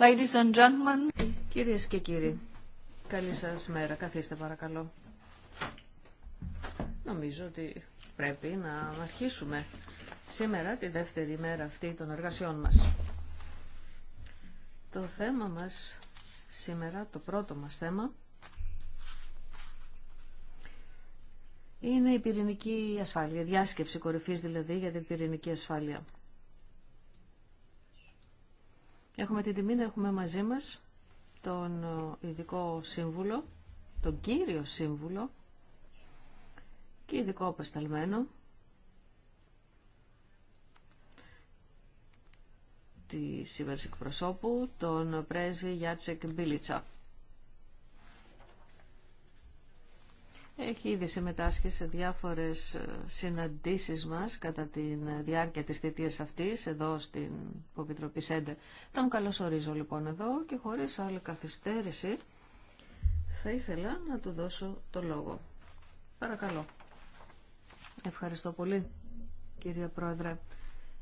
Ladies and gentlemen. Κυρίες και κύριοι, καλή σας μέρα. Καθίστε παρακαλώ. Νομίζω ότι πρέπει να αρχίσουμε σήμερα τη δεύτερη μέρα αυτή των εργασιών μας. Το θέμα μας σήμερα, το πρώτο μας θέμα, είναι η πυρηνική ασφάλεια, διάσκεψη κορυφής δηλαδή για την πυρηνική ασφάλεια. Έχουμε την τιμή να έχουμε μαζί μας τον ε, ειδικό σύμβουλο, τον κύριο σύμβουλο και ειδικό απεσταλμένο τη σήμερα εκπροσώπου, τον πρέσβη Γιάτσεκ Μπίλιτσα. Έχει ήδη συμμετάσχει σε διάφορες ε, συναντήσεις μας κατά τη διάρκεια της θητείας αυτής εδώ στην Υποπιτροπή Σέντερ. Τον καλωσορίζω λοιπόν εδώ και χωρίς άλλη καθυστέρηση θα ήθελα να του δώσω το λόγο. Παρακαλώ. Ευχαριστώ πολύ κυρία Πρόεδρε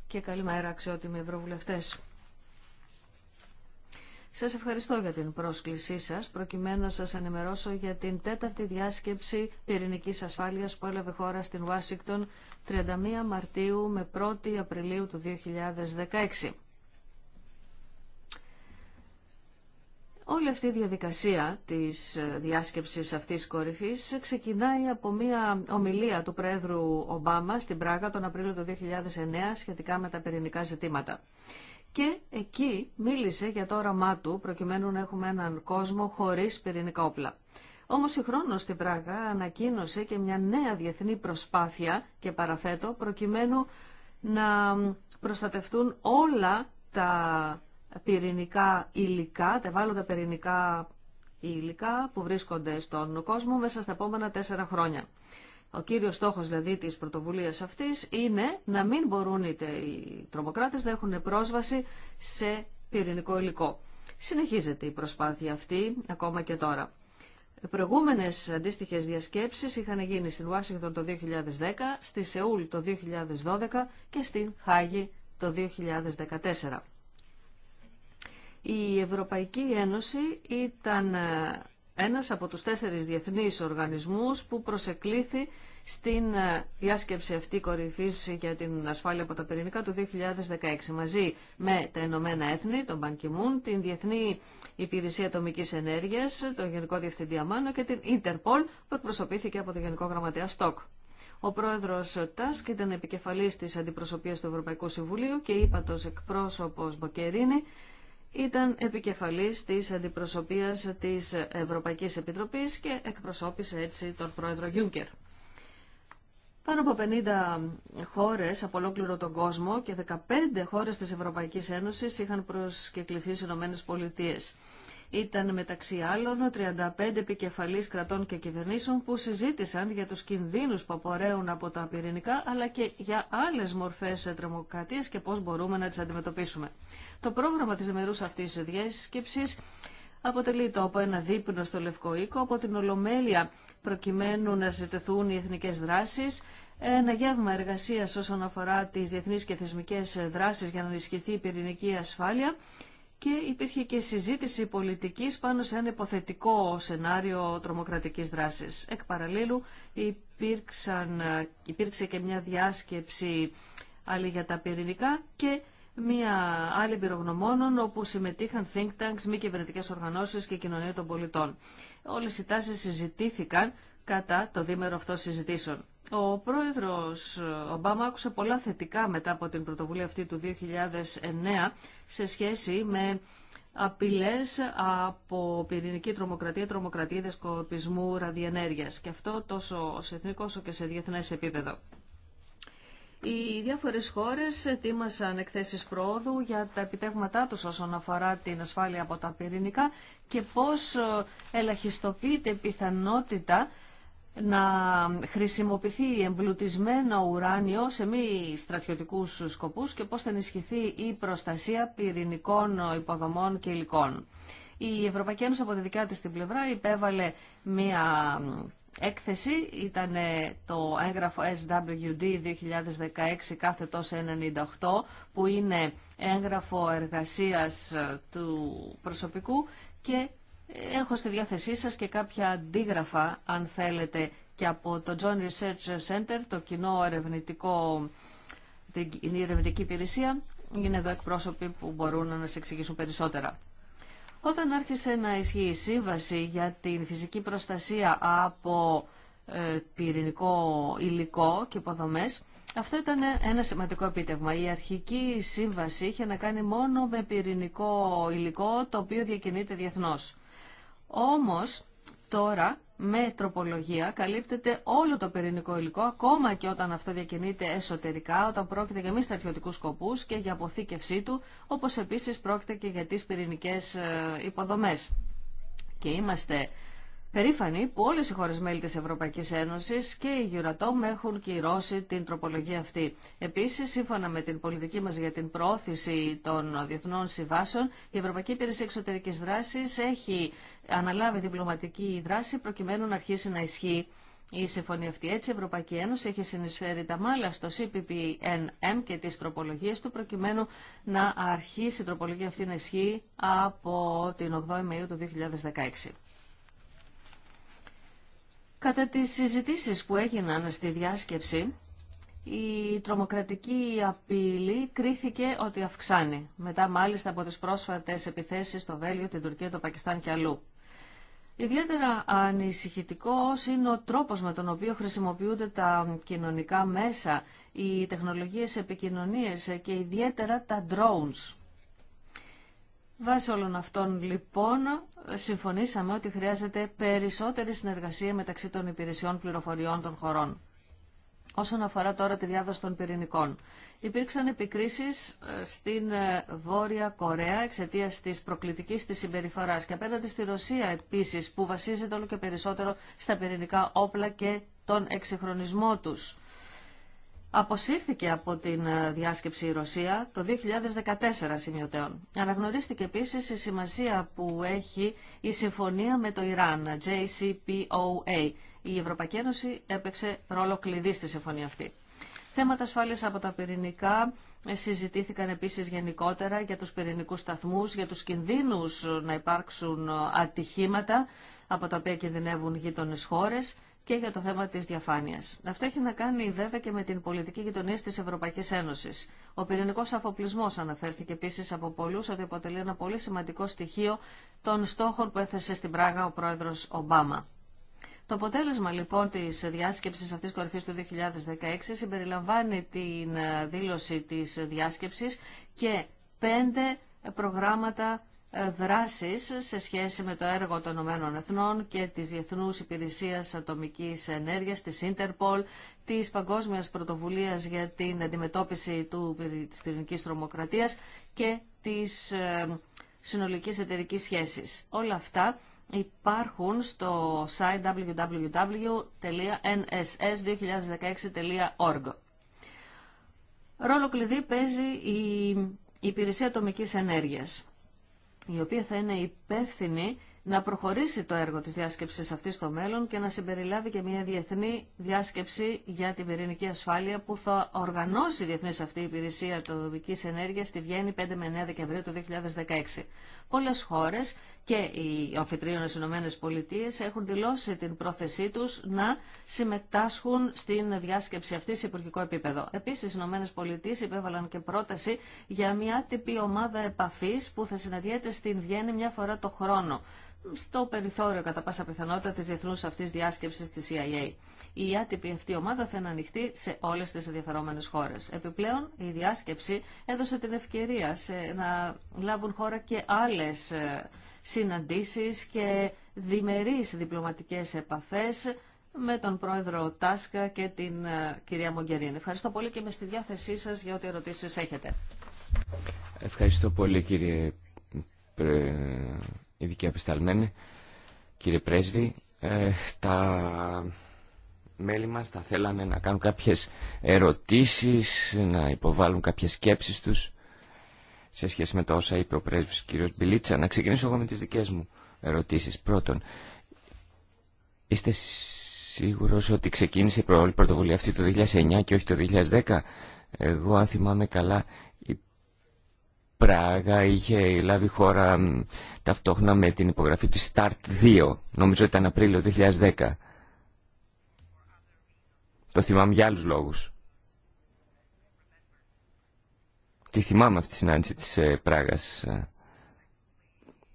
και καλή μέρα αξιότιμοι ευρωβουλευτές. Σας ευχαριστώ για την πρόσκλησή σας, προκειμένου να σας ενημερώσω για την τέταρτη διάσκεψη πυρηνικής ασφάλειας που έλαβε χώρα στην Ουάσιγκτον 31 Μαρτίου με 1η Απριλίου του 2016. Όλη αυτή η διαδικασία της διάσκεψης αυτής κορυφής ξεκινάει από μια ομιλία του Πρόεδρου Ομπάμα στην Πράγα τον Απρίλιο του 2009 σχετικά με τα πυρηνικά ζητήματα και εκεί μίλησε για το όραμά του προκειμένου να έχουμε έναν κόσμο χωρίς πυρηνικά όπλα. Όμως χρόνος στην Πράγα ανακοίνωσε και μια νέα διεθνή προσπάθεια και παραθέτω προκειμένου να προστατευτούν όλα τα πυρηνικά υλικά, τα ευάλωτα πυρηνικά υλικά που βρίσκονται στον κόσμο μέσα στα επόμενα τέσσερα χρόνια. Ο κύριος στόχος δηλαδή της πρωτοβουλίας αυτής είναι να μην μπορούν οι τρομοκράτες να έχουν πρόσβαση σε πυρηνικό υλικό. Συνεχίζεται η προσπάθεια αυτή ακόμα και τώρα. Προηγούμενες αντίστοιχες διασκέψεις είχαν γίνει στην Ουάσιγκτον το 2010, στη Σεούλ το 2012 και στην Χάγη το 2014. Η Ευρωπαϊκή Ένωση ήταν ε, ένας από τους τέσσερις διεθνείς οργανισμούς που προσεκλήθη στην ε, διάσκεψη αυτή κορυφής για την ασφάλεια από τα πυρηνικά του 2016 μαζί με τα Ηνωμένα Έθνη, τον Πανκιμούν, την Διεθνή Υπηρεσία Ατομικής Ενέργειας, τον Γενικό Διευθυντή Αμάνο και την Ιντερπολ που εκπροσωπήθηκε από τον Γενικό Γραμματέα Στόκ. Ο πρόεδρο Τάσκ ήταν επικεφαλή τη Αντιπροσωπεία του Ευρωπαϊκού Συμβουλίου και είπατο εκπρόσωπο Μποκερίνη ήταν επικεφαλής της αντιπροσωπείας της Ευρωπαϊκής Επιτροπής και εκπροσώπησε έτσι τον πρόεδρο Γιούγκερ. Πάνω από 50 χώρες από ολόκληρο τον κόσμο και 15 χώρες της Ευρωπαϊκής Ένωσης είχαν προσκεκληθεί στις Ηνωμένες Πολιτείες. Ήταν μεταξύ άλλων 35 επικεφαλής κρατών και κυβερνήσεων που συζήτησαν για τους κινδύνους που απορρέουν από τα πυρηνικά αλλά και για άλλες μορφές τρομοκρατίας και πώς μπορούμε να τις αντιμετωπίσουμε. Το πρόγραμμα της μερούς αυτής της διάσκεψης αποτελεί το από ένα δείπνο στο Λευκό Οίκο, από την Ολομέλεια προκειμένου να συζητηθούν οι εθνικές δράσεις, ένα γεύμα εργασίας όσον αφορά τις διεθνείς και θεσμικές δράσεις για να ενισχυθεί η πυρηνική ασφάλεια και υπήρχε και συζήτηση πολιτικής πάνω σε ένα υποθετικό σενάριο τρομοκρατικής δράσης. Εκ παραλλήλου υπήρξαν, υπήρξε και μια διάσκεψη άλλη για τα πυρηνικά και μια άλλη πυρογνωμόνων όπου συμμετείχαν think tanks, μη κυβερνητικέ οργανώσεις και κοινωνία των πολιτών. Όλες οι τάσεις συζητήθηκαν κατά το δίμερο αυτό συζητήσεων. Ο πρόεδρος Ομπάμα άκουσε πολλά θετικά μετά από την πρωτοβουλία αυτή του 2009 σε σχέση με απειλές από πυρηνική τρομοκρατία, τρομοκρατία κορπισμού, ραδιενέργειας και αυτό τόσο σε εθνικό όσο και σε διεθνές επίπεδο. Οι διάφορες χώρες ετοίμασαν εκθέσεις πρόοδου για τα επιτεύγματά τους όσον αφορά την ασφάλεια από τα πυρηνικά και πώς ελαχιστοποιείται η πιθανότητα να χρησιμοποιηθεί εμπλουτισμένο ουράνιο σε μη στρατιωτικούς σκοπούς και πώς θα ενισχυθεί η προστασία πυρηνικών υποδομών και υλικών. Η Ευρωπαϊκή Ένωση από τη δικιά της την πλευρά υπέβαλε μία έκθεση, ήταν το έγγραφο SWD 2016 198 98 που είναι έγγραφο εργασίας του προσωπικού και Έχω στη διάθεσή σας και κάποια αντίγραφα, αν θέλετε, και από το Joint Research Center, το κοινό ερευνητικό, την ερευνητική υπηρεσία. Είναι εδώ εκπρόσωποι που μπορούν να σας εξηγήσουν περισσότερα. Όταν άρχισε να ισχύει η σύμβαση για την φυσική προστασία από ε, πυρηνικό υλικό και υποδομές, αυτό ήταν ένα σημαντικό επίτευγμα. Η αρχική σύμβαση είχε να κάνει μόνο με πυρηνικό υλικό το οποίο διακινείται διεθνώς. Όμως τώρα με τροπολογία καλύπτεται όλο το πυρηνικό υλικό, ακόμα και όταν αυτό διακινείται εσωτερικά, όταν πρόκειται για μη στρατιωτικού σκοπού και για αποθήκευσή του, όπως επίσης πρόκειται και για τις πυρηνικέ ε, υποδομές. Και είμαστε περήφανοι που όλε οι χώρε μέλη τη Ευρωπαϊκή Ένωση και η Euratom έχουν κυρώσει την τροπολογία αυτή. Επίση, σύμφωνα με την πολιτική μα για την πρόθεση των διεθνών συμβάσεων, η Ευρωπαϊκή Υπηρεσία Εξωτερική Δράση έχει αναλάβει διπλωματική δράση προκειμένου να αρχίσει να ισχύει η συμφωνία αυτή. Έτσι, η Ευρωπαϊκή Ένωση έχει συνεισφέρει τα μάλα στο CPPNM και τι τροπολογίε του, προκειμένου να αρχίσει η τροπολογία αυτή να ισχύει από την 8η Μαου του 2016. Κατά τις συζητήσεις που έγιναν στη διάσκεψη, η τρομοκρατική απειλή κρίθηκε ότι αυξάνει, μετά μάλιστα από τις πρόσφατες επιθέσεις στο Βέλιο, την Τουρκία, το Πακιστάν και αλλού. Ιδιαίτερα ανησυχητικό είναι ο τρόπος με τον οποίο χρησιμοποιούνται τα κοινωνικά μέσα, οι τεχνολογίες επικοινωνίες και ιδιαίτερα τα drones. Βάσει όλων αυτών λοιπόν συμφωνήσαμε ότι χρειάζεται περισσότερη συνεργασία μεταξύ των υπηρεσιών πληροφοριών των χωρών. Όσον αφορά τώρα τη διάδοση των πυρηνικών. Υπήρξαν επικρίσεις ε, στην ε, Βόρεια Κορέα εξαιτία τη προκλητική τη συμπεριφορά και απέναντι στη Ρωσία επίση που βασίζεται όλο και περισσότερο στα πυρηνικά όπλα και τον εξυγχρονισμό τους αποσύρθηκε από την ε, διάσκεψη η Ρωσία το 2014 σημειωτέων. Αναγνωρίστηκε επίσης η σημασία που έχει η συμφωνία με το Ιράν, JCPOA. Η Ευρωπαϊκή Ένωση έπαιξε ρόλο κλειδί στη συμφωνία αυτή. Θέματα ασφάλειας από τα πυρηνικά ε, συζητήθηκαν επίσης γενικότερα για τους πυρηνικούς σταθμούς, για τους κινδύνους να υπάρξουν ε, ατυχήματα από τα οποία κινδυνεύουν γείτονες χώρες και για το θέμα της διαφάνειας. Αυτό έχει να κάνει βέβαια και με την πολιτική γειτονία της Ευρωπαϊκής Ένωσης. Ο πυρηνικός αφοπλισμός αναφέρθηκε επίσης από πολλούς ότι αποτελεί ένα πολύ σημαντικό στοιχείο των στόχων που έθεσε στην Πράγα ο πρόεδρος Ομπάμα. Το αποτέλεσμα λοιπόν της διάσκεψης αυτής κορυφής του 2016 συμπεριλαμβάνει την δήλωση της διάσκεψης και πέντε προγράμματα δράσεις σε σχέση με το έργο των Ηνωμένων Εθνών και της Διεθνούς Υπηρεσίας Ατομικής Ενέργειας, της Ιντερπολ, της Παγκόσμιας Πρωτοβουλίας για την αντιμετώπιση του, της πυρηνικής τρομοκρατίας και της ε, συνολικής εταιρικής σχέσης. Όλα αυτά υπάρχουν στο site www.nss2016.org. Ρόλο κλειδί παίζει η Υπηρεσία Ατομικής Ενέργειας η οποία θα είναι υπεύθυνη να προχωρήσει το έργο της διάσκεψης αυτής στο μέλλον και να συμπεριλάβει και μια διεθνή διάσκεψη για την πυρηνική ασφάλεια που θα οργανώσει η διεθνής αυτή η υπηρεσία ατομικής ενέργειας στη Βιέννη 5 με 9 Δεκεμβρίου του 2016. Πολλές χώρες και οι αμφιτρίωνες Ηνωμένες Πολιτείες έχουν δηλώσει την πρόθεσή τους να συμμετάσχουν στην διάσκεψη αυτή σε υπουργικό επίπεδο. Επίσης, οι Ηνωμένες Πολιτείες υπέβαλαν και πρόταση για μια τυπή ομάδα επαφής που θα συναντιέται στην Βιέννη μια φορά το χρόνο στο περιθώριο κατά πάσα πιθανότητα της διεθνούς αυτής διάσκεψης της CIA. Η άτυπη αυτή ομάδα θα είναι ανοιχτή σε όλες τις ενδιαφερόμενες χώρες. Επιπλέον, η διάσκεψη έδωσε την ευκαιρία σε να λάβουν χώρα και άλλες ε, συναντήσεις και διμερείς διπλωματικές επαφές με τον πρόεδρο Τάσκα και την ε, κυρία Μογκερίνη. Ευχαριστώ πολύ και με στη διάθεσή σας για ό,τι ερωτήσεις έχετε. Ευχαριστώ πολύ κύριε ειδικοί απεσταλμένοι, κύριε Πρέσβη, ε, τα μέλη μας θα θέλανε να κάνουν κάποιες ερωτήσεις, να υποβάλουν κάποιες σκέψεις τους σε σχέση με τα όσα είπε ο πρέσβης κύριος Μπιλίτσα. Να ξεκινήσω εγώ με τις δικές μου ερωτήσεις. Πρώτον, είστε σίγουρος ότι ξεκίνησε η πρωτοβουλία αυτή το 2009 και όχι το 2010. Εγώ αν θυμάμαι καλά Πράγα είχε λάβει χώρα ταυτόχρονα με την υπογραφή της START 2. Νομίζω ήταν Απρίλιο 2010. Το θυμάμαι για άλλους λόγους. Τι θυμάμαι αυτή τη συνάντηση της ε, Πράγας. Ε,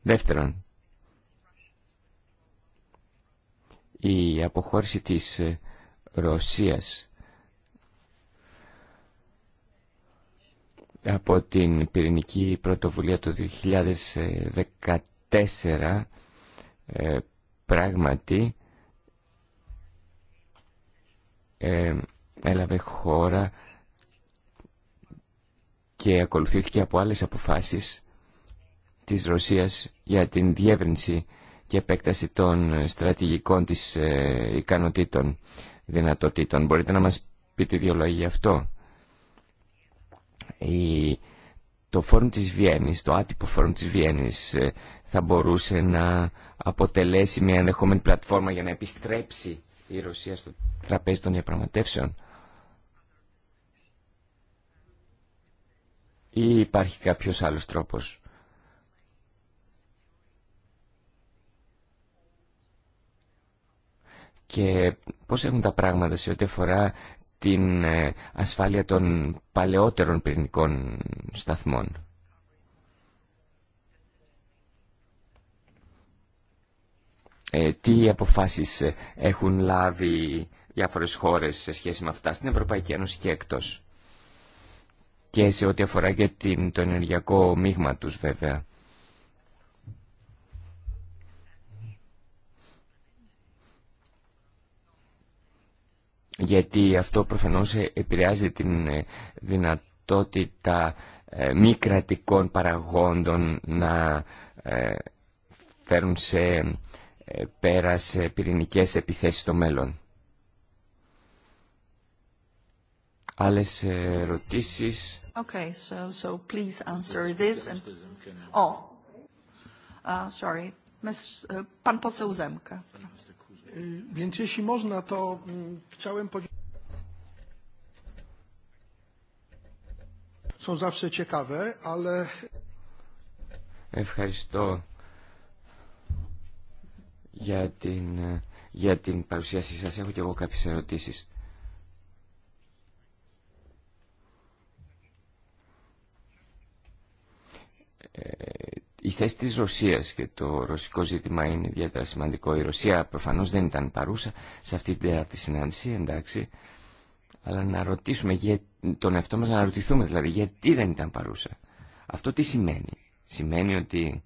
δεύτερον, η αποχώρηση της ε, Ρωσίας από την πυρηνική πρωτοβουλία του 2014 ε, πράγματι ε, έλαβε χώρα και ακολουθήθηκε από άλλες αποφάσεις της Ρωσίας για την διεύρυνση και επέκταση των στρατηγικών της ε, ικανοτήτων, δυνατοτήτων. Μπορείτε να μας πείτε δύο λόγια γι' αυτό η, το φόρουμ της Βιέννης, το άτυπο φόρουμ της Βιέννης ε, θα μπορούσε να αποτελέσει μια ενδεχόμενη πλατφόρμα για να επιστρέψει η Ρωσία στο τραπέζι των διαπραγματεύσεων. Ή υπάρχει κάποιος άλλος τρόπος. Και πώς έχουν τα πράγματα σε ό,τι αφορά την ε, ασφάλεια των παλαιότερων πυρηνικών σταθμών. Ε, τι αποφάσεις έχουν λάβει διάφορες χώρες σε σχέση με αυτά στην Ευρωπαϊκή Ένωση και εκτός. Και σε ό,τι αφορά και την, το ενεργειακό μείγμα τους βέβαια. γιατί αυτό προφανώς ε, επηρεάζει την ε, δυνατότητα ε, μη κρατικών παραγόντων να φέρουν σε πέρα σε πυρηνικές επιθέσεις στο μέλλον. Άλλες ερωτήσεις. Okay, so, so please answer this. And... Oh, uh, sorry. Uh, pan poseł Mm, więc jeśli można, to mm, chciałem podziękować. Są zawsze ciekawe, ale... Ευχαριστώ για την, για την παρουσίασή σας. Έχω και εγώ κάποιες ερωτήσεις. Ε, η θέση της Ρωσίας και το ρωσικό ζήτημα είναι ιδιαίτερα σημαντικό. Η Ρωσία προφανώς δεν ήταν παρούσα σε αυτή τη συνάντηση, εντάξει. Αλλά να ρωτήσουμε για τον εαυτό μας, να ρωτηθούμε δηλαδή γιατί δεν ήταν παρούσα. Αυτό τι σημαίνει. Σημαίνει ότι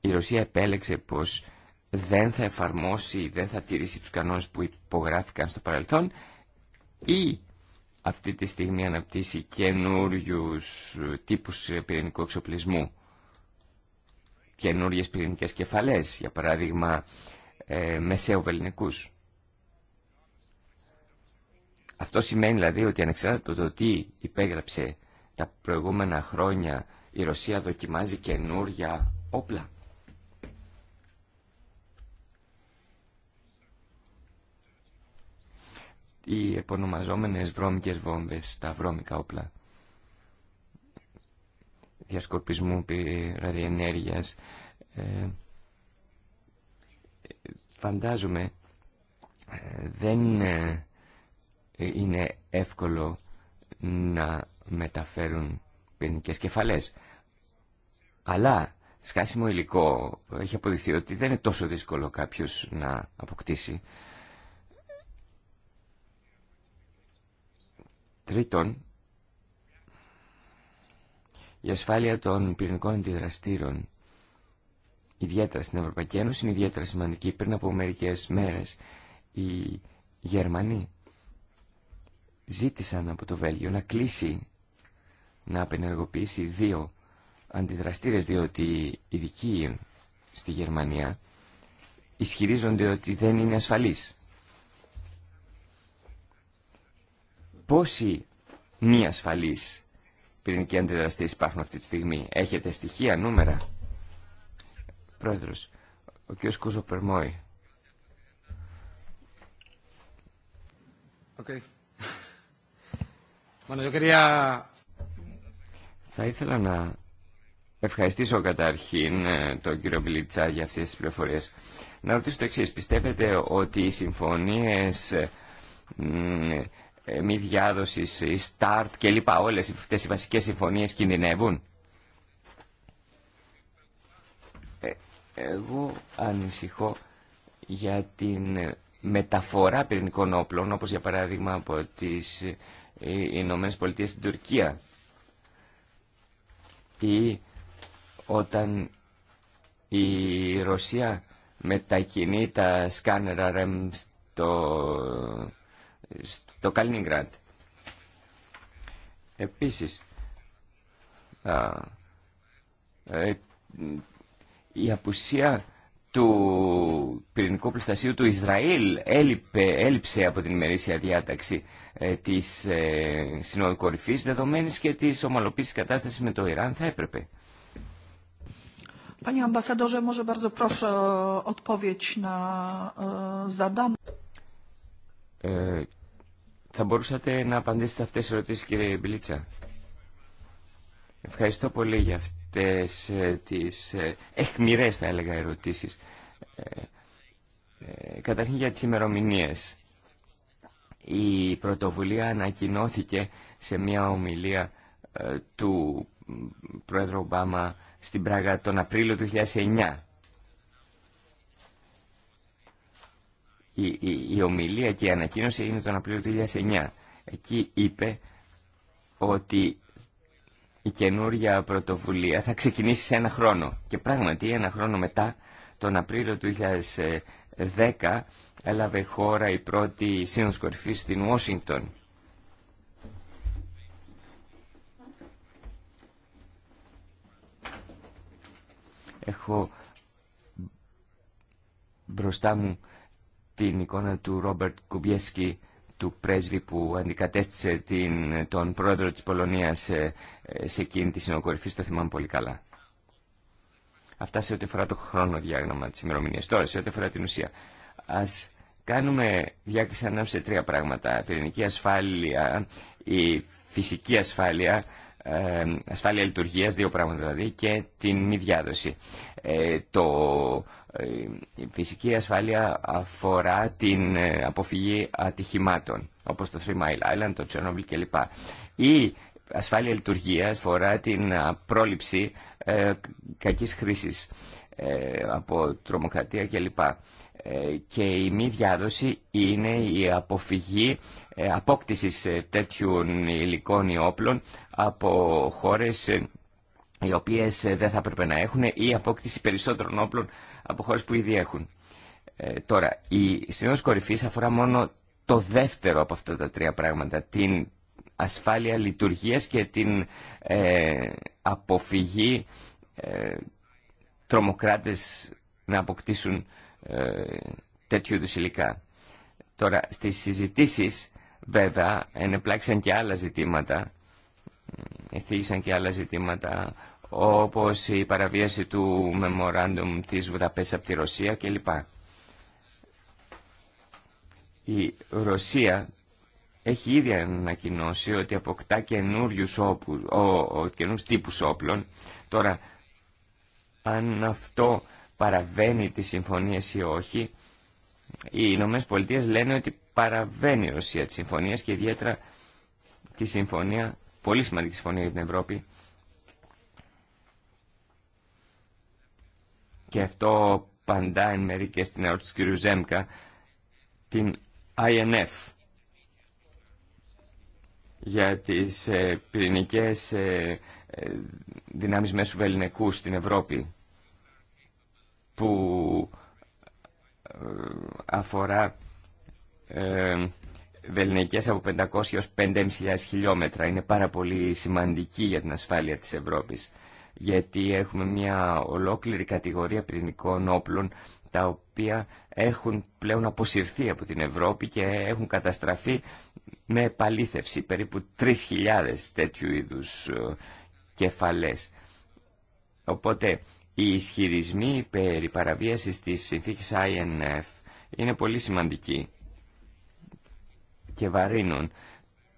η Ρωσία επέλεξε πως δεν θα εφαρμόσει, δεν θα τηρήσει τους κανόνες που υπογράφηκαν στο παρελθόν ή αυτή τη στιγμή αναπτύσσει καινούριου τύπους πυρηνικού εξοπλισμού. Καινούριε πυρηνικές κεφαλές, για παράδειγμα ε, Αυτό σημαίνει δηλαδή ότι ανεξάρτητα το τι υπέγραψε τα προηγούμενα χρόνια η Ρωσία δοκιμάζει καινούρια όπλα. οι επωνομαζόμενες βρώμικες βόμβες, τα βρώμικα όπλα διασκορπισμού, ραδιενέργειας. Ε, φαντάζομαι ε, δεν ε, είναι εύκολο να μεταφέρουν πυρηνικές κεφαλές. Αλλά σκάσιμο υλικό έχει αποδειχθεί ότι δεν είναι τόσο δύσκολο κάποιος να αποκτήσει Τρίτον, η ασφάλεια των πυρηνικών αντιδραστήρων, ιδιαίτερα στην Ευρωπαϊκή Ένωση, είναι ιδιαίτερα σημαντική. Πριν από μερικές μέρες, οι Γερμανοί ζήτησαν από το Βέλγιο να κλείσει, να απενεργοποιήσει δύο αντιδραστήρες, διότι οι ειδικοί στη Γερμανία ισχυρίζονται ότι δεν είναι ασφαλής. πόσοι μη ασφαλείς πυρηνικοί αντιδραστές υπάρχουν αυτή τη στιγμή. Έχετε στοιχεία, νούμερα. Πρόεδρος, ο κ. Κούζο Περμόη. Okay. Θα ήθελα να ευχαριστήσω καταρχήν ε, τον κύριο Μπιλίτσα για αυτές τις πληροφορίες. Να ρωτήσω το εξής. Πιστεύετε ότι οι συμφωνίες ε, ε, μη διάδοση η ε, και λοιπά. Όλες αυτέ οι βασικέ συμφωνίες κινδυνεύουν. Ε, εγώ ανησυχώ για την μεταφορά πυρηνικών όπλων, όπως για παράδειγμα από τι Ηνωμένε Πολιτείε στην Τουρκία. Ή όταν η Ρωσία μετακινεί τα σκάνερα στο στο Καλίνιγκραντ. Επίσης, ε, η απουσία του πυρηνικού προστασίου του Ισραήλ έλειπε, έλειψε από την ημερήσια διάταξη ε, της ε, Συνόδου Κορυφής, δεδομένης και της ομαλοποίησης κατάστασης με το Ιράν θα έπρεπε. Panie ambasadorze, może bardzo proszę o odpowiedź na e, ε, θα μπορούσατε να απαντήσετε σε αυτές τις ερωτήσεις κύριε Μπλίτσα. Ευχαριστώ πολύ για αυτές ε, τις ε, εχμηρές θα έλεγα ερωτήσεις. καταρχήν για τις ημερομηνίε. Η πρωτοβουλία ανακοινώθηκε σε μια ομιλία του Πρόεδρου Ομπάμα στην Πράγα τον Απρίλιο του 2009. η, ομιλία και η ανακοίνωση έγινε τον Απρίλιο 2009. Εκεί είπε ότι η καινούρια πρωτοβουλία θα ξεκινήσει σε ένα χρόνο. Και πράγματι ένα χρόνο μετά, τον Απρίλιο του 2010, έλαβε χώρα η πρώτη σύνοδος κορυφής στην Ουάσιγκτον. Έχω μπροστά μου την εικόνα του Ρόμπερτ Κουμπιέσκι του πρέσβη που αντικατέστησε την, τον πρόεδρο της Πολωνίας σε, ε, σε εκείνη τη συνοκορυφή, το θυμάμαι πολύ καλά. Αυτά σε ό,τι αφορά το χρόνο διάγραμμα της ημερομηνία. Τώρα, σε ό,τι αφορά την ουσία. Ας κάνουμε διάκριση ανάμεσα σε τρία πράγματα. Πυρηνική ασφάλεια, η φυσική ασφάλεια ασφάλεια λειτουργίας, δύο πράγματα δηλαδή, και την μη διάδοση. Ε, το, ε, η φυσική ασφάλεια αφορά την ε, αποφυγή ατυχημάτων, όπως το Three Mile Island, το Chernobyl κλπ. Η ασφάλεια λειτουργίας αφορά την πρόληψη κακής χρήσης από τρομοκρατία κλπ. Και η μη διάδοση είναι η αποφυγή ε, απόκτησης ε, τέτοιων υλικών ή όπλων από χώρες ε, οι οποίες δεν θα έπρεπε να έχουν ή απόκτηση περισσότερων όπλων από χώρες που ήδη έχουν. Τώρα, η Σύνοδος Κορυφής αφορά μόνο το δεύτερο από αυτά τα τρία πράγματα, την ασφάλεια λειτουργίας και την αποφυγή ε, τρομοκράτες να αποκτήσουν ε, τέτοιου είδους υλικά. Τώρα, στις συζητήσεις Βέβαια, ενεπλάξαν και άλλα ζητήματα, εθίγησαν και άλλα ζητήματα, όπως η παραβίαση του memorandum της Βουδαπέσης από τη Ρωσία κλπ. Η Ρωσία έχει ήδη ανακοινώσει ότι αποκτά καινούριους ο, ο, καινούς τύπους όπλων. Τώρα, αν αυτό παραβαίνει τις συμφωνίες ή όχι, οι Ηνωμένε Πολιτείε λένε ότι παραβαίνει η Ρωσία τη συμφωνία και ιδιαίτερα τη συμφωνία, πολύ σημαντική συμφωνία για την Ευρώπη. Και αυτό παντά εν μέρει και στην ερώτηση του κ. Ζέμκα, την INF για τις ε, πυρηνικές ε, ε, δυνάμεις μέσου βεληνικού στην Ευρώπη που ε, αφορά ε, βελνικές από 500 έως 5.500 χιλιόμετρα. Είναι πάρα πολύ σημαντική για την ασφάλεια της Ευρώπης γιατί έχουμε μια ολόκληρη κατηγορία πυρηνικών όπλων τα οποία έχουν πλέον αποσυρθεί από την Ευρώπη και έχουν καταστραφεί με επαλήθευση περίπου 3.000 τέτοιου είδους ε, κεφαλές. Οπότε οι ισχυρισμοί περί παραβίασης της συνθήκης INF είναι πολύ σημαντικοί και βαρύνουν.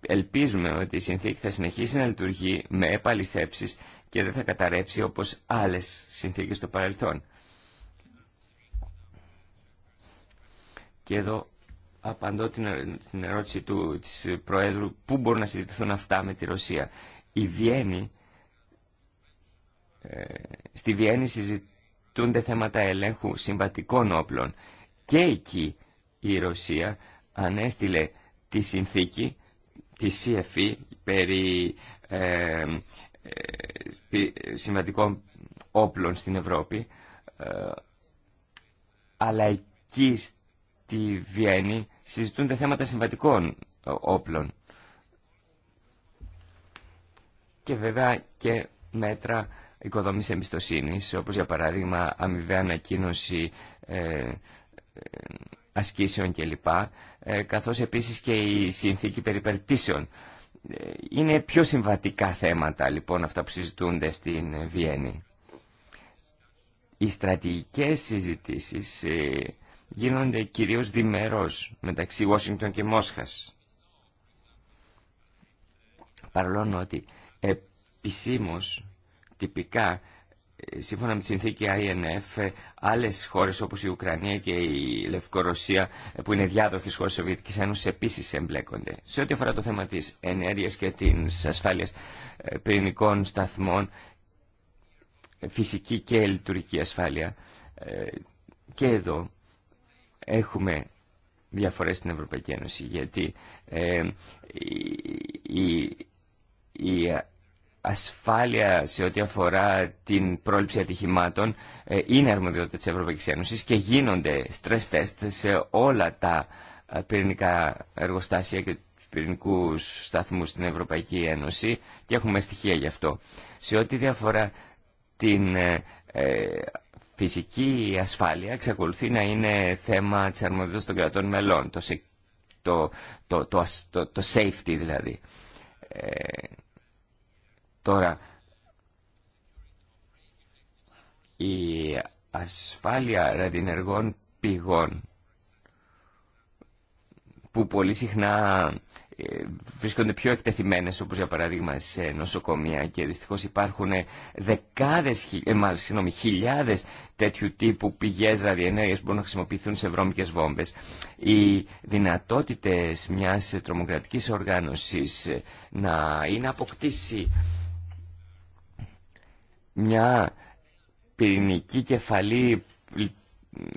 Ελπίζουμε ότι η συνθήκη θα συνεχίσει να λειτουργεί με επαληθεύσεις και δεν θα καταρρέψει όπως άλλες συνθήκες στο παρελθόν. Και εδώ απαντώ την ερώτηση του, της Προέδρου πού μπορούν να συζητηθούν αυτά με τη Ρωσία. Η Βιέννη, ε, στη Βιέννη συζητούνται θέματα ελέγχου συμβατικών όπλων και εκεί η Ρωσία ανέστηλε τη συνθήκη, τη CFE, περί ε, ε, συμβατικών όπλων στην Ευρώπη, ε, αλλά εκεί στη Βιέννη συζητούνται θέματα συμβατικών ε, όπλων. Και βέβαια και μέτρα οικοδομής εμπιστοσύνης, όπως για παράδειγμα αμοιβαία ανακοίνωση ε, ε, ασκήσεων κλπ. Ε, καθώς επίσης και η συνθήκη περιπερτήσεων. Ε, είναι πιο συμβατικά θέματα λοιπόν αυτά που συζητούνται στην Βιέννη. Οι στρατηγικές συζητήσεις ε, γίνονται κυρίως διμερώς μεταξύ Ουάσινγκτον και Μόσχας. Παρόλο ότι επισήμως τυπικά σύμφωνα με τη συνθήκη INF, άλλες χώρες όπως η Ουκρανία και η Λευκορωσία, που είναι διάδοχες χώρες της Σοβιετικής Ένωσης, επίσης εμπλέκονται. Σε ό,τι αφορά το θέμα της ενέργειας και της ασφάλειας ε, πυρηνικών σταθμών, ε, φυσική και λειτουργική ασφάλεια, ε, και εδώ έχουμε διαφορές στην Ευρωπαϊκή Ένωση, γιατί η, ασφάλεια σε ό,τι αφορά την πρόληψη ατυχημάτων ε, είναι αρμοδιότητα της Ευρωπαϊκής Ένωσης και γίνονται stress test σε όλα τα ε, πυρηνικά εργοστάσια και πυρηνικού σταθμού στην Ευρωπαϊκή Ένωση και έχουμε στοιχεία γι' αυτό. Σε ό,τι διαφορά την ε, φυσική ασφάλεια, εξακολουθεί να είναι θέμα της αρμοδιότητας των κρατών μελών, το, το, το, το, safety δηλαδή. Τώρα, η ασφάλεια ραδιενεργών πηγών που πολύ συχνά ε, βρίσκονται πιο εκτεθειμένες όπως για παράδειγμα σε νοσοκομεία και δυστυχώς υπάρχουν ε, δεκάδες, ε, μα, χιλιάδες τέτοιου τύπου πηγές ραδιενέργειας που μπορούν να χρησιμοποιηθούν σε βρώμικες βόμβες. Οι δυνατότητες μιας τρομοκρατικής οργάνωσης να είναι αποκτήσει μια πυρηνική κεφαλή,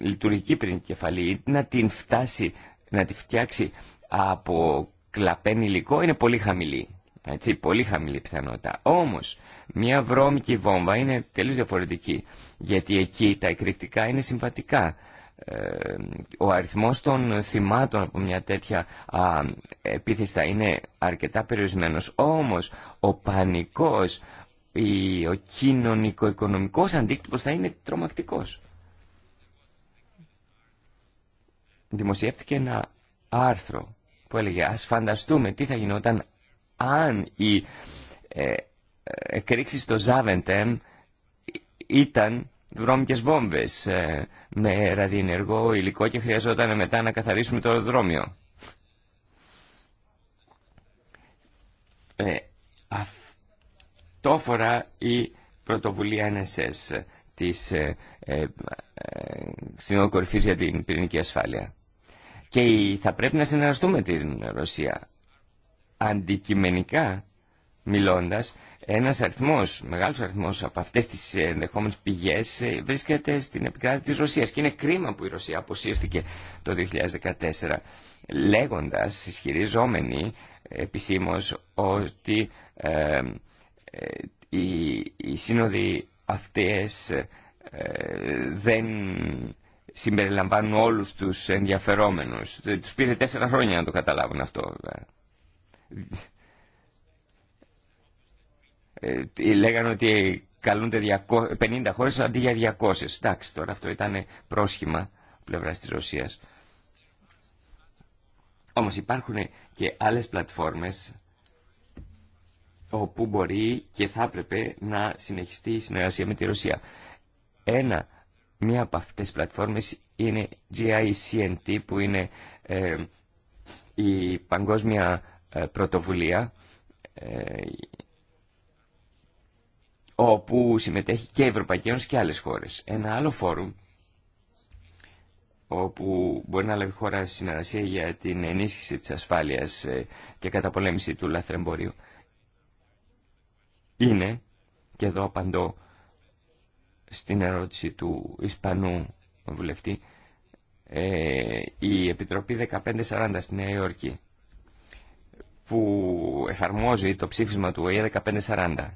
λειτουργική πυρηνική κεφαλή, να την φτάσει, να τη φτιάξει από κλαπέν υλικό είναι πολύ χαμηλή. Έτσι, πολύ χαμηλή πιθανότητα. Όμως, μια βρώμικη βόμβα είναι τελείως διαφορετική, γιατί εκεί τα εκρηκτικά είναι συμβατικά. Ε, ο αριθμό των θυμάτων από μια τέτοια επίθεση θα είναι αρκετά περιορισμένο. Όμω, ο πανικό ο κοινωνικο-οικονομικός αντίκτυπος θα είναι τρομακτικός. Δημοσιεύτηκε ένα άρθρο που έλεγε «Ας φανταστούμε τι θα γινόταν αν οι ε, ε εκρήξεις στο Ζάβεντεμ ήταν δρόμικες βόμβες ε, με ραδιενεργό υλικό και χρειαζόταν μετά να καθαρίσουμε το αεροδρόμιο». Ε, τόφορα η πρωτοβουλία NSS της ε, ε, Συνόδου για την πυρηνική ασφάλεια. Και θα πρέπει να συνεργαστούμε την Ρωσία. Αντικειμενικά μιλώντας, ένας αριθμός, μεγάλος αριθμός από αυτές τις ενδεχόμενες πηγές ε, βρίσκεται στην επικράτηση της Ρωσίας και είναι κρίμα που η Ρωσία αποσύρθηκε το 2014 λέγοντας, ισχυριζόμενοι ε, επισήμως ότι ε, ε, οι, οι σύνοδοι αυτές ε, δεν συμπεριλαμβάνουν όλους τους ενδιαφερόμενους. Τους πήρε τέσσερα χρόνια να το καταλάβουν αυτό. Ε, λέγανε ότι καλούνται 50 χώρες αντί για 200. Εντάξει, τώρα αυτό ήταν πρόσχημα πλευράς της Ρωσίας. Όμως υπάρχουν και άλλες πλατφόρμες όπου μπορεί και θα έπρεπε να συνεχιστεί η συνεργασία με τη Ρωσία. Ένα, μία από αυτές τις πλατφόρμες είναι GICNT που είναι ε, η παγκόσμια ε, πρωτοβουλία ε, όπου συμμετέχει και η Ευρωπαϊκή Ένωση και άλλες χώρες. Ένα άλλο φόρουμ όπου μπορεί να λάβει χώρα συνεργασία για την ενίσχυση της ασφάλειας και καταπολέμηση του λαθρεμπορίου είναι, και εδώ απαντώ στην ερώτηση του Ισπανού βουλευτή, ε, η Επιτροπή 1540 στη Νέα Υόρκη που εφαρμόζει το ψήφισμα του ΟΗΕ 1540.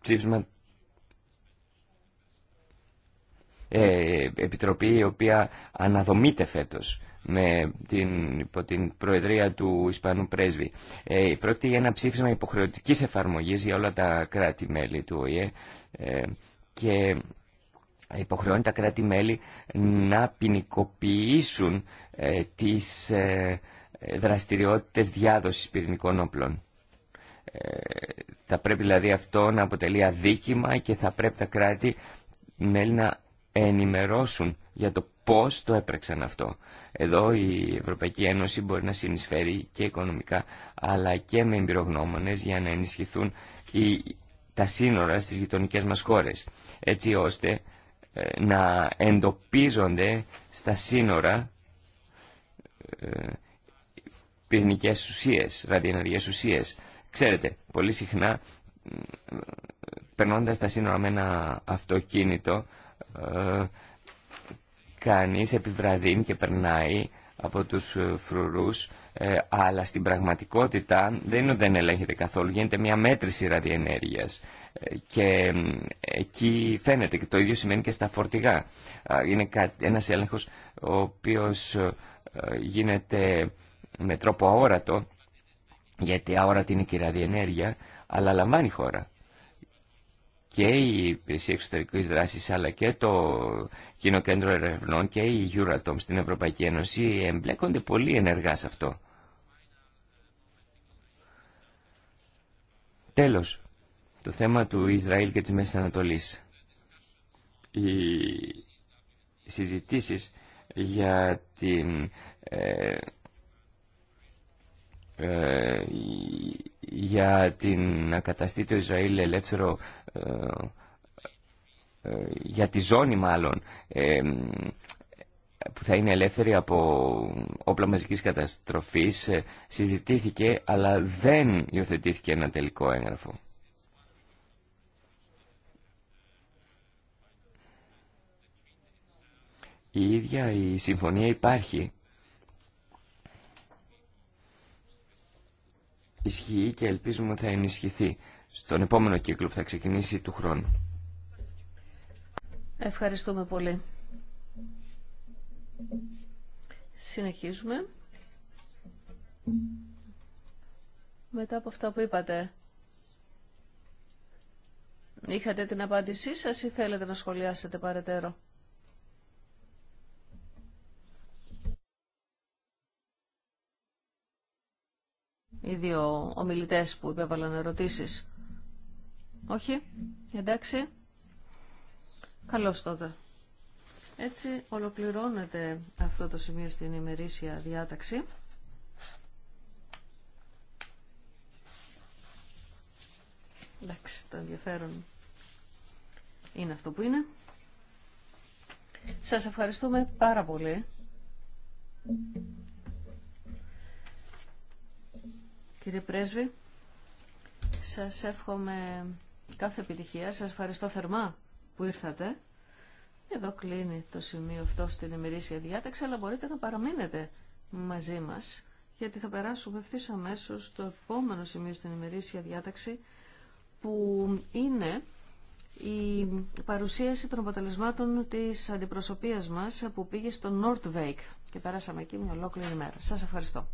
Ψήφισμα ε, επιτροπή η οποία αναδομείται φέτος με την, υπό την προεδρία του Ισπανού πρέσβη. Ε, πρόκειται για ένα ψήφισμα υποχρεωτικής εφαρμογής για όλα τα κράτη-μέλη του ΟΗΕ ε, και υποχρεώνει τα κράτη-μέλη να ποινικοποιήσουν ε, τις ε, δραστηριότητες διάδοσης πυρηνικών όπλων. Ε, θα πρέπει δηλαδή αυτό να αποτελεί αδίκημα και θα πρέπει τα κράτη-μέλη να ενημερώσουν για το πώς το έπρεξαν αυτό. Εδώ η Ευρωπαϊκή Ένωση μπορεί να συνεισφέρει και οικονομικά αλλά και με εμπειρογνώμονες για να ενισχυθούν οι, τα σύνορα στις γειτονικές μας χώρες έτσι ώστε ε, να εντοπίζονται στα σύνορα ε, πυρηνικές ουσίες, ραδιενεργές ουσίες. Ξέρετε, πολύ συχνά ε, ε, περνώντας τα σύνορα με ένα αυτοκίνητο ε, κανείς επιβραδύνει και περνάει από τους ε, φρουρούς, ε, αλλά στην πραγματικότητα δεν, δεν ελέγχεται καθόλου. Γίνεται μια μέτρηση ραδιενέργειας και εκεί φαίνεται και το ίδιο σημαίνει και στα φορτηγά. Είναι ένας έλεγχος ο οποίος γίνεται με τρόπο αόρατο, γιατί αόρατη είναι και η ραδιενέργεια, αλλά λαμβάνει χώρα και η Υπηρεσία Εξωτερικής αλλά και το Κοινό Κέντρο Ερευνών και η Euratom στην Ευρωπαϊκή Ένωση εμπλέκονται πολύ ενεργά σε αυτό. Τέλος, το θέμα του Ισραήλ και της Μέσης Ανατολής. Οι συζητήσεις για την ε, ε, για την, να καταστεί το Ισραήλ ελεύθερο ε, ε, για τη ζώνη μάλλον που θα είναι ελεύθερη από όπλα μαζικής καταστροφής συζητήθηκε αλλά δεν υιοθετήθηκε ένα τελικό έγγραφο. Η ίδια η συμφωνία υπάρχει ισχύει και ελπίζουμε θα ενισχυθεί στον επόμενο κύκλο που θα ξεκινήσει του χρόνου. Ευχαριστούμε πολύ. Συνεχίζουμε. Μετά από αυτά που είπατε, είχατε την απάντησή σας ή θέλετε να σχολιάσετε παρετέρω. οι δύο ομιλητές που υπέβαλαν ερωτήσεις. Όχι, εντάξει. Καλώς τότε. Έτσι ολοκληρώνεται αυτό το σημείο στην ημερήσια διάταξη. Εντάξει, το ενδιαφέρον είναι αυτό που είναι. Σας ευχαριστούμε πάρα πολύ. Κύριε Πρέσβη, σας εύχομαι κάθε επιτυχία. Σας ευχαριστώ θερμά που ήρθατε. Εδώ κλείνει το σημείο αυτό στην ημερήσια διάταξη, αλλά μπορείτε να παραμείνετε μαζί μας, γιατί θα περάσουμε ευθύ αμέσω στο επόμενο σημείο στην ημερήσια διάταξη, που είναι η παρουσίαση των αποτελεσμάτων της αντιπροσωπείας μας που πήγε στο Νόρτβέικ και περάσαμε εκεί μια ολόκληρη μέρα. Σας ευχαριστώ.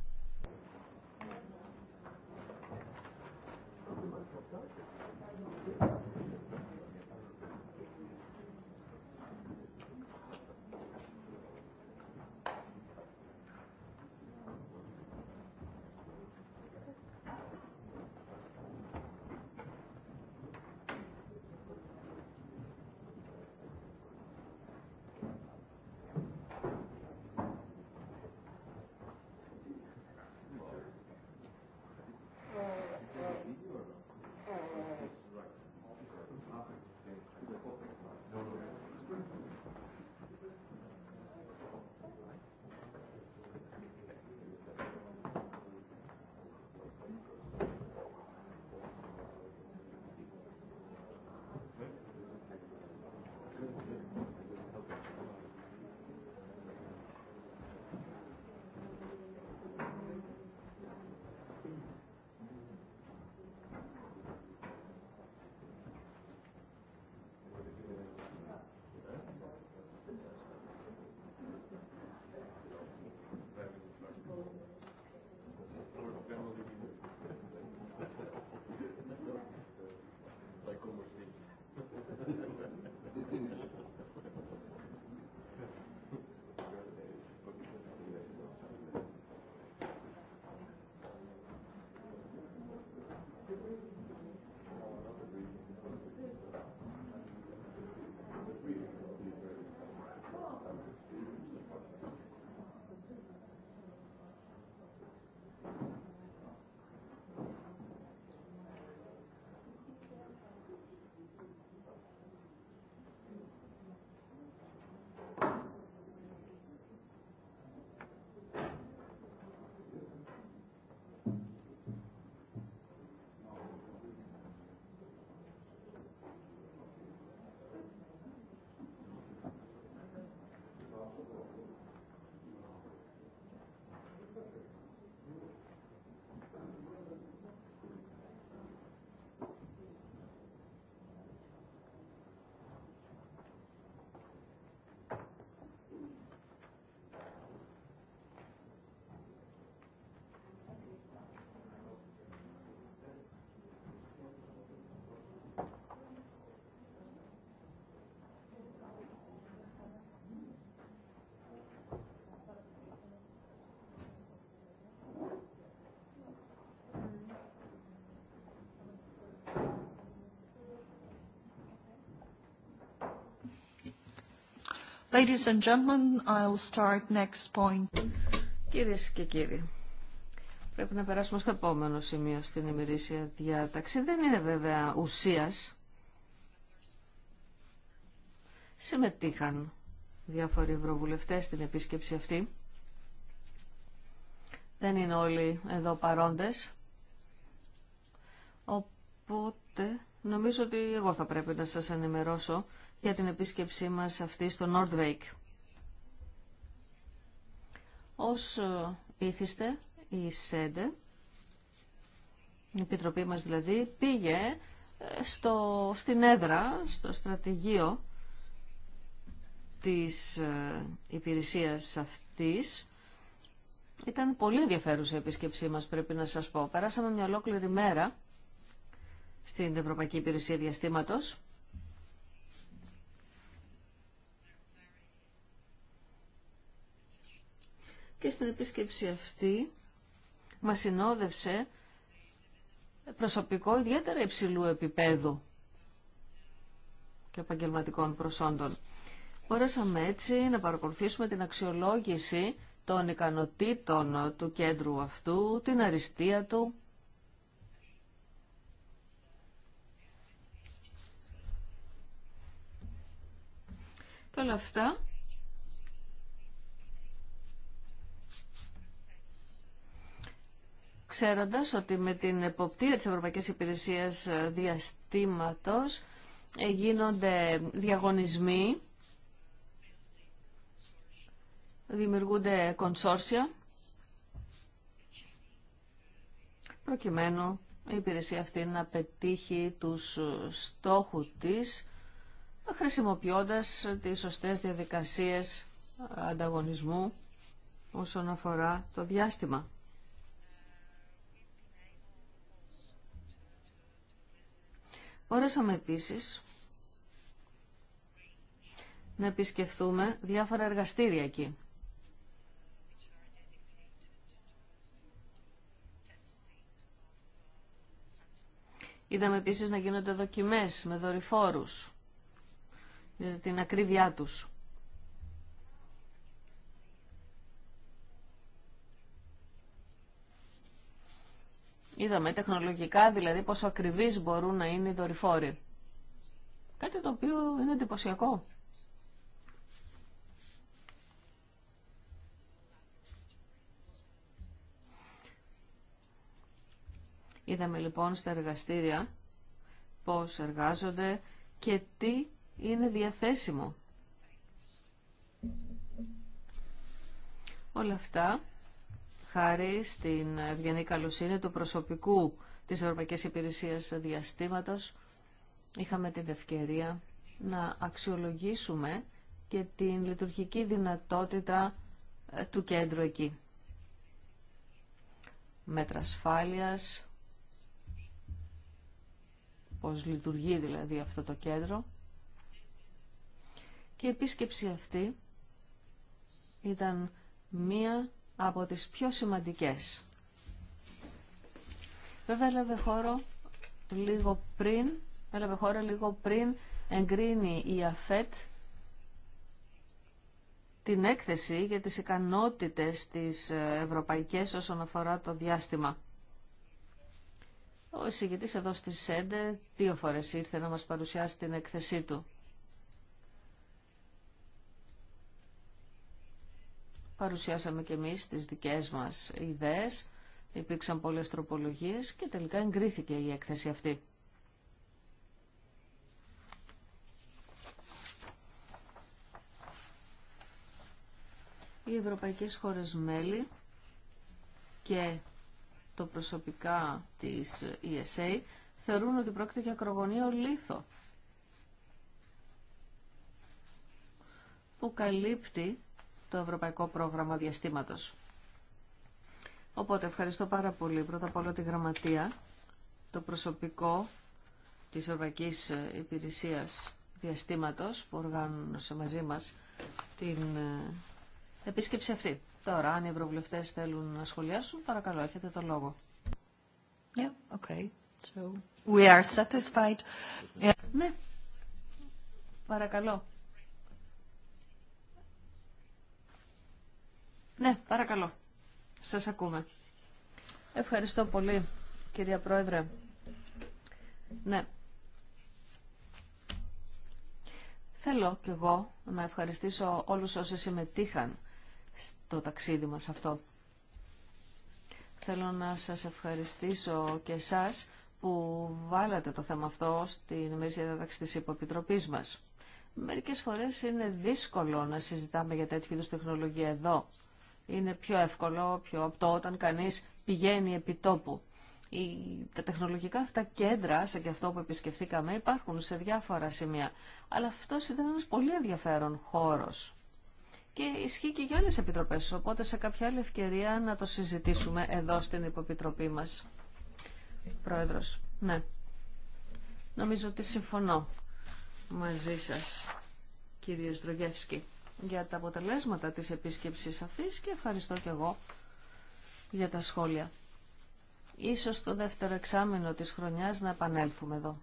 Ladies and gentlemen, Κυρίες και κύριοι, πρέπει να περάσουμε στο επόμενο σημείο στην ημερήσια διάταξη. Δεν είναι βέβαια ουσίας. Συμμετείχαν διάφοροι ευρωβουλευτές στην επίσκεψη αυτή. Δεν είναι όλοι εδώ παρόντες. Οπότε νομίζω ότι εγώ θα πρέπει να σας ενημερώσω για την επίσκεψή μας αυτή στο Νόρτβέικ. Ως ε, ήθιστε, η ΣΕΝΤΕ, η Επιτροπή μας δηλαδή, πήγε ε, στο, στην έδρα, στο στρατηγείο της ε, υπηρεσίας αυτής. Ήταν πολύ ενδιαφέρουσα η επίσκεψή μας, πρέπει να σας πω. Περάσαμε μια ολόκληρη μέρα στην Ευρωπαϊκή Υπηρεσία Διαστήματος και στην επίσκεψη αυτή μα συνόδευσε προσωπικό ιδιαίτερα υψηλού επίπεδου και επαγγελματικών προσόντων. Μπορέσαμε έτσι να παρακολουθήσουμε την αξιολόγηση των ικανοτήτων του κέντρου αυτού, την αριστεία του. Και αυτά ξέροντας ότι με την εποπτεία της Ευρωπαϊκής Υπηρεσίας ε, Διαστήματος ε, γίνονται διαγωνισμοί, δημιουργούνται κονσόρσια, προκειμένου η υπηρεσία αυτή να πετύχει τους ε, στόχους της, χρησιμοποιώντας τις σωστές διαδικασίες ανταγωνισμού όσον αφορά το διάστημα. Μπορέσαμε επίσης να επισκεφθούμε διάφορα εργαστήρια εκεί. Είδαμε επίσης να γίνονται δοκιμές με δορυφόρους για την ακρίβειά τους. Είδαμε τεχνολογικά δηλαδή πόσο ακριβείς μπορούν να είναι οι δορυφόροι. Κάτι το οποίο είναι εντυπωσιακό. Είδαμε λοιπόν στα εργαστήρια πώς εργάζονται και τι είναι διαθέσιμο. Όλα αυτά χάρη στην ευγενή καλοσύνη του προσωπικού της Ευρωπαϊκής Υπηρεσίας Διαστήματος είχαμε την ευκαιρία να αξιολογήσουμε και την λειτουργική δυνατότητα ε, του κέντρου εκεί. Μέτρα ασφάλειας, πώς λειτουργεί δηλαδή αυτό το κέντρο. Και η επίσκεψη αυτή ήταν μία από τις πιο σημαντικές. Βέβαια έλαβε χώρο λίγο πριν, έλαβε χώρο λίγο πριν εγκρίνει η ΑΦΕΤ την έκθεση για τις ικανότητες της Ευρωπαϊκής όσον αφορά το διάστημα. Ο εισηγητής εδώ στη ΣΕΝΤΕ δύο φορές ήρθε να μας παρουσιάσει την έκθεσή του. παρουσιάσαμε και εμείς τις δικές μας ιδέες, υπήρξαν πολλές τροπολογίες και τελικά εγκρίθηκε η έκθεση αυτή. Οι ευρωπαϊκές χώρες μέλη και το προσωπικά της ESA θεωρούν ότι πρόκειται για ακρογωνίο λίθο που καλύπτει το Ευρωπαϊκό Πρόγραμμα Διαστήματος. Οπότε ευχαριστώ πάρα πολύ πρώτα απ' όλο τη γραμματεία, το προσωπικό της Ευρωπαϊκής Υπηρεσίας Διαστήματος που οργάνωσε μαζί μας την ε, επίσκεψη αυτή. Τώρα, αν οι ευρωβουλευτές θέλουν να σχολιάσουν, παρακαλώ, έχετε το λόγο. Yeah, okay. So we are satisfied. Ναι, παρακαλώ. Ναι, παρακαλώ. Σας ακούμε. Ευχαριστώ πολύ, κυρία Πρόεδρε. Ναι. Θέλω κι εγώ να ευχαριστήσω όλους όσοι συμμετείχαν στο ταξίδι μας αυτό. Θέλω να σας ευχαριστήσω και εσάς που βάλατε το θέμα αυτό στην μερική διάταξη της Υποπιτροπής μας. Μερικές φορές είναι δύσκολο να συζητάμε για τέτοιου είδους τεχνολογία εδώ, είναι πιο εύκολο, πιο απτό όταν κανείς πηγαίνει επί τόπου. Τα τεχνολογικά αυτά κέντρα, σαν και αυτό που επισκεφθήκαμε, υπάρχουν σε διάφορα σημεία. Αλλά αυτό ήταν ένας πολύ ενδιαφέρον χώρος. Και ισχύει και για άλλες επιτροπές, οπότε σε κάποια άλλη ευκαιρία να το συζητήσουμε εδώ στην υποπιτροπή μας. Πρόεδρος, ναι. Νομίζω ότι συμφωνώ μαζί σας, κύριε Στρογεύσκη για τα αποτελέσματα της επίσκεψης αυτής και ευχαριστώ και εγώ για τα σχόλια. Ίσως το δεύτερο εξάμεινο της χρονιάς να επανέλθουμε εδώ.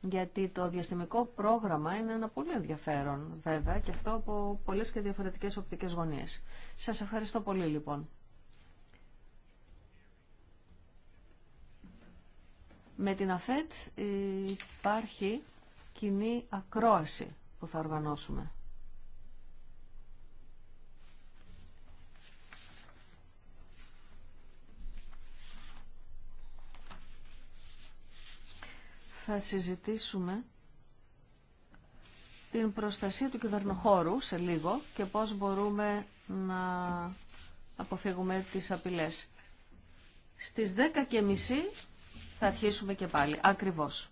Γιατί το διαστημικό πρόγραμμα είναι ένα πολύ ενδιαφέρον βέβαια και αυτό από πολλές και διαφορετικές οπτικές γωνίες. Σας ευχαριστώ πολύ λοιπόν. Με την ΑΦΕΤ ε, υπάρχει κοινή ακρόαση που θα οργανώσουμε. Θα συζητήσουμε την προστασία του κυβερνοχώρου σε λίγο και πώς μπορούμε να αποφύγουμε τις απειλές. Στις 10.30 θα αρχίσουμε και πάλι, ακριβώς.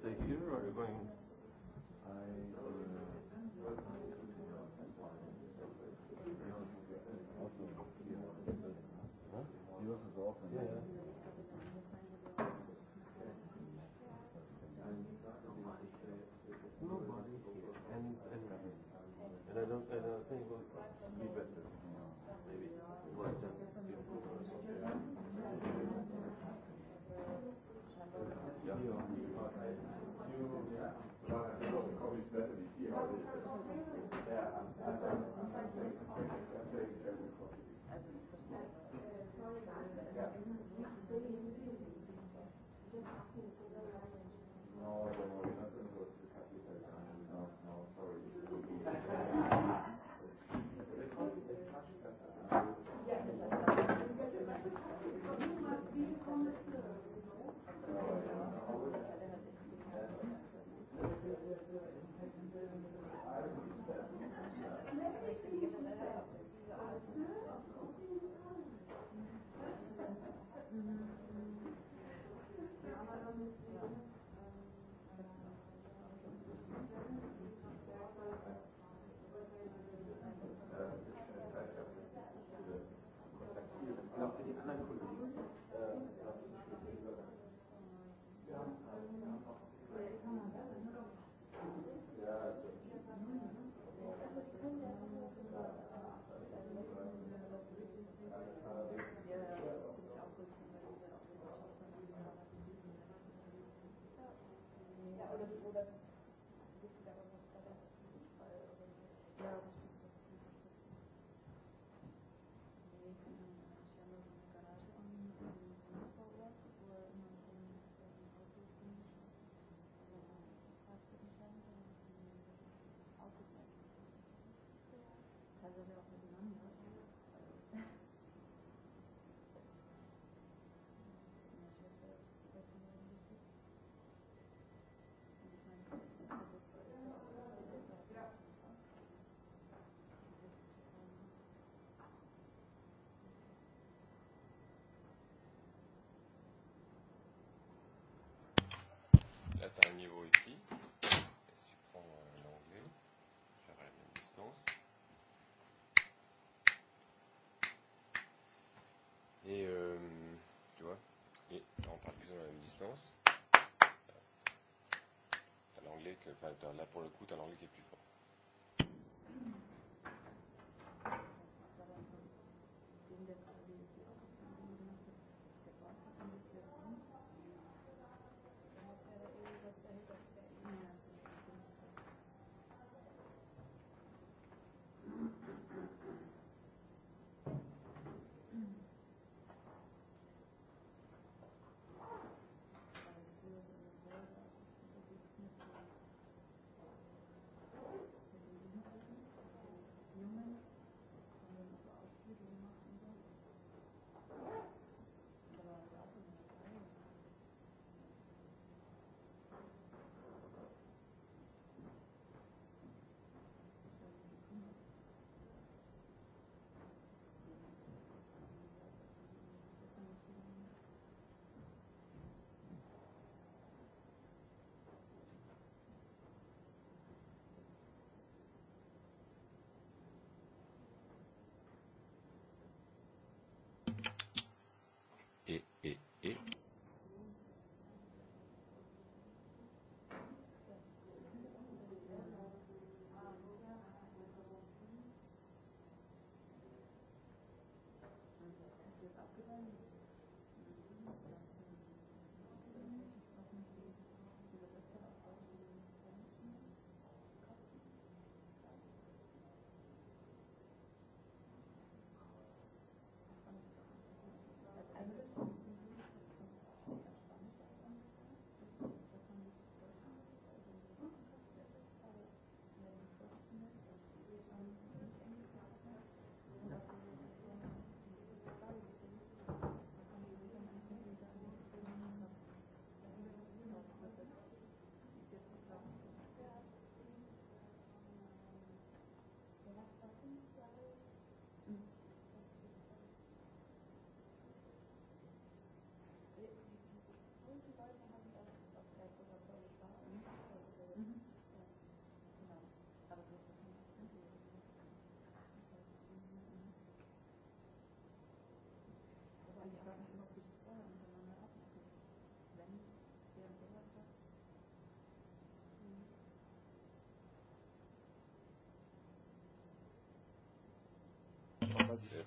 stay here or are you going No, Υπότιτλοι AUTHORWAVE circonstances. T'as l'anglais que, enfin, là pour le coup, t'as l'anglais qui est plus fort.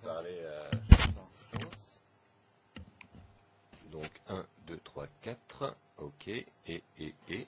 parler à... Donc 1, 2, 3, 4, ok, et, et, et,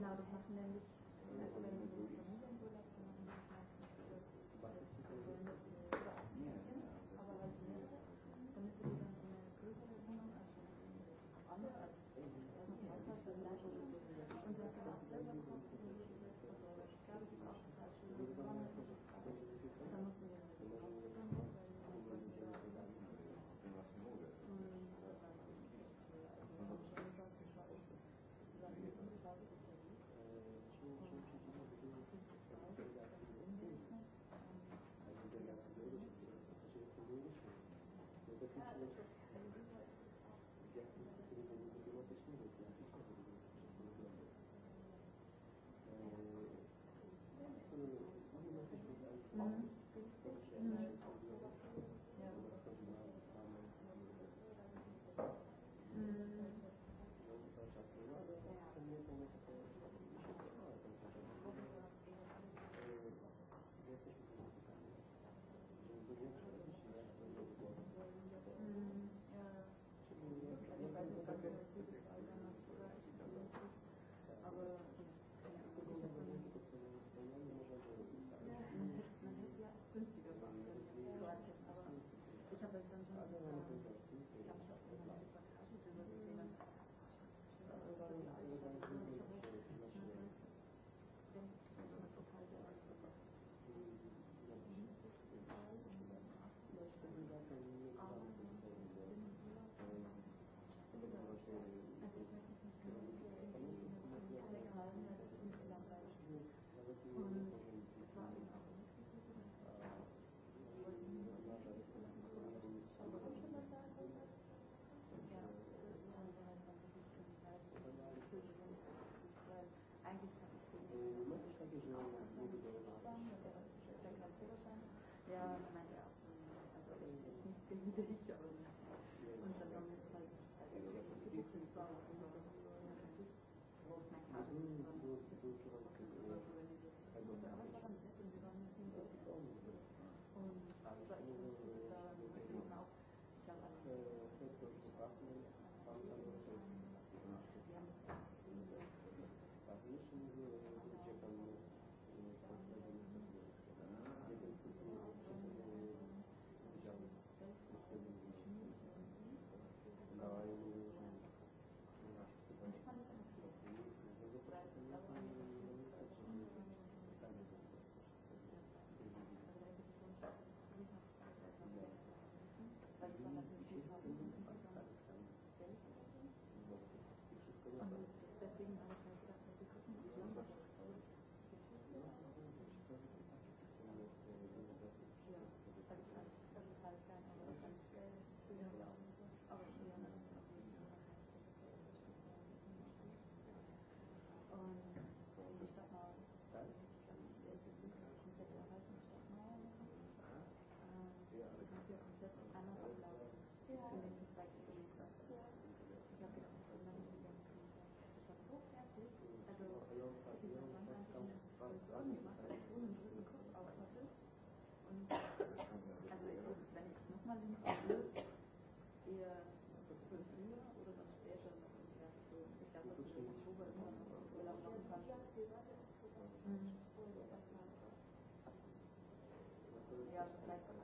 genau das machen, nämlich Ja,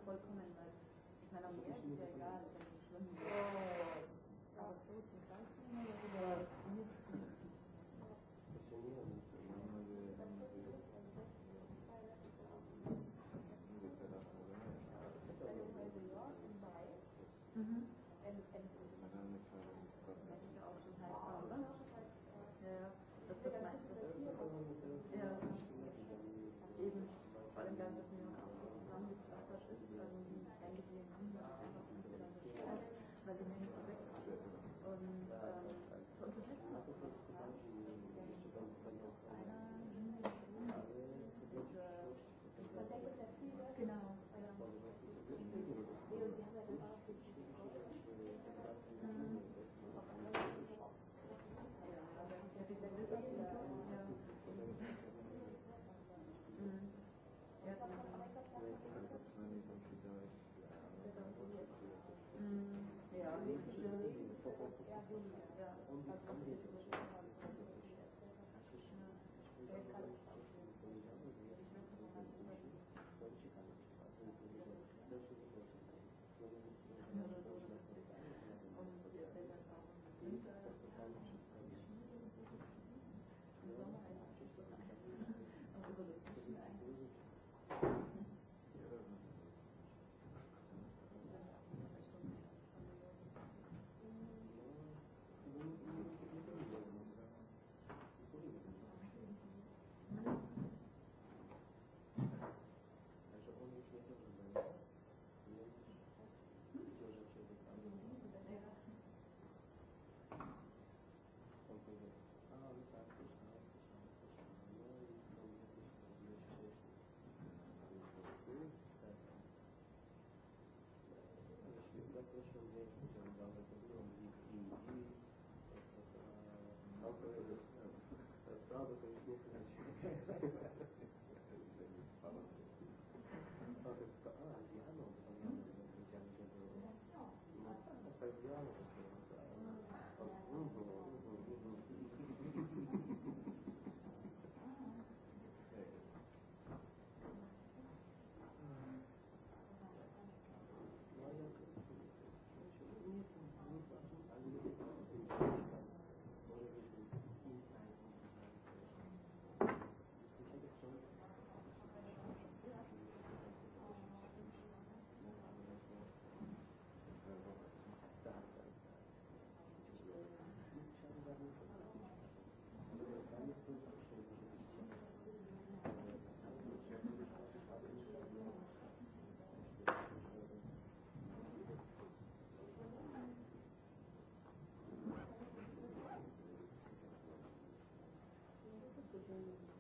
boy comment Υπότιτλοι AUTHORWAVE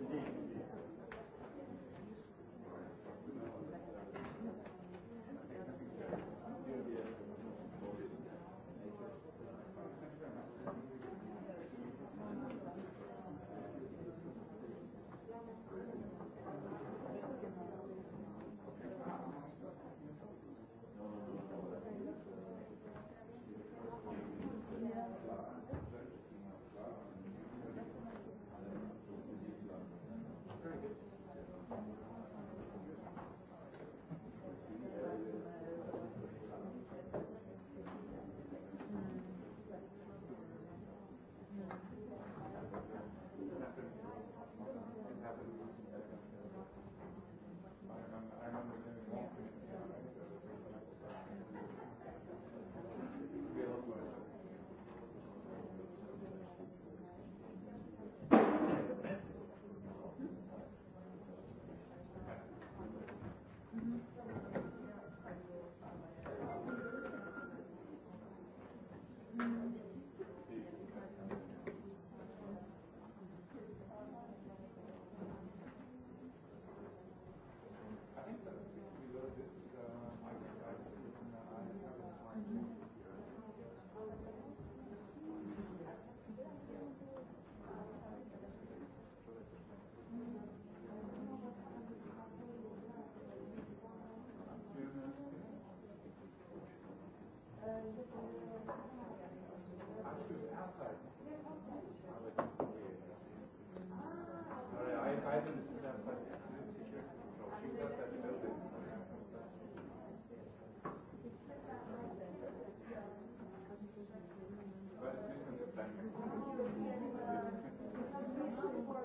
today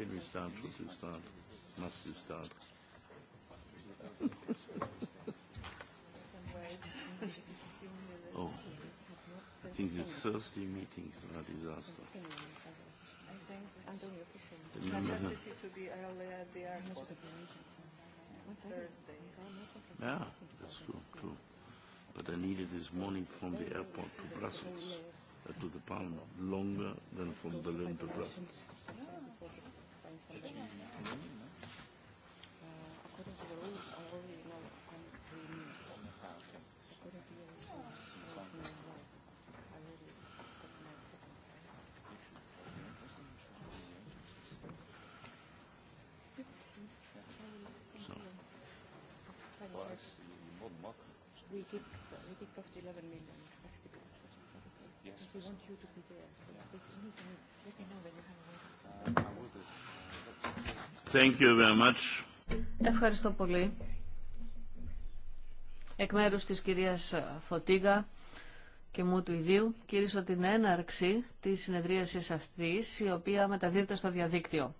Kirgisistan, Schusistan, Mastistan. oh, I think the Thursday meetings are a disaster. I think The necessity to be early at the airport. Thursday. Yeah, that's true, true. But I needed this morning from the airport to Brussels, uh, to the Palma, longer than from Berlin to Brussels. Ευχαριστώ πολύ. Εκ μέρους της κυρίας Φωτίγα και μου του ιδίου κήρυσω την έναρξη της συνεδρίασης αυτής η οποία μεταδίδεται στο διαδίκτυο.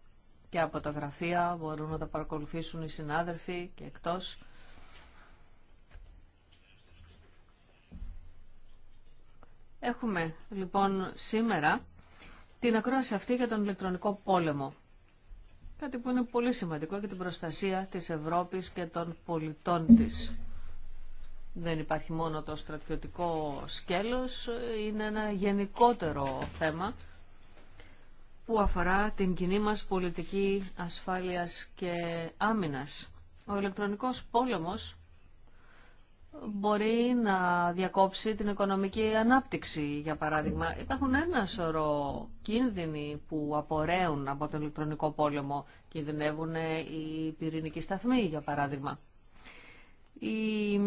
Και από τα γραφεία μπορούν να τα παρακολουθήσουν οι συνάδελφοι και εκτός. Έχουμε λοιπόν σήμερα την ακρόαση αυτή για τον ηλεκτρονικό πόλεμο. Κάτι που είναι πολύ σημαντικό για την προστασία της Ευρώπης και των πολιτών της. Δεν υπάρχει μόνο το στρατιωτικό σκέλος, είναι ένα γενικότερο θέμα που αφορά την κοινή μας πολιτική ασφάλειας και άμυνας. Ο ηλεκτρονικός πόλεμος μπορεί να διακόψει την οικονομική ανάπτυξη, για παράδειγμα. Υπάρχουν ένα σωρό κίνδυνοι που απορρέουν από τον ηλεκτρονικό πόλεμο. Κινδυνεύουν οι πυρηνικοί σταθμοί, για παράδειγμα. Οι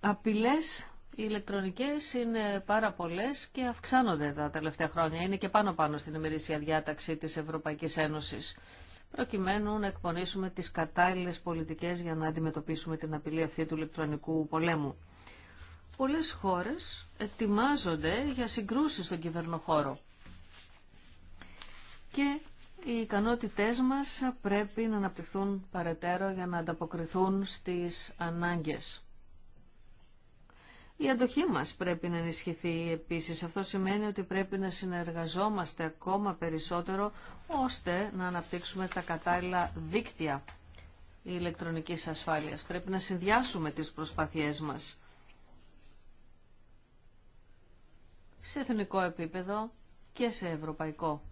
απειλές οι ηλεκτρονικές είναι πάρα πολλές και αυξάνονται τα τελευταία χρόνια. Είναι και πάνω-πάνω στην ημερήσια διάταξη της Ευρωπαϊκής Ένωσης προκειμένου να εκπονήσουμε τις κατάλληλες πολιτικές για να αντιμετωπίσουμε την απειλή αυτή του ηλεκτρονικού πολέμου. Πολλές χώρες ετοιμάζονται για συγκρούσεις στον κυβερνοχώρο και οι ικανότητές μας πρέπει να αναπτυχθούν παρετέρω για να ανταποκριθούν στις ανάγκες. Η αντοχή μας πρέπει να ενισχυθεί επίσης. Αυτό σημαίνει ότι πρέπει να συνεργαζόμαστε ακόμα περισσότερο ώστε να αναπτύξουμε τα κατάλληλα δίκτυα ηλεκτρονικής ασφάλειας. Πρέπει να συνδυάσουμε τις προσπαθειές μας. Σε εθνικό επίπεδο και σε ευρωπαϊκό.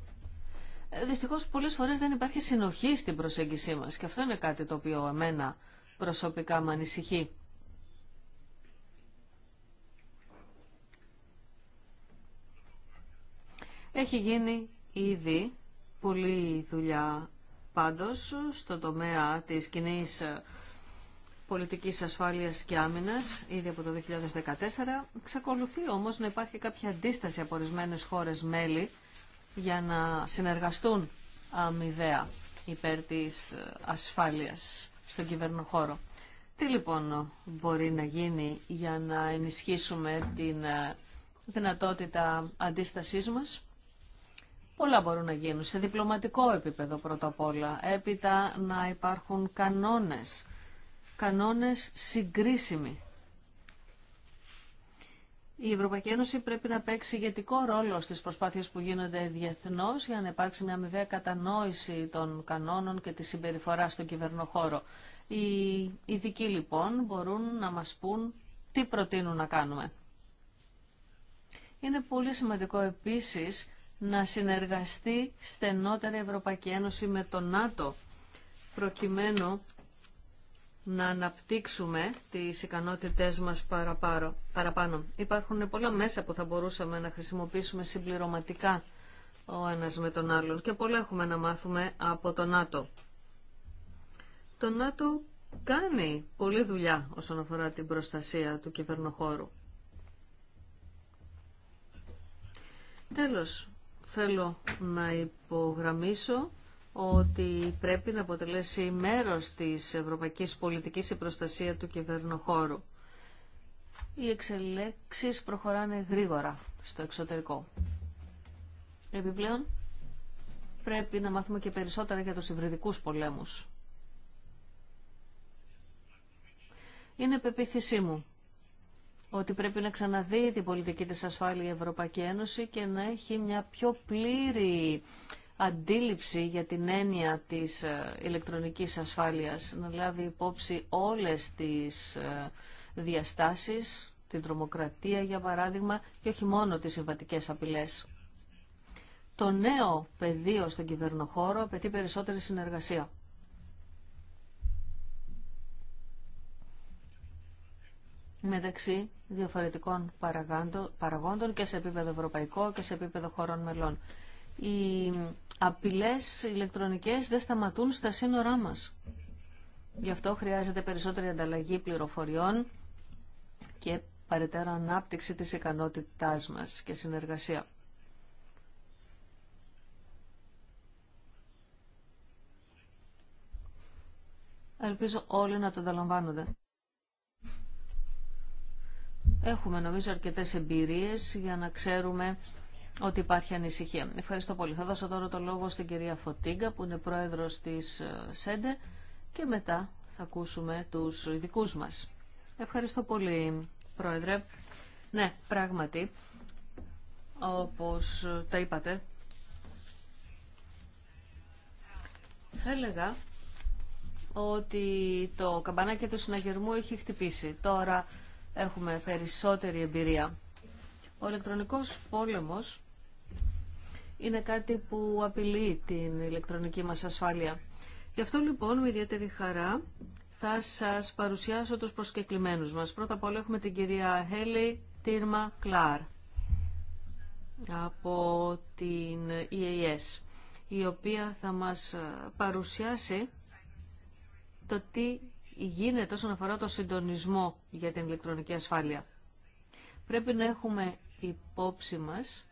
Ε, δυστυχώς πολλές φορές δεν υπάρχει συνοχή στην προσέγγισή μας και αυτό είναι κάτι το οποίο εμένα προσωπικά με ανησυχεί. Έχει γίνει ήδη πολλή δουλειά πάντως στο τομέα της κοινή πολιτικής ασφάλειας και άμυνας ήδη από το 2014. Ξακολουθεί όμως να υπάρχει κάποια αντίσταση από ορισμένε χώρες μέλη για να συνεργαστούν αμοιβαία υπέρ της ασφάλειας στον κυβερνοχώρο. Τι λοιπόν μπορεί να γίνει για να ενισχύσουμε την δυνατότητα αντίστασής μας Πολλά μπορούν να γίνουν σε διπλωματικό επίπεδο πρώτα απ' όλα. Έπειτα να υπάρχουν κανόνες, κανόνες συγκρίσιμοι. Η Ευρωπαϊκή Ένωση πρέπει να παίξει ηγετικό ρόλο στις προσπάθειες που γίνονται διεθνώς για να υπάρξει μια αμοιβαία κατανόηση των κανόνων και της συμπεριφορά στον κυβερνοχώρο. Οι ειδικοί λοιπόν μπορούν να μας πούν τι προτείνουν να κάνουμε. Είναι πολύ σημαντικό επίσης να συνεργαστεί στενότερα η Ευρωπαϊκή Ένωση με το ΝΑΤΟ προκειμένου να αναπτύξουμε τις ικανότητές μας παραπάνω. Υπάρχουν πολλά μέσα που θα μπορούσαμε να χρησιμοποιήσουμε συμπληρωματικά ο ένας με τον άλλον και πολλά έχουμε να μάθουμε από το ΝΑΤΟ. Το ΝΑΤΟ κάνει πολλή δουλειά όσον αφορά την προστασία του κυβερνοχώρου. Τέλος, Θέλω να υπογραμμίσω ότι πρέπει να αποτελέσει μέρος της ευρωπαϊκής πολιτικής η προστασία του κυβερνοχώρου. Οι εξελέξεις προχωράνε γρήγορα στο εξωτερικό. Επιπλέον, πρέπει να μάθουμε και περισσότερα για τους υβριδικούς πολέμους. Είναι πεποίθησή μου ότι πρέπει να ξαναδεί την πολιτική της ασφάλεια η Ευρωπαϊκή Ένωση και να έχει μια πιο πλήρη αντίληψη για την έννοια της ε, ηλεκτρονικής ασφάλειας, να λάβει υπόψη όλες τις ε, διαστάσεις, την τρομοκρατία για παράδειγμα και όχι μόνο τις συμβατικές απειλές. Το νέο πεδίο στον κυβερνοχώρο απαιτεί περισσότερη συνεργασία. μεταξύ διαφορετικών παραγόντων και σε επίπεδο ευρωπαϊκό και σε επίπεδο χωρών μελών. Οι απειλές ηλεκτρονικές δεν σταματούν στα σύνορά μας. Γι' αυτό χρειάζεται περισσότερη ανταλλαγή πληροφοριών και παρετέρω ανάπτυξη της ικανότητάς μας και συνεργασία. Ελπίζω όλοι να το ανταλαμβάνονται έχουμε νομίζω αρκετές εμπειρίες για να ξέρουμε ότι υπάρχει ανησυχία. Ευχαριστώ πολύ. Θα δώσω τώρα το λόγο στην κυρία Φωτίγκα που είναι πρόεδρος της ε, ΣΕΝΤΕ και μετά θα ακούσουμε τους ειδικού μας. Ευχαριστώ πολύ πρόεδρε. Ναι, πράγματι, όπως ε, τα είπατε, θα έλεγα ότι το καμπανάκι του συναγερμού έχει χτυπήσει. Τώρα έχουμε περισσότερη εμπειρία. Ο ηλεκτρονικός πόλεμος είναι κάτι που απειλεί την ηλεκτρονική μας ασφάλεια. Γι' αυτό λοιπόν με ιδιαίτερη χαρά θα σας παρουσιάσω τους προσκεκλημένους μας. Πρώτα απ' όλα έχουμε την κυρία Χέλη Τίρμα Κλάρ από την EAS, η οποία θα μας παρουσιάσει το τι γίνεται όσον αφορά το συντονισμό για την ηλεκτρονική ασφάλεια. Πρέπει να έχουμε υπόψη μας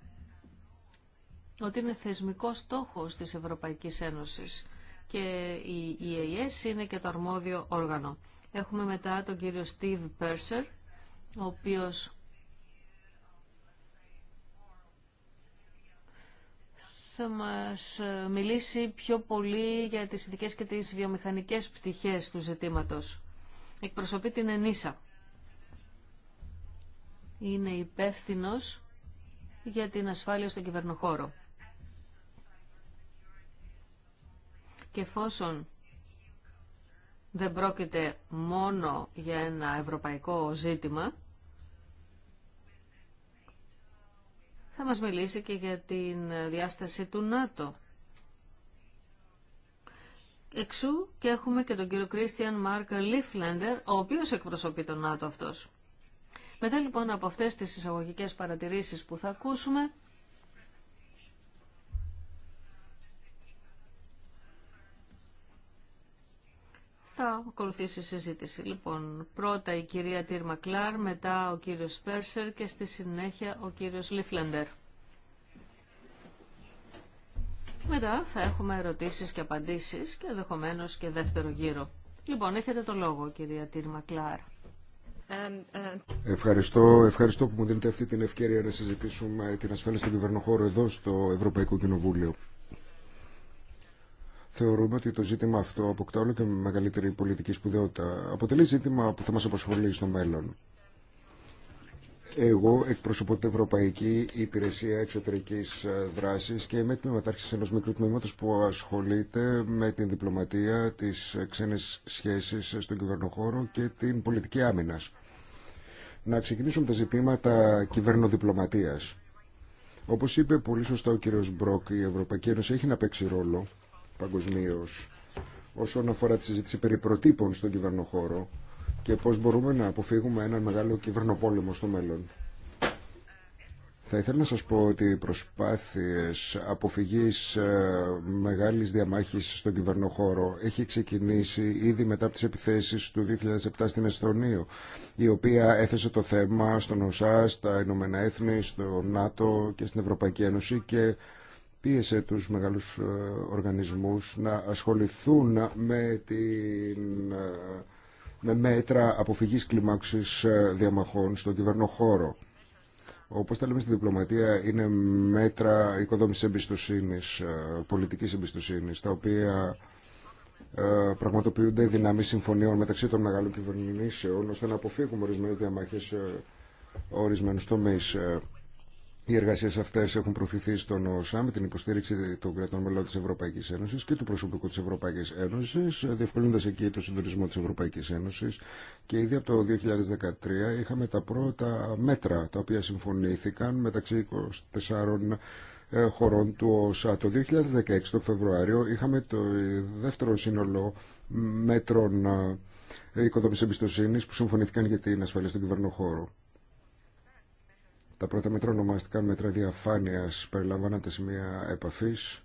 ότι είναι θεσμικός στόχος της Ευρωπαϊκής Ένωσης και η EAS είναι και το αρμόδιο όργανο. Έχουμε μετά τον κύριο Steve Purser, ο οποίος θα μας ε, μιλήσει πιο πολύ για τις ειδικέ και τις βιομηχανικές πτυχές του ζητήματος. Εκπροσωπεί την ΕΝΙΣΑ. Είναι υπεύθυνο για την ασφάλεια στον κυβερνοχώρο. Και εφόσον δεν πρόκειται μόνο για ένα ευρωπαϊκό ζήτημα, θα μας μιλήσει και για την διάσταση του ΝΑΤΟ. Εξού και έχουμε και τον κύριο Κρίστιαν Μάρκ Λίφλεντερ, ο οποίος εκπροσωπεί τον ΝΑΤΟ αυτός. Μετά λοιπόν από αυτές τις εισαγωγικές παρατηρήσεις που θα ακούσουμε, θα ακολουθήσει η συζήτηση. Λοιπόν, πρώτα η κυρία Τύρμα Κλάρ, μετά ο κύριος Πέρσερ και στη συνέχεια ο κύριος Λίφλεντερ. Μετά θα έχουμε ερωτήσεις και απαντήσεις και ενδεχομένω και δεύτερο γύρο. Λοιπόν, έχετε το λόγο κυρία Τίρμα Κλάρ. Ε, ευχαριστώ, ευχαριστώ που μου δίνετε αυτή την ευκαιρία να συζητήσουμε την ασφάλεια στον κυβερνοχώρο εδώ στο Ευρωπαϊκό Κοινοβούλιο θεωρούμε ότι το ζήτημα αυτό αποκτά όλο και μεγαλύτερη πολιτική σπουδαιότητα. Αποτελεί ζήτημα που θα μας απασχολεί στο μέλλον. Εγώ εκπροσωπώ την Ευρωπαϊκή Υπηρεσία Εξωτερικής Δράσης και είμαι τμήματάρχης ενός μικρού τμήματος που ασχολείται με την διπλωματία, τις ξένες σχέσεις στον κυβερνοχώρο και την πολιτική άμυνας. Να ξεκινήσουμε τα ζητήματα κυβερνοδιπλωματίας. Όπως είπε πολύ σωστά ο κύριος Μπρόκ, η Ευρωπαϊκή Ένωση έχει να παίξει ρόλο παγκοσμίω όσον αφορά τη συζήτηση περί προτύπων στον κυβερνοχώρο και πώς μπορούμε να αποφύγουμε έναν μεγάλο κυβερνοπόλεμο στο μέλλον. Θα ήθελα να σας πω ότι οι προσπάθειες αποφυγής ε, μεγάλης διαμάχης στον κυβερνοχώρο έχει ξεκινήσει ήδη μετά από τις επιθέσεις του 2007 στην Εσθονία, η οποία έθεσε το θέμα στον ΟΣΑ, στα Ηνωμένα Έθνη, στο ΝΑΤΟ και στην Ευρωπαϊκή Ένωση και πίεσε τους μεγάλους ε, οργανισμούς να ασχοληθούν με, την, ε, με μέτρα αποφυγής κλιμάξης ε, διαμαχών στον κυβερνό χώρο. Όπως τα λέμε στη διπλωματία, είναι μέτρα οικοδόμησης εμπιστοσύνης, πολιτικής εμπιστοσύνης, τα οποία πραγματοποιούνται δυνάμεις συμφωνιών μεταξύ των μεγάλων κυβερνήσεων, ώστε να αποφύγουμε ορισμένες διαμάχες ορισμένους τομείς. Οι εργασίε αυτέ έχουν προωθηθεί στον ΟΣΑ με την υποστήριξη των κρατών μελών τη Ευρωπαϊκή Ένωση και του προσωπικού τη Ευρωπαϊκή Ένωση, διευκολύνοντας εκεί το συντονισμό τη Ευρωπαϊκή Ένωση Και ήδη από το 2013 είχαμε τα πρώτα μέτρα τα οποία συμφωνήθηκαν μεταξύ 24 ε, χωρών του ΟΣΑ. Το 2016, το Φεβρουάριο, είχαμε το δεύτερο σύνολο μέτρων ε, οικοδόμησης εμπιστοσύνης που συμφωνήθηκαν για την ασφαλή στον χώρο. Τα πρώτα μέτρα ονομαστικά μέτρα διαφάνειας περιλαμβάναν σε σημεία επαφής,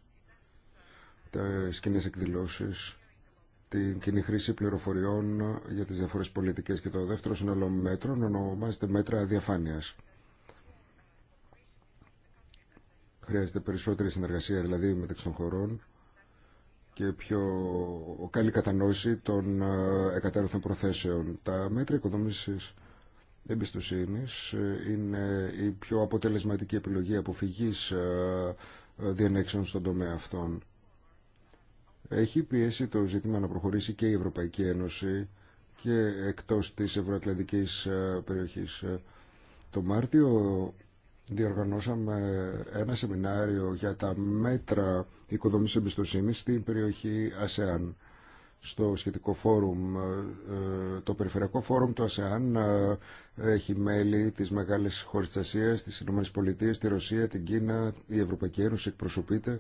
τις κοινέ εκδηλώσεις, την κοινή χρήση πληροφοριών για τις διαφορές πολιτικές και το δεύτερο σύνολο μέτρων ονομάζεται μέτρα διαφάνειας. Χρειάζεται περισσότερη συνεργασία δηλαδή μεταξύ των χωρών και πιο καλή κατανόηση των ε, εκατέρωθων προθέσεων. Τα μέτρα οικοδόμησης εμπιστοσύνη ε, είναι η πιο αποτελεσματική επιλογή αποφυγή ε, ε, διενέξεων στον τομέα αυτών. Έχει πιέσει το ζήτημα να προχωρήσει και η Ευρωπαϊκή Ένωση και εκτός της ευρωατλαντικής περιοχής. Το Μάρτιο διοργανώσαμε ένα σεμινάριο για τα μέτρα οικοδομής εμπιστοσύνης στην περιοχή ΑΣΕΑΝ στο σχετικό φόρουμ. Ε, ε, το Περιφερειακό Φόρουμ του ΑΣΕΑΝ ε, έχει μέλη τις μεγάλες χώρες της Ασίας, τις ΗΠΑ, τη Ρωσία, την Κίνα, η Ευρωπαϊκή Ένωση εκπροσωπείται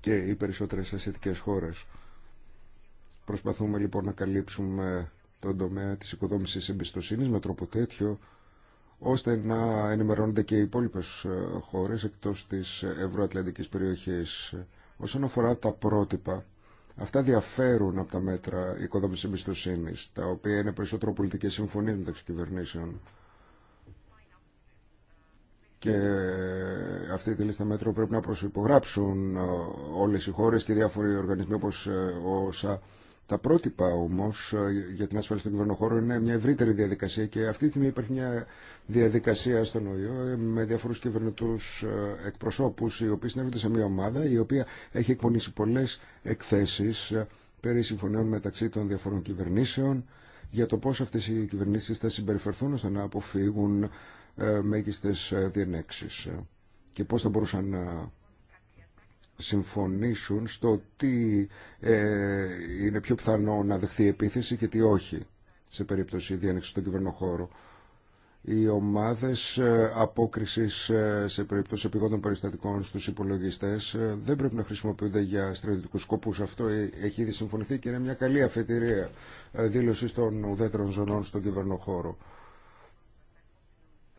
και οι περισσότερες ασιατικές χώρες. Προσπαθούμε λοιπόν να καλύψουμε τον τομέα της οικοδόμησης εμπιστοσύνης με τρόπο τέτοιο ώστε να ενημερώνονται και οι υπόλοιπε χώρες εκτός της Ευρωατλαντικής περιοχής. Όσον αφορά τα πρότυπα, Αυτά διαφέρουν από τα μέτρα οικοδόμηση εμπιστοσύνη, τα οποία είναι περισσότερο πολιτικέ συμφωνίε μεταξύ κυβερνήσεων. Και αυτή τη λίστα μέτρων πρέπει να προσυπογράψουν ε, όλε οι χώρε και διάφοροι οργανισμοί όπω ε, ο ΣΑ τα πρότυπα όμως ε, για την ασφάλεια στον κυβερνοχώρο είναι μια ευρύτερη διαδικασία και αυτή τη στιγμή υπάρχει μια διαδικασία στον ΟΗΟ ε, με διαφορούς κυβερνητού ε, εκπροσώπους οι οποίοι συνέρχονται σε μια ομάδα η οποία έχει εκπονήσει πολλές εκθέσεις περί συμφωνιών μεταξύ των διαφορών κυβερνήσεων για το πώ αυτέ οι κυβερνήσει θα συμπεριφερθούν ώστε να αποφύγουν μέγιστέ διενέξει και πώ θα μπορούσαν να συμφωνήσουν στο τι ε, είναι πιο πιθανό να δεχθεί επίθεση και τι όχι σε περίπτωση διένεξη στον κυβερνοχώρο. Οι ομάδες ε, απόκρισης ε, σε περίπτωση επιγόντων περιστατικών στους υπολογιστές δεν πρέπει να χρησιμοποιούνται για στρατιωτικούς σκοπούς. Αυτό έχει ήδη συμφωνηθεί και είναι μια καλή αφετηρία δήλωση των ουδέτερων ζωνών στον κυβερνοχώρο.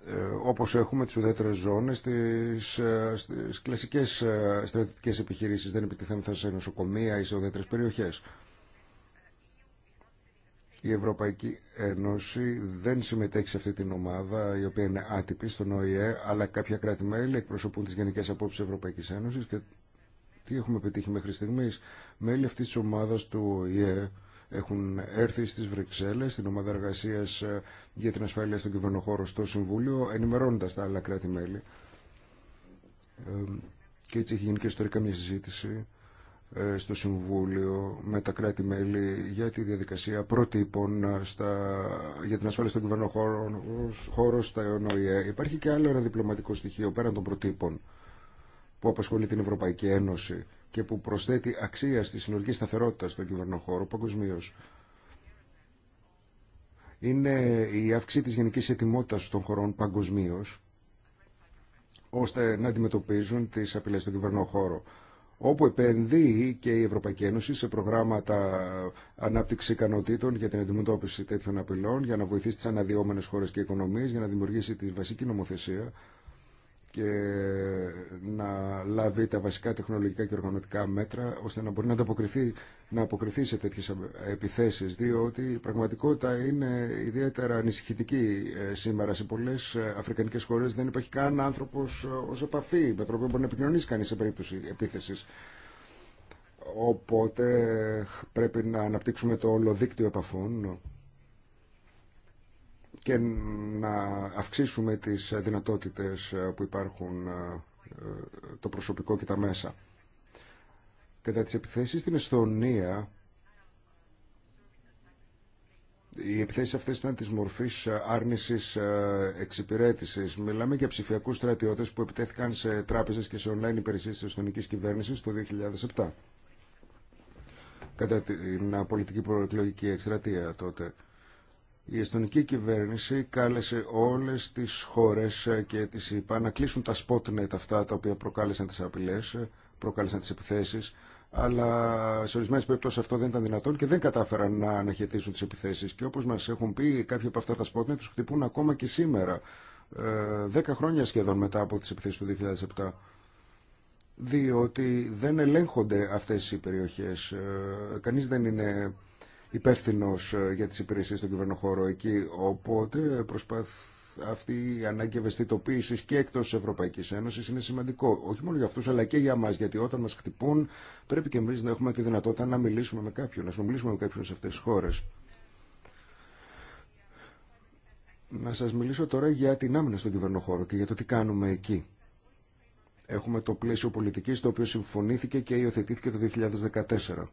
Ε, όπως έχουμε τις ουδέτερες ζώνες, τις, ε, κλασικές ε, στρατιωτικές επιχειρήσεις δεν επιτιθέμεθα σε νοσοκομεία ή σε ουδέτερες περιοχές. Η Ευρωπαϊκή Ένωση δεν συμμετέχει σε αυτή την ομάδα, η οποία είναι άτυπη στον ΟΗΕ, αλλά κάποια κράτη-μέλη εκπροσωπούν τις γενικές απόψεις της Ευρωπαϊκής Ένωσης και τι έχουμε πετύχει μέχρι στιγμής. Μέλη αυτής της ομάδας του ΟΗΕ έχουν έρθει στις Βρυξέλλες, στην ομάδα εργασίας ε, για την ασφάλεια στον κυβερνοχώρο στο Συμβούλιο, ενημερώνοντας τα άλλα κράτη-μέλη. Και έτσι έχει γίνει και ιστορικά μια συζήτηση ε, στο Συμβούλιο με τα κράτη-μέλη για τη διαδικασία πρότυπων ε, στα, για την ασφάλεια στον κυβερνοχώρο χώρο στα ΕΟΝΟΙΕ. Υπάρχει και άλλο ένα διπλωματικό στοιχείο πέραν των προτύπων που απασχολεί την Ευρωπαϊκή Ένωση και που προσθέτει αξία στη συνολική σταθερότητα στον χώρο παγκοσμίω. Είναι η αύξηση της γενικής ετοιμότητας των χωρών παγκοσμίω ώστε να αντιμετωπίζουν τις απειλές στον χώρο. όπου επενδύει και η Ευρωπαϊκή Ένωση σε προγράμματα ανάπτυξη ικανοτήτων για την αντιμετώπιση τέτοιων απειλών, για να βοηθήσει τι αναδυόμενε χώρε και οικονομίε, για να δημιουργήσει τη βασική νομοθεσία και να λάβει τα βασικά τεχνολογικά και οργανωτικά μέτρα ώστε να μπορεί να αποκριθεί, να αποκριθεί σε τέτοιες επιθέσεις διότι η πραγματικότητα είναι ιδιαίτερα ανησυχητική ε, σήμερα σε πολλές ε, αφρικανικές χώρες δεν υπάρχει καν άνθρωπος ε, ως επαφή με τον οποίο μπορεί να επικοινωνήσει κανείς σε περίπτωση επίθεσης οπότε πρέπει να αναπτύξουμε το όλο δίκτυο επαφών και να αυξήσουμε τις δυνατότητες ε, που υπάρχουν ε, ε, το προσωπικό και τα μέσα. Κατά τις επιθέσεις στην Εσθονία, οι επιθέσεις αυτές ήταν της μορφής άρνησης εξυπηρέτησης. Μιλάμε για ψηφιακούς στρατιώτες που επιτέθηκαν σε τράπεζες και σε online υπηρεσίες της εσθονικής κυβέρνησης το 2007 κατά την πολιτική προεκλογική εκστρατεία τότε. Η εστονική κυβέρνηση κάλεσε όλες τις χώρες ε, και τις είπα να κλείσουν τα spotnet αυτά τα οποία προκάλεσαν τις απειλές, ε, προκάλεσαν τις επιθέσεις, αλλά σε ορισμένε περιπτώσει αυτό δεν ήταν δυνατόν και δεν κατάφεραν να αναχαιτήσουν τι επιθέσει. Και όπω μα έχουν πει, κάποιοι από αυτά τα σπότνετ του χτυπούν ακόμα και σήμερα, ε, δέκα χρόνια σχεδόν μετά από τι επιθέσει του 2007 διότι δεν ελέγχονται αυτές οι περιοχές. Κανείς δεν είναι υπεύθυνο ε, για τι υπηρεσίε στον κυβερνοχώρο εκεί. Οπότε προσπαθ... αυτή η ανάγκη ευαισθητοποίηση και εκτό της Ευρωπαϊκής Ένωσης είναι σημαντικό. Όχι μόνο για αυτού, αλλά και για εμά. γιατί όταν μα χτυπούν πρέπει και εμεί να έχουμε τη δυνατότητα να μιλήσουμε με κάποιον, να συνομιλήσουμε με κάποιον σε αυτές τι χώρες. Να σας μιλήσω τώρα για την άμυνα στον κυβερνοχώρο και για το τι κάνουμε εκεί. Έχουμε το πλαίσιο πολιτικής το οποίο συμφωνήθηκε και υιοθετήθηκε το 2014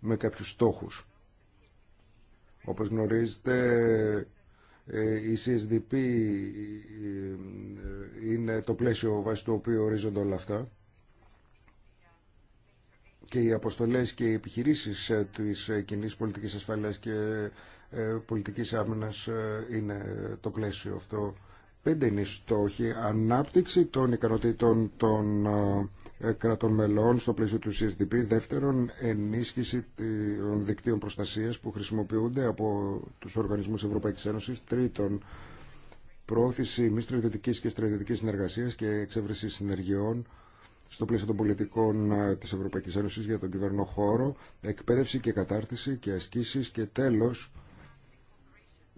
με κάποιους στόχους. Όπως γνωρίζετε, ε, η CSDP ε, ε, είναι το πλαίσιο βάσει το οποίο ορίζονται όλα αυτά και οι αποστολές και οι επιχειρήσεις της κοινή πολιτικής ασφαλείας και πολιτικής άμυνας είναι το πλαίσιο αυτό Πέντε είναι οι στόχοι. Ανάπτυξη των ικανοτήτων των ε, κρατών μελών στο πλαίσιο του CSDP. Δεύτερον, ενίσχυση των δικτύων προστασίας που χρησιμοποιούνται από τους οργανισμούς Ευρωπαϊκής Ένωσης. Τρίτον, προώθηση μη στρατιωτικής και στρατιωτικής συνεργασίας και εξέβρεση συνεργειών στο πλαίσιο των πολιτικών ε, της Ευρωπαϊκής Ένωσης για τον κυβερνό χώρο, εκπαίδευση και κατάρτιση και ασκήσεις και τέλος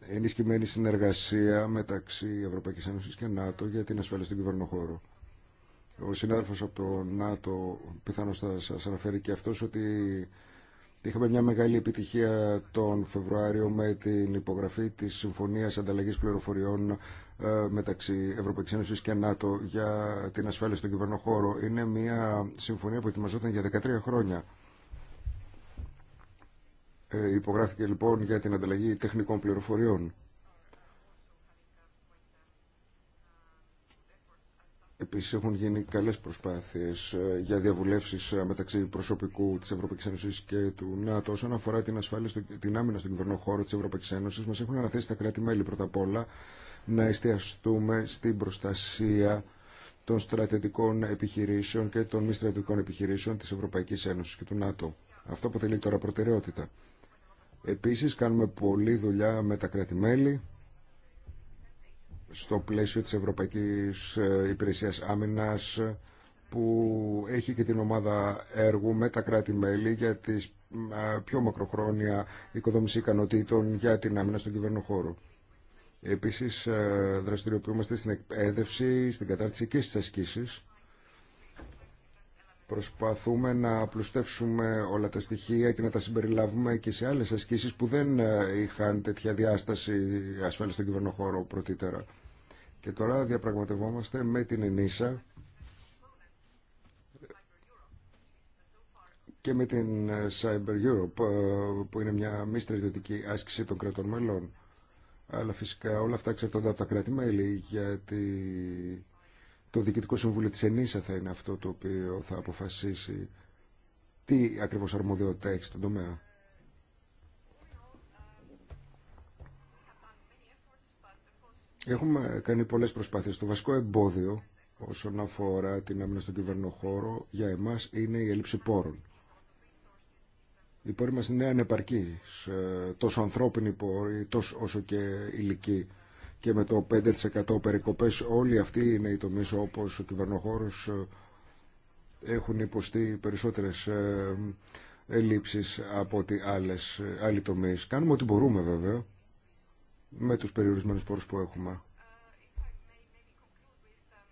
ενισχυμένη συνεργασία μεταξύ Ευρωπαϊκής Ένωσης και ΝΑΤΟ για την ασφάλεια στον κυβερνοχώρο. Ο συνάδελφος από το ΝΑΤΟ πιθανώς θα σας αναφέρει και αυτός ότι είχαμε μια μεγάλη επιτυχία τον Φεβρουάριο με την υπογραφή της Συμφωνίας Ανταλλαγής Πληροφοριών ε, μεταξύ Ευρωπαϊκής Ένωσης και ΝΑΤΟ για την ασφάλεια στον κυβερνοχώρο. Είναι μια συμφωνία που ετοιμαζόταν για 13 χρόνια ε, υπογράφηκε λοιπόν για την ανταλλαγή τεχνικών πληροφοριών. Επίσης έχουν γίνει καλές προσπάθειες ε, για διαβουλεύσεις ε, μεταξύ προσωπικού της Ευρωπαϊκής Ένωσης και του ΝΑΤΟ. Όσον αφορά την, ασφάλεια, την άμυνα στον κυβερνό χώρο της Ευρωπαϊκής Ένωσης, μας έχουν αναθέσει τα κράτη-μέλη πρώτα απ' όλα να εστιαστούμε στην προστασία των στρατιωτικών επιχειρήσεων και των μη στρατιωτικών επιχειρήσεων της Ευρωπαϊκής Ένωσης και του ΝΑΤΟ. Αυτό αποτελεί τώρα προτεραιότητα. Επίσης κάνουμε πολλή δουλειά με τα κρατη στο πλαίσιο της Ευρωπαϊκής ε, Υπηρεσίας Άμυνας που έχει και την ομάδα έργου με τα κράτη-μέλη για τις ε, πιο μακροχρόνια οικοδόμηση ικανοτήτων για την άμυνα στον κυβερνοχώρο. Επίσης ε, δραστηριοποιούμαστε στην εκπαίδευση, στην κατάρτιση και στις ασκήσεις Προσπαθούμε να απλουστεύσουμε όλα τα στοιχεία και να τα συμπεριλάβουμε και σε άλλες ασκήσεις που δεν ε, είχαν τέτοια διάσταση ασφάλεια στον κυβερνοχώρο πρωτήτερα. Και τώρα διαπραγματευόμαστε με την ΕΝΙΣΑ και με την ε, Cyber Europe ε, που είναι μια μη στρατιωτική άσκηση των κρατών μελών. Αλλά φυσικά όλα αυτά εξαρτώνται από τα κράτη-μέλη γιατί το Διοικητικό Συμβούλιο της ΕΝΗΣΑ θα είναι αυτό το οποίο θα αποφασίσει τι ακριβώς αρμοδιότητα έχει στον τομέα. Έχουμε κάνει πολλές προσπάθειες. Το βασικό εμπόδιο όσον αφορά την άμυνα στον χώρο για εμάς είναι η έλλειψη πόρων. Οι πόροι μας είναι ανεπαρκείς, ε, τόσο ανθρώπινοι πόροι, τόσο όσο και ηλικοί και με το 5% περικοπές όλοι αυτοί είναι οι τομείς όπως ο κυβερνοχώρος έχουν υποστεί περισσότερες ε, ελλείψεις από ότι άλλες, ε, άλλοι τομείς. Κάνουμε ό,τι μπορούμε βέβαια με τους περιορισμένους πόρους που έχουμε.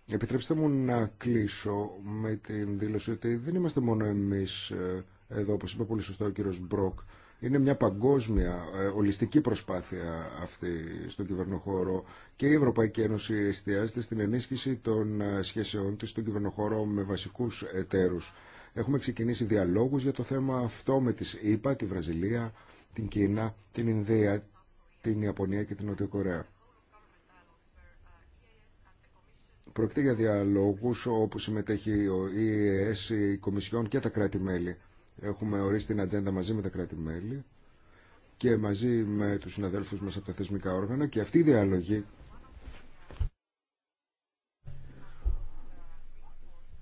Επιτρέψτε μου να κλείσω με την δήλωση ότι δεν είμαστε μόνο εμείς ε, εδώ, όπως είπε πολύ σωστά ο κύριος Μπροκ, είναι μια παγκόσμια, ε, ολιστική προσπάθεια αυτή στον κυβερνοχώρο και η Ευρωπαϊκή Ένωση εστιάζεται στην ενίσχυση των ε, σχέσεών της στον κυβερνοχώρο με βασικούς εταίρους. Έχουμε ξεκινήσει διαλόγους για το θέμα αυτό με τις ΗΠΑ, τη Βραζιλία, την Κίνα, την Ινδία, την Ιαπωνία και την Νότια Κορέα. Πρόκειται για διαλόγους όπου συμμετέχει ο ΙΕΣ, η Κομισιόν και τα κράτη-μέλη. Έχουμε ορίσει την ατζέντα μαζί με τα κράτη-μέλη και μαζί με τους συναδέλφους μας από τα θεσμικά όργανα και αυτή η διαλογή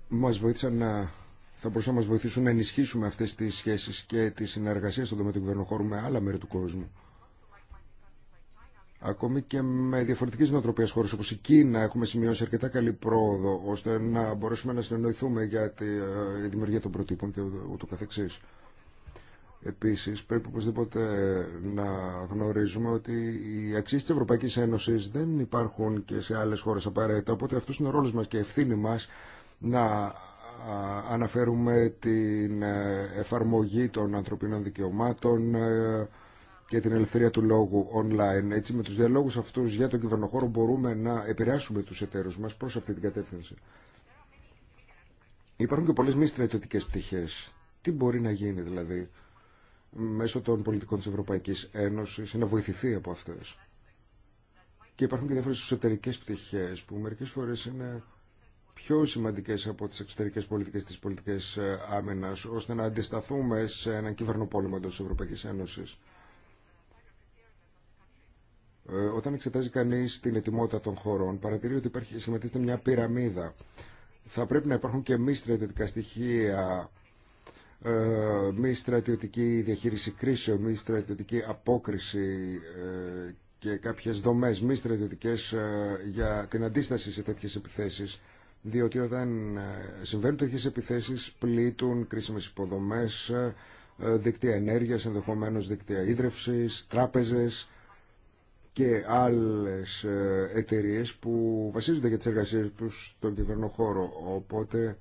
μας βοήθησαν να θα μπορούσαν να μας βοηθήσουν να ενισχύσουμε αυτές τις σχέσεις και τη συνεργασία στον τομέα του κυβερνοχώρου με άλλα μέρη του κόσμου. Ακόμη και με διαφορετικέ νοοτροπίε χώρε όπω η Κίνα έχουμε σημειώσει αρκετά καλή πρόοδο ώστε να μπορέσουμε να συνεννοηθούμε για τη ε, δημιουργία των προτύπων και ούτω καθεξή. Επίση, πρέπει οπωσδήποτε να γνωρίζουμε ότι οι αξίε τη Ευρωπαϊκή Ένωση δεν υπάρχουν και σε άλλε χώρε απαραίτητα. Οπότε αυτό είναι ο ρόλο μα και ευθύνη μα να αναφέρουμε την ε, εφαρμογή των ανθρωπίνων δικαιωμάτων ε, για την ελευθερία του λόγου online. Έτσι με του διαλόγους αυτού για τον κυβερνοχώρο μπορούμε να επηρεάσουμε του εταίρου μα προ αυτή την κατεύθυνση. Υπάρχουν και πολλέ μη στρατιωτικέ πτυχέ. Τι μπορεί να γίνει δηλαδή μέσω των πολιτικών της Ευρωπαϊκής Ένωσης να βοηθηθεί από αυτέ. Και υπάρχουν και διάφορε εσωτερικές πτυχέ, που μερικέ φορέ είναι πιο σημαντικέ από τις εξωτερικές πολιτικές τη πολιτική ε, άμυνα, ώστε να αντισταθούμε σε έναν κυβερνοπόλεμο εντό τη Ευρωπαϊκής ε, όταν εξετάζει κανεί την ετοιμότητα των χωρών, παρατηρεί ότι υπάρχει, σχηματίζεται μια πυραμίδα. Θα πρέπει να υπάρχουν και μη στρατιωτικά στοιχεία, ε, μη στρατιωτική διαχείριση κρίσεων, μη στρατιωτική απόκριση ε, και κάποιες δομές μη στρατιωτικές για την αντίσταση σε τέτοιες επιθέσεις. Διότι όταν συμβαίνουν τέτοιες επιθέσεις πλήττουν κρίσιμες υποδομές, δίκτυα ενέργειας, ενδεχομένως δίκτυα ίδρυυσης, τράπεζες, και άλλες ε, εταιρείε που βασίζονται για τις εργασίες τους στον κυβερνό χώρο. Οπότε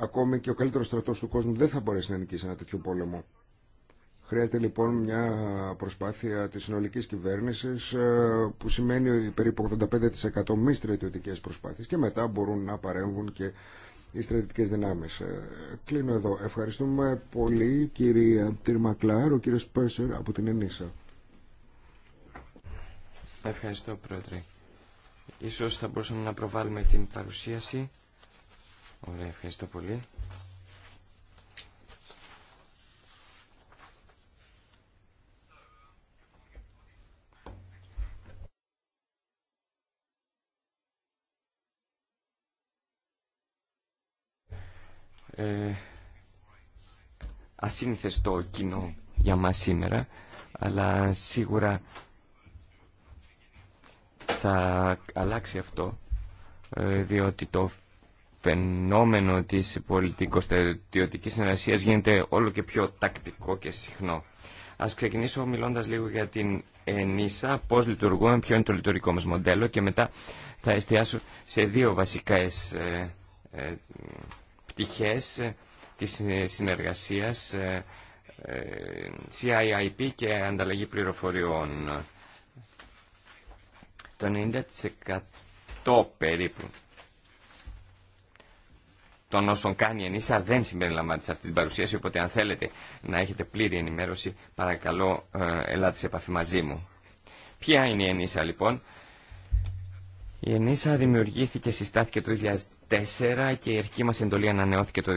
ακόμη και ο καλύτερος στρατός του κόσμου δεν θα μπορέσει να νικήσει ένα τέτοιο πόλεμο. Χρειάζεται λοιπόν μια προσπάθεια της συνολικής κυβέρνησης ε, που σημαίνει περίπου 85% μη στρατιωτικέ προσπάθειες και μετά μπορούν να παρέμβουν και οι στρατιωτικές δυνάμεις. Ε, κλείνω εδώ. Ευχαριστούμε πολύ κυρία Τυρμακλάρ, ο κύριος Πέρσερ από την Ενίσα. Ευχαριστώ, Πρόεδρε. Ίσως θα μπορούσαμε να προβάλλουμε την παρουσίαση. Ωραία, ευχαριστώ πολύ. ε, ασύνηθες το κοινό για μας σήμερα, αλλά σίγουρα θα αλλάξει αυτό, ε, διότι το φαινόμενο της πολιτικοστατιωτικής συνεργασίας γίνεται όλο και πιο τακτικό και συχνό. Ας ξεκινήσω μιλώντας λίγο για την ΕΝΙΣΑ, πώς λειτουργούμε, ποιο είναι το λειτουργικό μας μοντέλο και μετά θα εστιάσω σε δύο βασικές ε, ε, πτυχές της συνεργασίας, CIIP και ανταλλαγή πληροφοριών το 90% περίπου των όσων κάνει η Ενίσα δεν συμπεριλαμβάνεται σε αυτή την παρουσίαση, οπότε αν θέλετε να έχετε πλήρη ενημέρωση, παρακαλώ ε, ελάτε σε επαφή μαζί μου. Ποια είναι η Ενίσα λοιπόν. Η Ενίσα δημιουργήθηκε, συστάθηκε το 2004 και η αρχική μας εντολή ανανεώθηκε το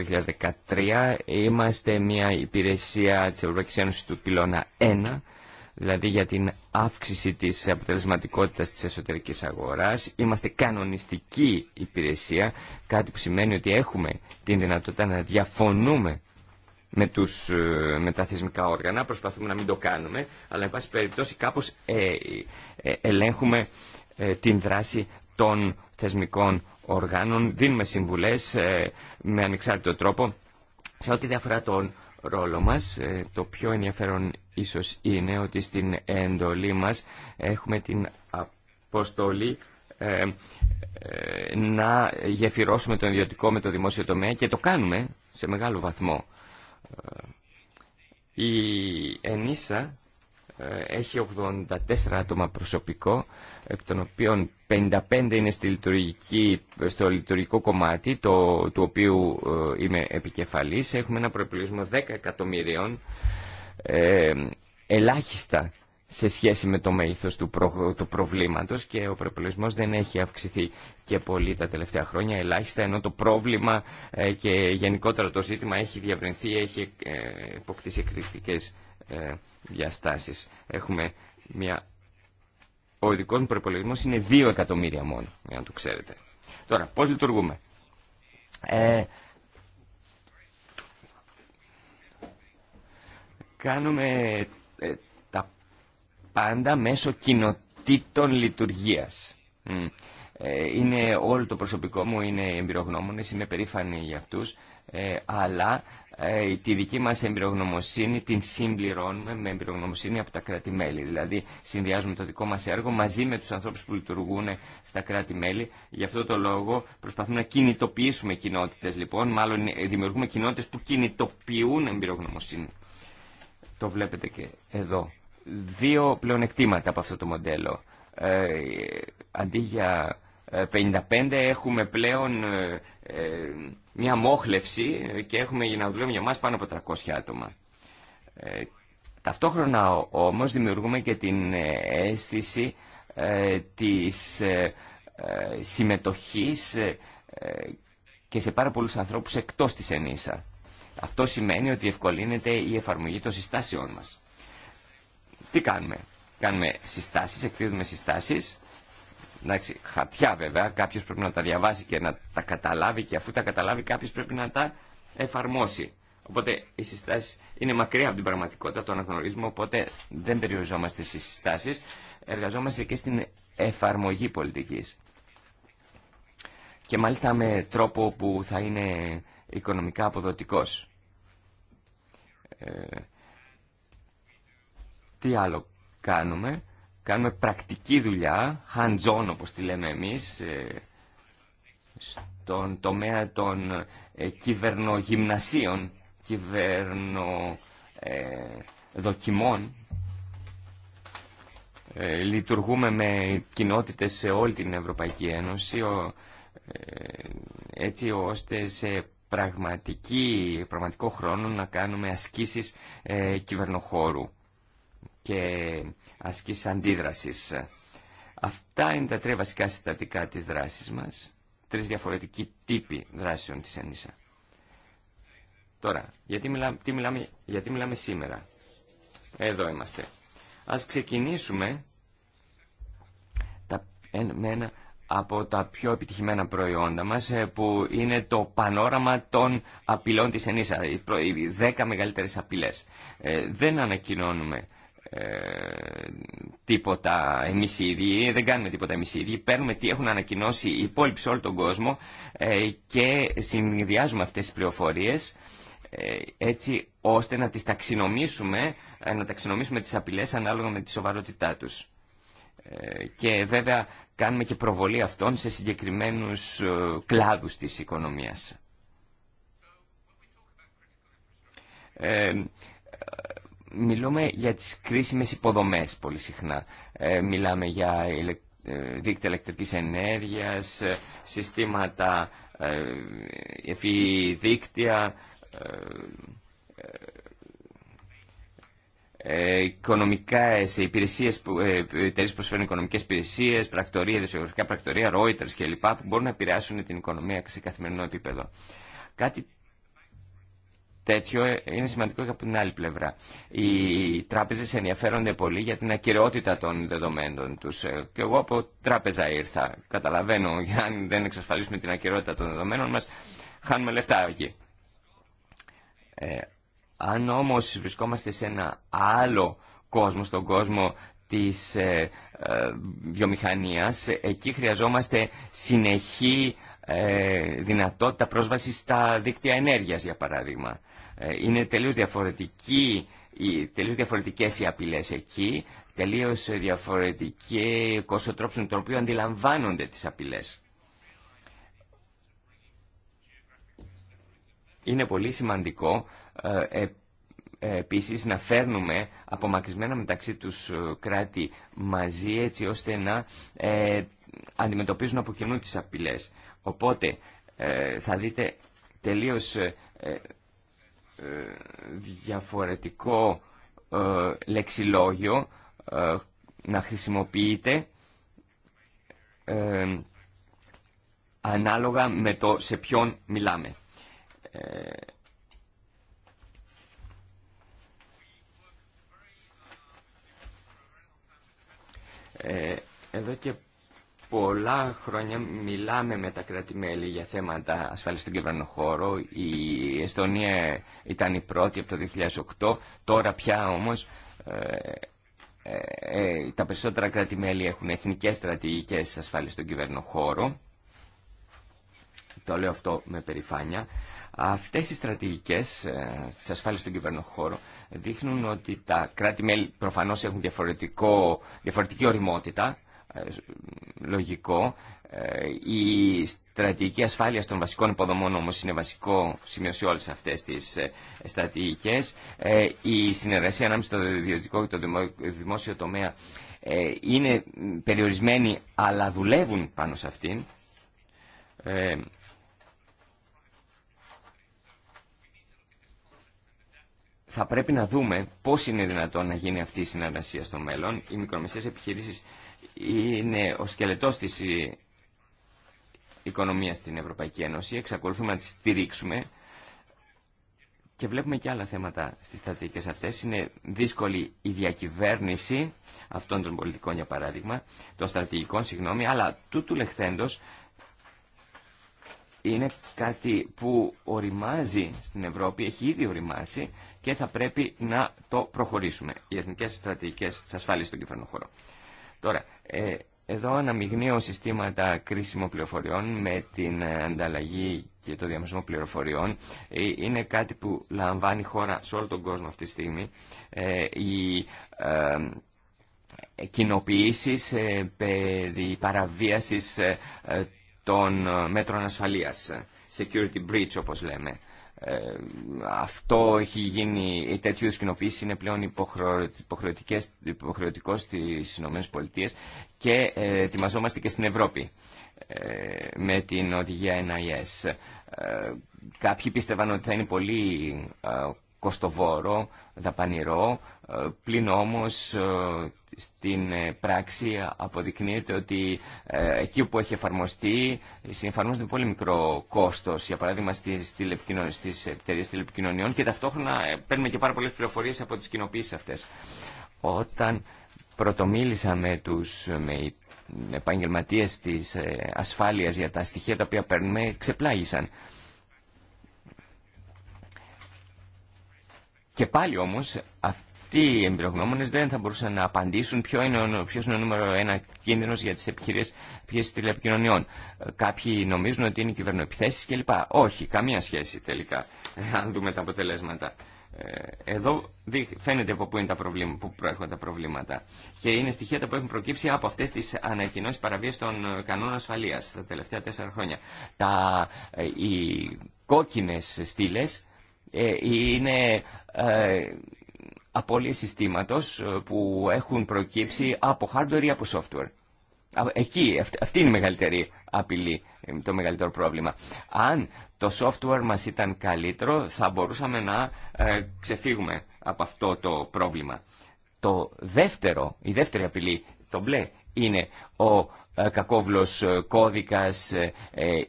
2013. Είμαστε μια υπηρεσία της Ευρωπαϊκής Ένωσης του πυλώνα 1 δηλαδή για την αύξηση της αποτελεσματικότητας της εσωτερικής αγοράς. Είμαστε κανονιστική υπηρεσία, κάτι που σημαίνει ότι έχουμε την δυνατότητα να διαφωνούμε με, τους, ε, με τα θεσμικά όργανα, προσπαθούμε να μην το κάνουμε, αλλά εν πάση περιπτώσει κάπως ε, ε, ελέγχουμε την δράση των θεσμικών οργάνων, δίνουμε συμβουλές με ανεξάρτητο τρόπο σε ό,τι διαφορά τον ρόλο μας. Ε, το πιο ενδιαφέρον ίσως είναι ότι στην εντολή μας έχουμε την αποστολή ε, ε, να γεφυρώσουμε τον ιδιωτικό με το δημόσιο τομέα και το κάνουμε σε μεγάλο βαθμό. Ε, η ΕΝΙΣΑ ε, έχει 84 άτομα προσωπικό, εκ των οποίων 55 είναι στη στο λειτουργικό κομμάτι, το, του οποίου ε, είμαι επικεφαλής. Έχουμε ένα προεπιλογισμό 10 εκατομμυρίων, ε, ελάχιστα σε σχέση με το μέγεθος του, προ, προβλήματος και ο προεπιλογισμός δεν έχει αυξηθεί και πολύ τα τελευταία χρόνια, ελάχιστα, ενώ το πρόβλημα και γενικότερα το ζήτημα έχει διαβρυνθεί, έχει ε, υποκτήσει εκρηκτικές ε, διαστάσεις. Έχουμε μια... Ο ειδικό μου προπολογισμό είναι 2 εκατομμύρια μόνο, για να το ξέρετε. Τώρα, πώς λειτουργούμε. Ε, κάνουμε ε, τα πάντα μέσω κοινοτήτων λειτουργίας. Ε, είναι όλο το προσωπικό μου, είναι εμπειρογνώμονες, είμαι περήφανη για αυτούς, αλλά ε, τη δική μας εμπειρογνωμοσύνη την συμπληρώνουμε με εμπειρογνωμοσύνη από τα κράτη-μέλη. Δηλαδή συνδυάζουμε το δικό μας έργο μαζί με τους ανθρώπους που λειτουργούν στα κράτη-μέλη. Γι' αυτό το λόγο προσπαθούμε να κινητοποιήσουμε κοινότητες λοιπόν, μάλλον ε, δημιουργούμε κοινότητες που κινητοποιούν εμπειρογνωμοσύνη. Το βλέπετε και εδώ. Δύο πλεονεκτήματα από αυτό το μοντέλο. Ε, αντί για 55 ε, έχουμε πλέον ε, μια μόχλευση και έχουμε για να δουλεύουμε για μας πάνω από 300 άτομα. Ε, ταυτόχρονα όμως δημιουργούμε και την ε, αίσθηση ε, της συμμετοχής και σε πάρα πολλούς ανθρώπους εκτός της ενίσα. Αυτό σημαίνει ότι ευκολύνεται η εφαρμογή των συστάσεών μας. Τι κάνουμε. Κάνουμε συστάσεις, εκδίδουμε συστάσεις Εντάξει, χαρτιά βέβαια, κάποιο πρέπει να τα διαβάσει και να τα καταλάβει και αφού τα καταλάβει κάποιο πρέπει να τα εφαρμόσει. Οπότε οι συστάσει είναι μακριά από την πραγματικότητα, το αναγνωρίζουμε, οπότε δεν περιοριζόμαστε στι συστάσει, εργαζόμαστε και στην εφαρμογή πολιτική. Και μάλιστα με τρόπο που θα είναι οικονομικά αποδοτικός. Ε, τι άλλο κάνουμε κάνουμε πρακτική δουλειά, hands-on όπως τη λέμε εμείς, ε, στον τομέα των ε, κυβερνογυμνασίων, κυβερνοδοκιμών. Ε, λειτουργούμε με κοινότητες σε όλη την Ευρωπαϊκή Ένωση, έτσι ώστε σε πραγματική, πραγματικό χρόνο να κάνουμε ασκήσεις κυβερνοχώρου και ασκήσεις αντίδρασης. Αυτά είναι τα τρία βασικά συστατικά της δράσης μας. Τρεις διαφορετικοί τύποι δράσεων της ΕΝΙΣΑ. Τώρα, γιατί μιλάμε, σήμερα. Εδώ είμαστε. Ας ξεκινήσουμε τα, με ένα από τα πιο επιτυχημένα προϊόντα μας ε, που είναι το πανόραμα των απειλών της ΕΝΙΣΑ, οι δέκα μεγαλύτερες απειλές. Ε, δεν ανακοινώνουμε ε, τίποτα εμεί, οι ίδιοι, δεν κάνουμε τίποτα εμεί, οι ίδιοι, παίρνουμε τι έχουν ανακοινώσει οι υπόλοιποι σε όλο τον κόσμο ε, και συνδυάζουμε αυτές τις πληροφορίες ε, έτσι ώστε να τις ταξινομήσουμε, να ταξινομήσουμε τις απειλές ανάλογα με τη σοβαρότητά τους. Και βέβαια κάνουμε και προβολή αυτών σε συγκεκριμένους κλάδους της οικονομίας μιλούμε για τις κρίσιμες υποδομές πολύ συχνά. Ε, μιλάμε για ε, δίκτυα ηλεκτρικής ενέργειας, ε, συστήματα εφή δίκτυα, οικονομικά, σε υπηρεσίες, που, ε, προσφέρουν οικονομικές υπηρεσίες, πρακτορία, δεσιογραφικά πρακτορία, Reuters κλπ. που μπορούν να επηρεάσουν την οικονομία σε καθημερινό επίπεδο. Κάτι τέτοιο είναι σημαντικό και από την άλλη πλευρά. Οι τράπεζες ενδιαφέρονται πολύ για την ακυρεότητα των δεδομένων τους. Ε, και εγώ από τράπεζα ήρθα. Καταλαβαίνω, αν δεν εξασφαλίσουμε την ακυρεότητα των δεδομένων μας, χάνουμε λεφτά εκεί. Ε, αν όμως βρισκόμαστε σε ένα άλλο κόσμο, στον κόσμο της ε, ε βιομηχανίας, εκεί χρειαζόμαστε συνεχή ε, δυνατότητα πρόσβαση στα δίκτυα ενέργειας για παράδειγμα. Ε, είναι τελείως, διαφορετική, τελείως διαφορετικές οι απειλές εκεί, τελείως διαφορετική η τρόπος με τον οποίο αντιλαμβάνονται τις απειλές. Είναι πολύ σημαντικό ε, επίσης να φέρνουμε απομακρυσμένα μεταξύ τους κράτη μαζί έτσι ώστε να αντιμετωπίζουν από κοινού τις απειλές. Οπότε ε, θα δείτε τελείως ε, ε, διαφορετικό λεξιλόγιο να χρησιμοποιείτε ανάλογα με το σε ποιον μιλάμε. Εδώ και πολλά χρόνια μιλάμε με τα κράτη-μέλη για θέματα ασφάλειας στον κυβερνοχώρο. Η Εστονία ήταν η πρώτη από το 2008, τώρα πια όμως ε, ε, ε, τα περισσότερα κράτη-μέλη έχουν εθνικές στρατηγικές ασφάλειας στον κυβερνοχώρο. Το λέω αυτό με περηφάνεια. Αυτές οι στρατηγικές ε, της ασφάλειας στον κυβερνοχώρο δείχνουν ότι τα κράτη-μέλη προφανώς έχουν διαφορετικό, διαφορετική οριμότητα ε, λογικό. Ε, η στρατηγική ασφάλεια των βασικών υποδομών όμω είναι βασικό σημείο σε όλες αυτές τις ε, στρατηγικέ. Η συνεργασία ανάμεσα στο ιδιωτικό και το δημόσιο τομέα είναι περιορισμένη αλλά δουλεύουν πάνω σε αυτήν. Θα πρέπει να δούμε πώς είναι δυνατόν να γίνει αυτή η συνεργασία στο μέλλον. Οι μικρομεσαίες επιχειρήσεις είναι ο σκελετός της ε, οικονομίας στην Ευρωπαϊκή Ένωση. Εξακολουθούμε να τη στηρίξουμε και βλέπουμε και άλλα θέματα στις στρατηγικές αυτές. Είναι δύσκολη η διακυβέρνηση αυτών των πολιτικών, για παράδειγμα, των στρατηγικών, συγγνώμη, αλλά τούτου λεχθέντος είναι κάτι που οριμάζει στην Ευρώπη, έχει ήδη οριμάσει και θα πρέπει να το προχωρήσουμε. Οι εθνικές στρατηγικές της ασφάλειας στον κυβερνοχώρο. Τώρα, ε, εδώ αναμειγνύω συστήματα κρίσιμων πληροφοριών με την ανταλλαγή και το διαμεσμό πληροφοριών. Ε, είναι κάτι που λαμβάνει χώρα σε όλο τον κόσμο αυτή τη στιγμή. Ε, οι κοινοποιήσεις περί παραβίασης των μέτρων ασφαλείας, security breach όπως λέμε. Ε, αυτό έχει γίνει, οι τέτοιου κοινοποίηση είναι πλέον υποχρεωτικό στις ΗΠΑ και ε, ετοιμαζόμαστε και στην Ευρώπη ε, με την οδηγία NIS. Κάποιοι πίστευαν ότι θα είναι πολύ κοστοβόρο, δαπανηρό, Πλην όμως ε, στην ε, πράξη αποδεικνύεται ότι ε, εκεί που έχει εφαρμοστεί συμφαρμόζεται πολύ μικρό κόστος για παράδειγμα στις, στις εταιρείε τηλεπικοινωνιών και ταυτόχρονα παίρνουμε και πάρα πολλές πληροφορίες από τις κοινοποίησεις αυτές. Όταν πρωτομίλησα με τους με επαγγελματίες της ασφάλειας για τα στοιχεία τα οποία παίρνουμε ξεπλάγησαν. Και πάλι όμως αυτοί οι εμπειρογνώμονες δεν θα μπορούσαν να απαντήσουν ποιο είναι ο, ποιος είναι ο νούμερο ένα κίνδυνο για τις επιχειρήσεις τηλεπικοινωνιών. Ε, κάποιοι νομίζουν ότι είναι κυβερνοεπιθέσει κλπ. Όχι, καμία σχέση τελικά, αν δούμε τα αποτελέσματα. Ε, εδώ φαίνεται από πού, είναι τα προβλήματα, πού προέρχονται τα προβλήματα. Και είναι στοιχεία που έχουν προκύψει από αυτέ τι ανακοινώσει παραβίαση των ε, κανόνων ασφαλεία τα τελευταία τέσσερα χρόνια. Τα, οι κόκκινε στήλε είναι απώλειες συστήματος ε, που έχουν προκύψει από hardware ή από software. Εκεί, αυτή είναι η μεγαλύτερη απειλή, ε, το μεγαλύτερο πρόβλημα. Αν το software μας ήταν καλύτερο, θα μπορούσαμε να ε, ξεφύγουμε από αυτό το πρόβλημα. Το δεύτερο, η δεύτερη απειλή, το μπλε, είναι ο κακόβλος κώδικας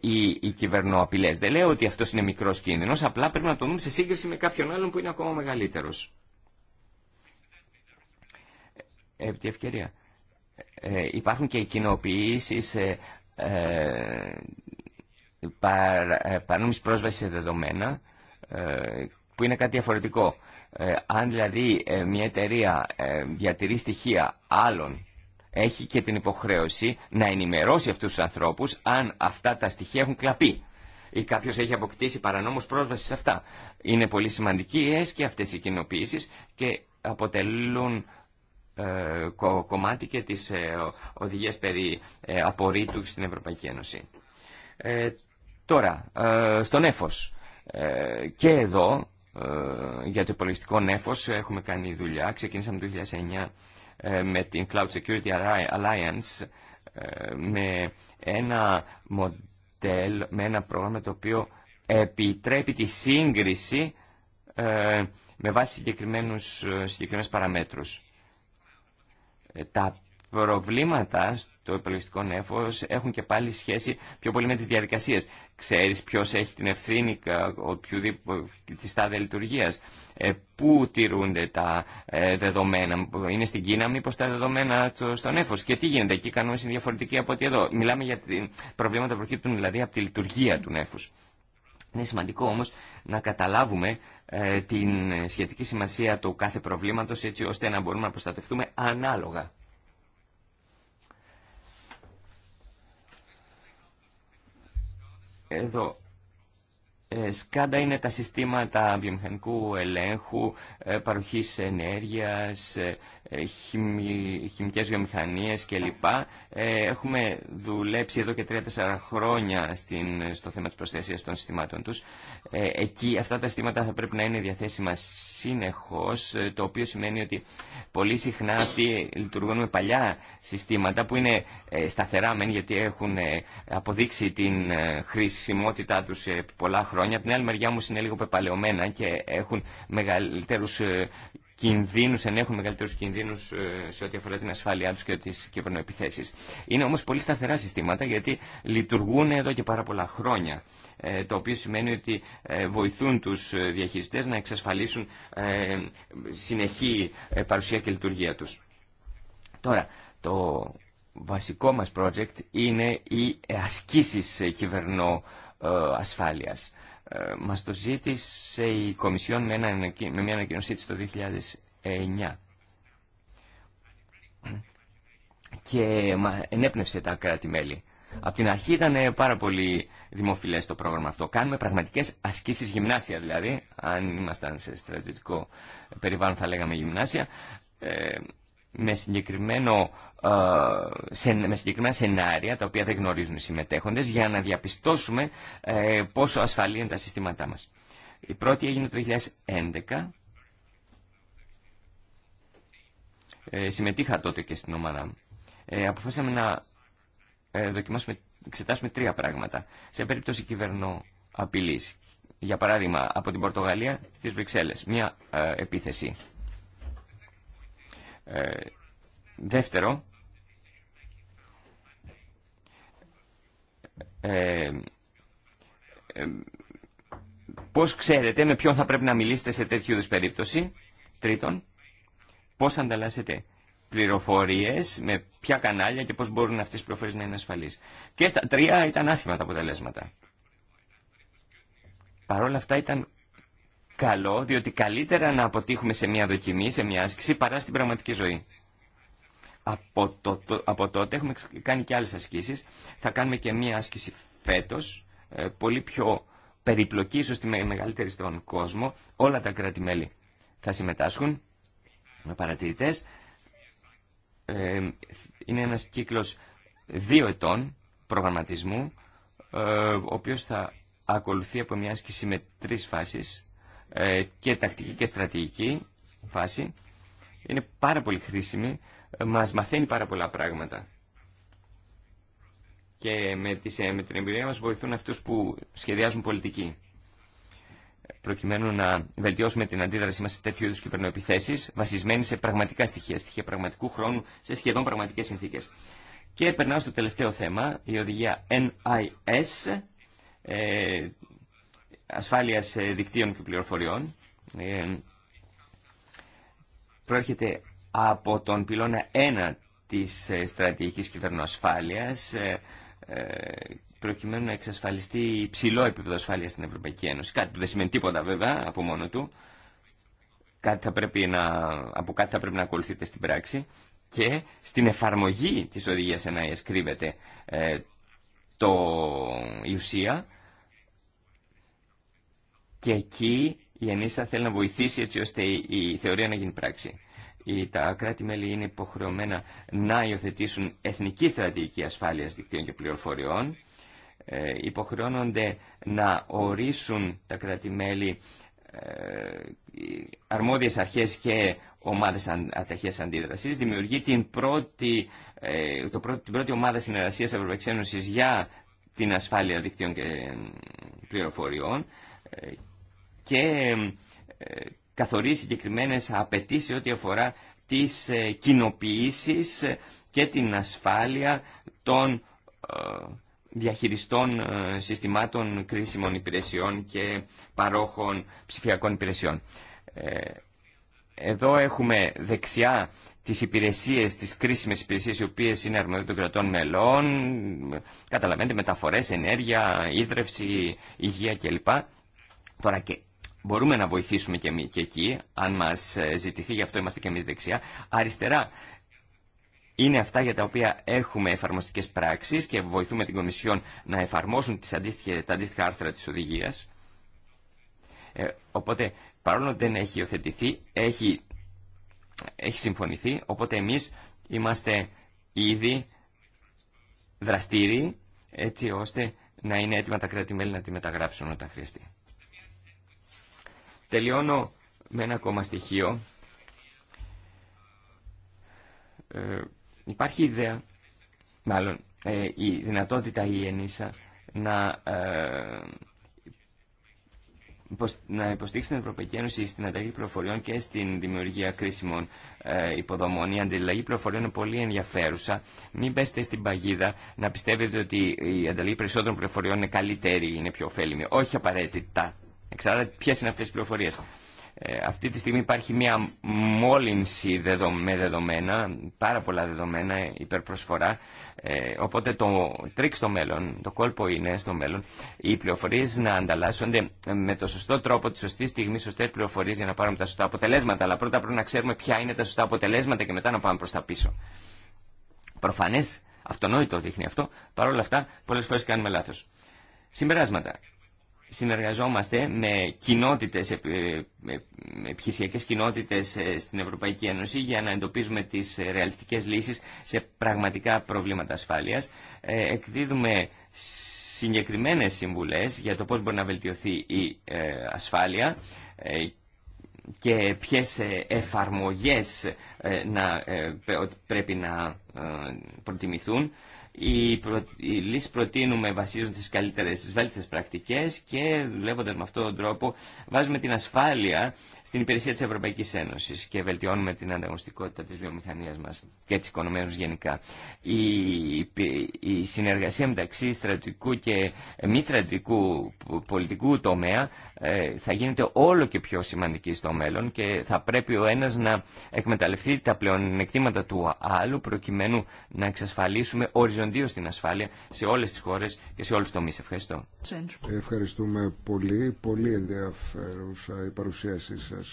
ή οι κυβερνοαπειλές. Δεν λέω ότι αυτός είναι μικρός κίνδυνος, απλά πρέπει να το δούμε σε σύγκριση με κάποιον άλλον που είναι ακόμα μεγαλύτερος επί Ε, υπάρχουν και οι κοινοποιήσεις ε, ε, ε πρόσβασης σε δεδομένα ε, που είναι κάτι διαφορετικό. Ε, αν δηλαδή μια εταιρεία διατηρεί στοιχεία άλλων έχει και την υποχρέωση να ενημερώσει αυτούς τους ανθρώπους αν αυτά τα στοιχεία έχουν κλαπεί ή κάποιο έχει αποκτήσει παρανόμω πρόσβαση σε αυτά. Είναι πολύ σημαντικέ και αυτέ οι κοινοποιήσει και αποτελούν ε, κομμάτι και της ε, οδηγίες περί ε, απορρίτου στην Ευρωπαϊκή Ένωση. Τώρα, στο νέφος. Και εδώ, για το υπολογιστικό νέφος, έχουμε κάνει δουλειά. Ξεκίνησαμε το 2009 με την Cloud Security Alliance με ένα μοντέλ, με ένα πρόγραμμα το οποίο επιτρέπει τη σύγκριση με βάση συγκεκριμένους, συγκεκριμένες παραμέτρους. Ε, τα προβλήματα στο υπολογιστικό νέφος έχουν και πάλι σχέση πιο πολύ με τις διαδικασίες. Ξέρεις ποιος έχει την ευθύνη της τάδε λειτουργίας, ε, πού τηρούνται τα ε, δεδομένα, είναι στην Κίνα μήπως τα δεδομένα στο νέφος και τι γίνεται εκεί, κάνουμε κανόνες από ό,τι εδώ. Μιλάμε για προβλήματα που προκύπτουν δηλαδή από τη λειτουργία του νέφους. Είναι σημαντικό όμως να καταλάβουμε ε, την σχετική σημασία του κάθε προβλήματος έτσι ώστε να μπορούμε να προστατευτούμε ανάλογα. Εδώ ε, σκάντα είναι τα συστήματα βιομηχανικού ελέγχου, ε, παροχής ενέργειας, ε, χημικές βιομηχανίες κλπ. Έχουμε δουλέψει εδώ και 3-4 χρόνια στο θέμα της προστασία των συστημάτων τους. Εκεί αυτά τα συστήματα θα πρέπει να είναι διαθέσιμα συνεχώς, το οποίο σημαίνει ότι πολύ συχνά αυτοί λειτουργούν με παλιά συστήματα που είναι σταθερά μεν γιατί έχουν αποδείξει την χρησιμότητά τους πολλά χρόνια χρόνια. Από την άλλη μεριά όμω είναι λίγο πεπαλαιωμένα και έχουν μεγαλύτερου ε, κινδύνους, ενέχουν μεγαλύτερους κινδύνους ε, σε ό,τι αφορά την ασφάλειά τους και τις κυβερνοεπιθέσεις. Είναι όμως πολύ σταθερά συστήματα γιατί λειτουργούν εδώ και πάρα πολλά χρόνια, ε, το οποίο σημαίνει ότι βοηθούν τους διαχειριστές να εξασφαλίσουν συνεχή παρουσία και λειτουργία τους. Τώρα, το βασικό μας project είναι οι ασκήσεις κυβερνοασφάλειας. Ε, μας το ζήτησε η Κομισιόν με, μια ανακοινωσή της το 2009. Και ενέπνευσε τα κράτη-μέλη. Από την αρχή ήταν πάρα πολύ δημοφιλέ το πρόγραμμα αυτό. Κάνουμε πραγματικέ ασκήσει γυμνάσια δηλαδή. Αν ήμασταν σε στρατιωτικό περιβάλλον, θα λέγαμε γυμνάσια. Ε, με συγκεκριμένο με συγκεκριμένα σενάρια τα οποία δεν γνωρίζουν οι συμμετέχοντες για να διαπιστώσουμε ε, πόσο ασφαλή είναι τα συστήματά μας. Η πρώτη έγινε το 2011. Ε, συμμετείχα τότε και στην ομάδα. Ε, αποφάσισαμε να ε, δοκιμάσουμε, εξετάσουμε τρία πράγματα. Σε περίπτωση κυβερνό απειλής. Για παράδειγμα, από την Πορτογαλία στις Βρυξέλλες. Μια επίθεση. Ε, δεύτερο, Ε, ε, πώς ξέρετε με ποιον θα πρέπει να μιλήσετε σε τέτοιου είδους περίπτωση. Τρίτον, πώς ανταλλάσσετε πληροφορίες, με ποια κανάλια και πώς μπορούν αυτές οι πληροφορίες να είναι ασφαλείς. Και στα τρία ήταν άσχημα τα αποτελέσματα. Παρ' όλα αυτά ήταν καλό, διότι καλύτερα να αποτύχουμε σε μια δοκιμή, σε μια άσκηση, παρά στην πραγματική ζωή. Από, τότε έχουμε κάνει και άλλες ασκήσεις. Θα κάνουμε και μία άσκηση φέτος, ε, πολύ πιο περιπλοκή, ίσως τη μεγαλύτερη στον κόσμο. Όλα τα κράτη-μέλη θα συμμετάσχουν με παρατηρητές. Ε, είναι ένας κύκλος δύο ετών προγραμματισμού, ε, ο οποίος θα ακολουθεί από μια άσκηση με τρεις φάσεις, και τακτική και στρατηγική φάση. Είναι πάρα πολύ χρήσιμη μας μαθαίνει πάρα πολλά πράγματα. Και με, τις, ε, με την εμπειρία μας βοηθούν αυτούς που σχεδιάζουν πολιτική. Προκειμένου να βελτιώσουμε την αντίδρασή μας σε τέτοιου είδους κυβερνοεπιθέσεις, βασισμένη σε πραγματικά στοιχεία, στοιχεία πραγματικού χρόνου, σε σχεδόν πραγματικές συνθήκες. Και περνάω στο τελευταίο θέμα, η οδηγία NIS, ε, ασφάλειας ε, δικτύων και πληροφοριών. Ε, προέρχεται από τον πυλώνα 1 της ε, στρατηγικής κυβερνοασφάλειας ε, ε, προκειμένου να εξασφαλιστεί υψηλό επίπεδο ασφάλειας στην Ευρωπαϊκή Ένωση. Κάτι που δεν σημαίνει τίποτα βέβαια από μόνο του. Κάτι θα πρέπει να, από κάτι θα πρέπει να ακολουθείτε στην πράξη και στην εφαρμογή της οδηγίας ΕΝΑΕΣ κρύβεται ε, το, η ουσία και εκεί η Ενίσσα θέλει να βοηθήσει έτσι ώστε η θεωρία να γίνει πράξη τα κράτη-μέλη είναι υποχρεωμένα να υιοθετήσουν εθνική στρατηγική ασφάλειας δικτύων και πληροφοριών, ε, υποχρεώνονται να ορίσουν τα κράτη-μέλη ε, αρμόδιες αρχές και ομάδες αταχές αντίδρασης, δημιουργεί την πρώτη, ε, το πρώτη, ομάδα συνεργασίας Ευρωπαϊκής για την ασφάλεια δικτύων και ε, πληροφοριών και καθορίσει συγκεκριμένε απαιτήσει ό,τι αφορά τις ε, κοινοποιήσει και την ασφάλεια των ε, διαχειριστών ε, συστημάτων κρίσιμων υπηρεσιών και παρόχων ψηφιακών υπηρεσιών. Εδώ έχουμε δεξιά τις υπηρεσίες, τις κρίσιμες υπηρεσίες οι οποίες είναι αρμοδίες των κρατών μελών, καταλαβαίνετε μεταφορές, ενέργεια, ίδρυυση, υγεία κλπ. Τώρα και μπορούμε να βοηθήσουμε και, και εκεί, αν μας ε, ζητηθεί, γι' αυτό είμαστε και εμείς δεξιά. Αριστερά είναι αυτά για τα οποία έχουμε εφαρμοστικές πράξεις και βοηθούμε την Κομισιόν να εφαρμόσουν τις τα αντίστοιχα άρθρα της οδηγίας. Ε, οπότε, παρόλο που δεν έχει υιοθετηθεί, έχει, έχει συμφωνηθεί, οπότε εμείς είμαστε ήδη δραστήριοι, έτσι ώστε να είναι έτοιμα τα κράτη-μέλη να τη μεταγράψουν όταν χρειαστεί. Τελειώνω με ένα ακόμα στοιχείο. Ε, υπάρχει ιδέα, μάλλον ε, η δυνατότητα η ΕΝΙΣΑ να, ε, να υποστήξει την Ευρωπαϊκή Ένωση στην ανταλλαγή πληροφοριών και στην δημιουργία κρίσιμων ε, υποδομών. Η ανταλλαγή πληροφοριών είναι πολύ ενδιαφέρουσα. Μην πέστε στην παγίδα να πιστεύετε ότι η ανταλλαγή περισσότερων πληροφοριών είναι καλύτερη, είναι πιο ωφέλιμη. Όχι απαραίτητα εξαρτάται ποιε είναι αυτέ τι πληροφορίε. Ε, αυτή τη στιγμή υπάρχει μια μόλυνση δεδο, με δεδομένα, πάρα πολλά δεδομένα, υπερπροσφορά. Ε, οπότε το τρίκ στο μέλλον, το κόλπο είναι στο μέλλον, οι πληροφορίε να ανταλλάσσονται με το σωστό τρόπο, τη σωστή στιγμή, σωστέ πληροφορίε για να πάρουμε τα σωστά αποτελέσματα. Αλλά πρώτα πρέπει να ξέρουμε ποια είναι τα σωστά αποτελέσματα και μετά να πάμε προ τα πίσω. Προφανέ, αυτονόητο δείχνει αυτό. Παρ' όλα αυτά, πολλέ φορέ κάνουμε λάθο. Συμπεράσματα συνεργαζόμαστε με κοινότητες, επιχειρησιακές κοινότητες ε, στην Ευρωπαϊκή Ένωση για να εντοπίζουμε τις ε, ρεαλιστικές λύσεις σε πραγματικά προβλήματα ασφάλειας. Ε, εκδίδουμε συγκεκριμένες συμβουλές για το πώς μπορεί να βελτιωθεί η ασφάλεια και ποιες εφαρμογές να, πρέπει να προτιμηθούν. Οι, προ... η προτείνουμε βασίζονται στις καλύτερες, στις βέλτιστες πρακτικές και δουλεύοντας με αυτόν τον τρόπο βάζουμε την ασφάλεια την υπηρεσία της Ευρωπαϊκής Ένωσης και βελτιώνουμε την ανταγωνιστικότητα της βιομηχανίας μας και της οικονομίας μας γενικά. Η, συνεργασία μεταξύ στρατιωτικού και μη στρατιωτικού πολιτικού τομέα ε, θα γίνεται όλο και πιο σημαντική στο μέλλον και θα πρέπει ο ένας να εκμεταλλευτεί τα πλεονεκτήματα του άλλου προκειμένου να εξασφαλίσουμε οριζοντίως την ασφάλεια σε όλες τις χώρες και σε όλους τους τομείς. Ευχαριστώ. Ευχαριστούμε πολύ. Πολύ ενδιαφέρουσα η παρουσίασή σα.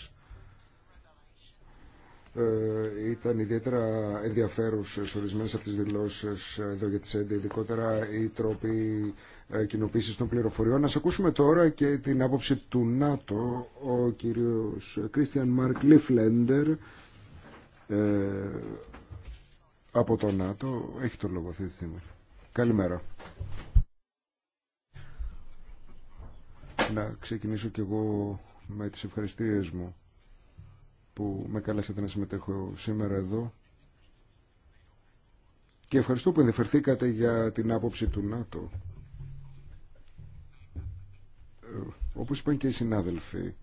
Ε, ήταν ιδιαίτερα ενδιαφέρουσες ορισμένε από τι δηλώσεις ε, εδώ για τη ΣΕΝΤΕ, ειδικότερα οι τρόποι ε, κοινοποίησης των πληροφοριών. Να σας ακούσουμε τώρα και την άποψη του ΝΑΤΟ, ο κύριο Κρίστιαν Μαρκ Λιφλέντερ από το ΝΑΤΟ. Έχει το λόγο αυτή τη στιγμή. Καλημέρα. Να ξεκινήσω κι εγώ με τις ευχαριστίες μου που με καλέσατε να συμμετέχω σήμερα εδώ και ευχαριστώ που ενδιαφερθήκατε για την άποψη του ΝΑΤΟ. Ε, όπως είπαν και οι συνάδελφοι,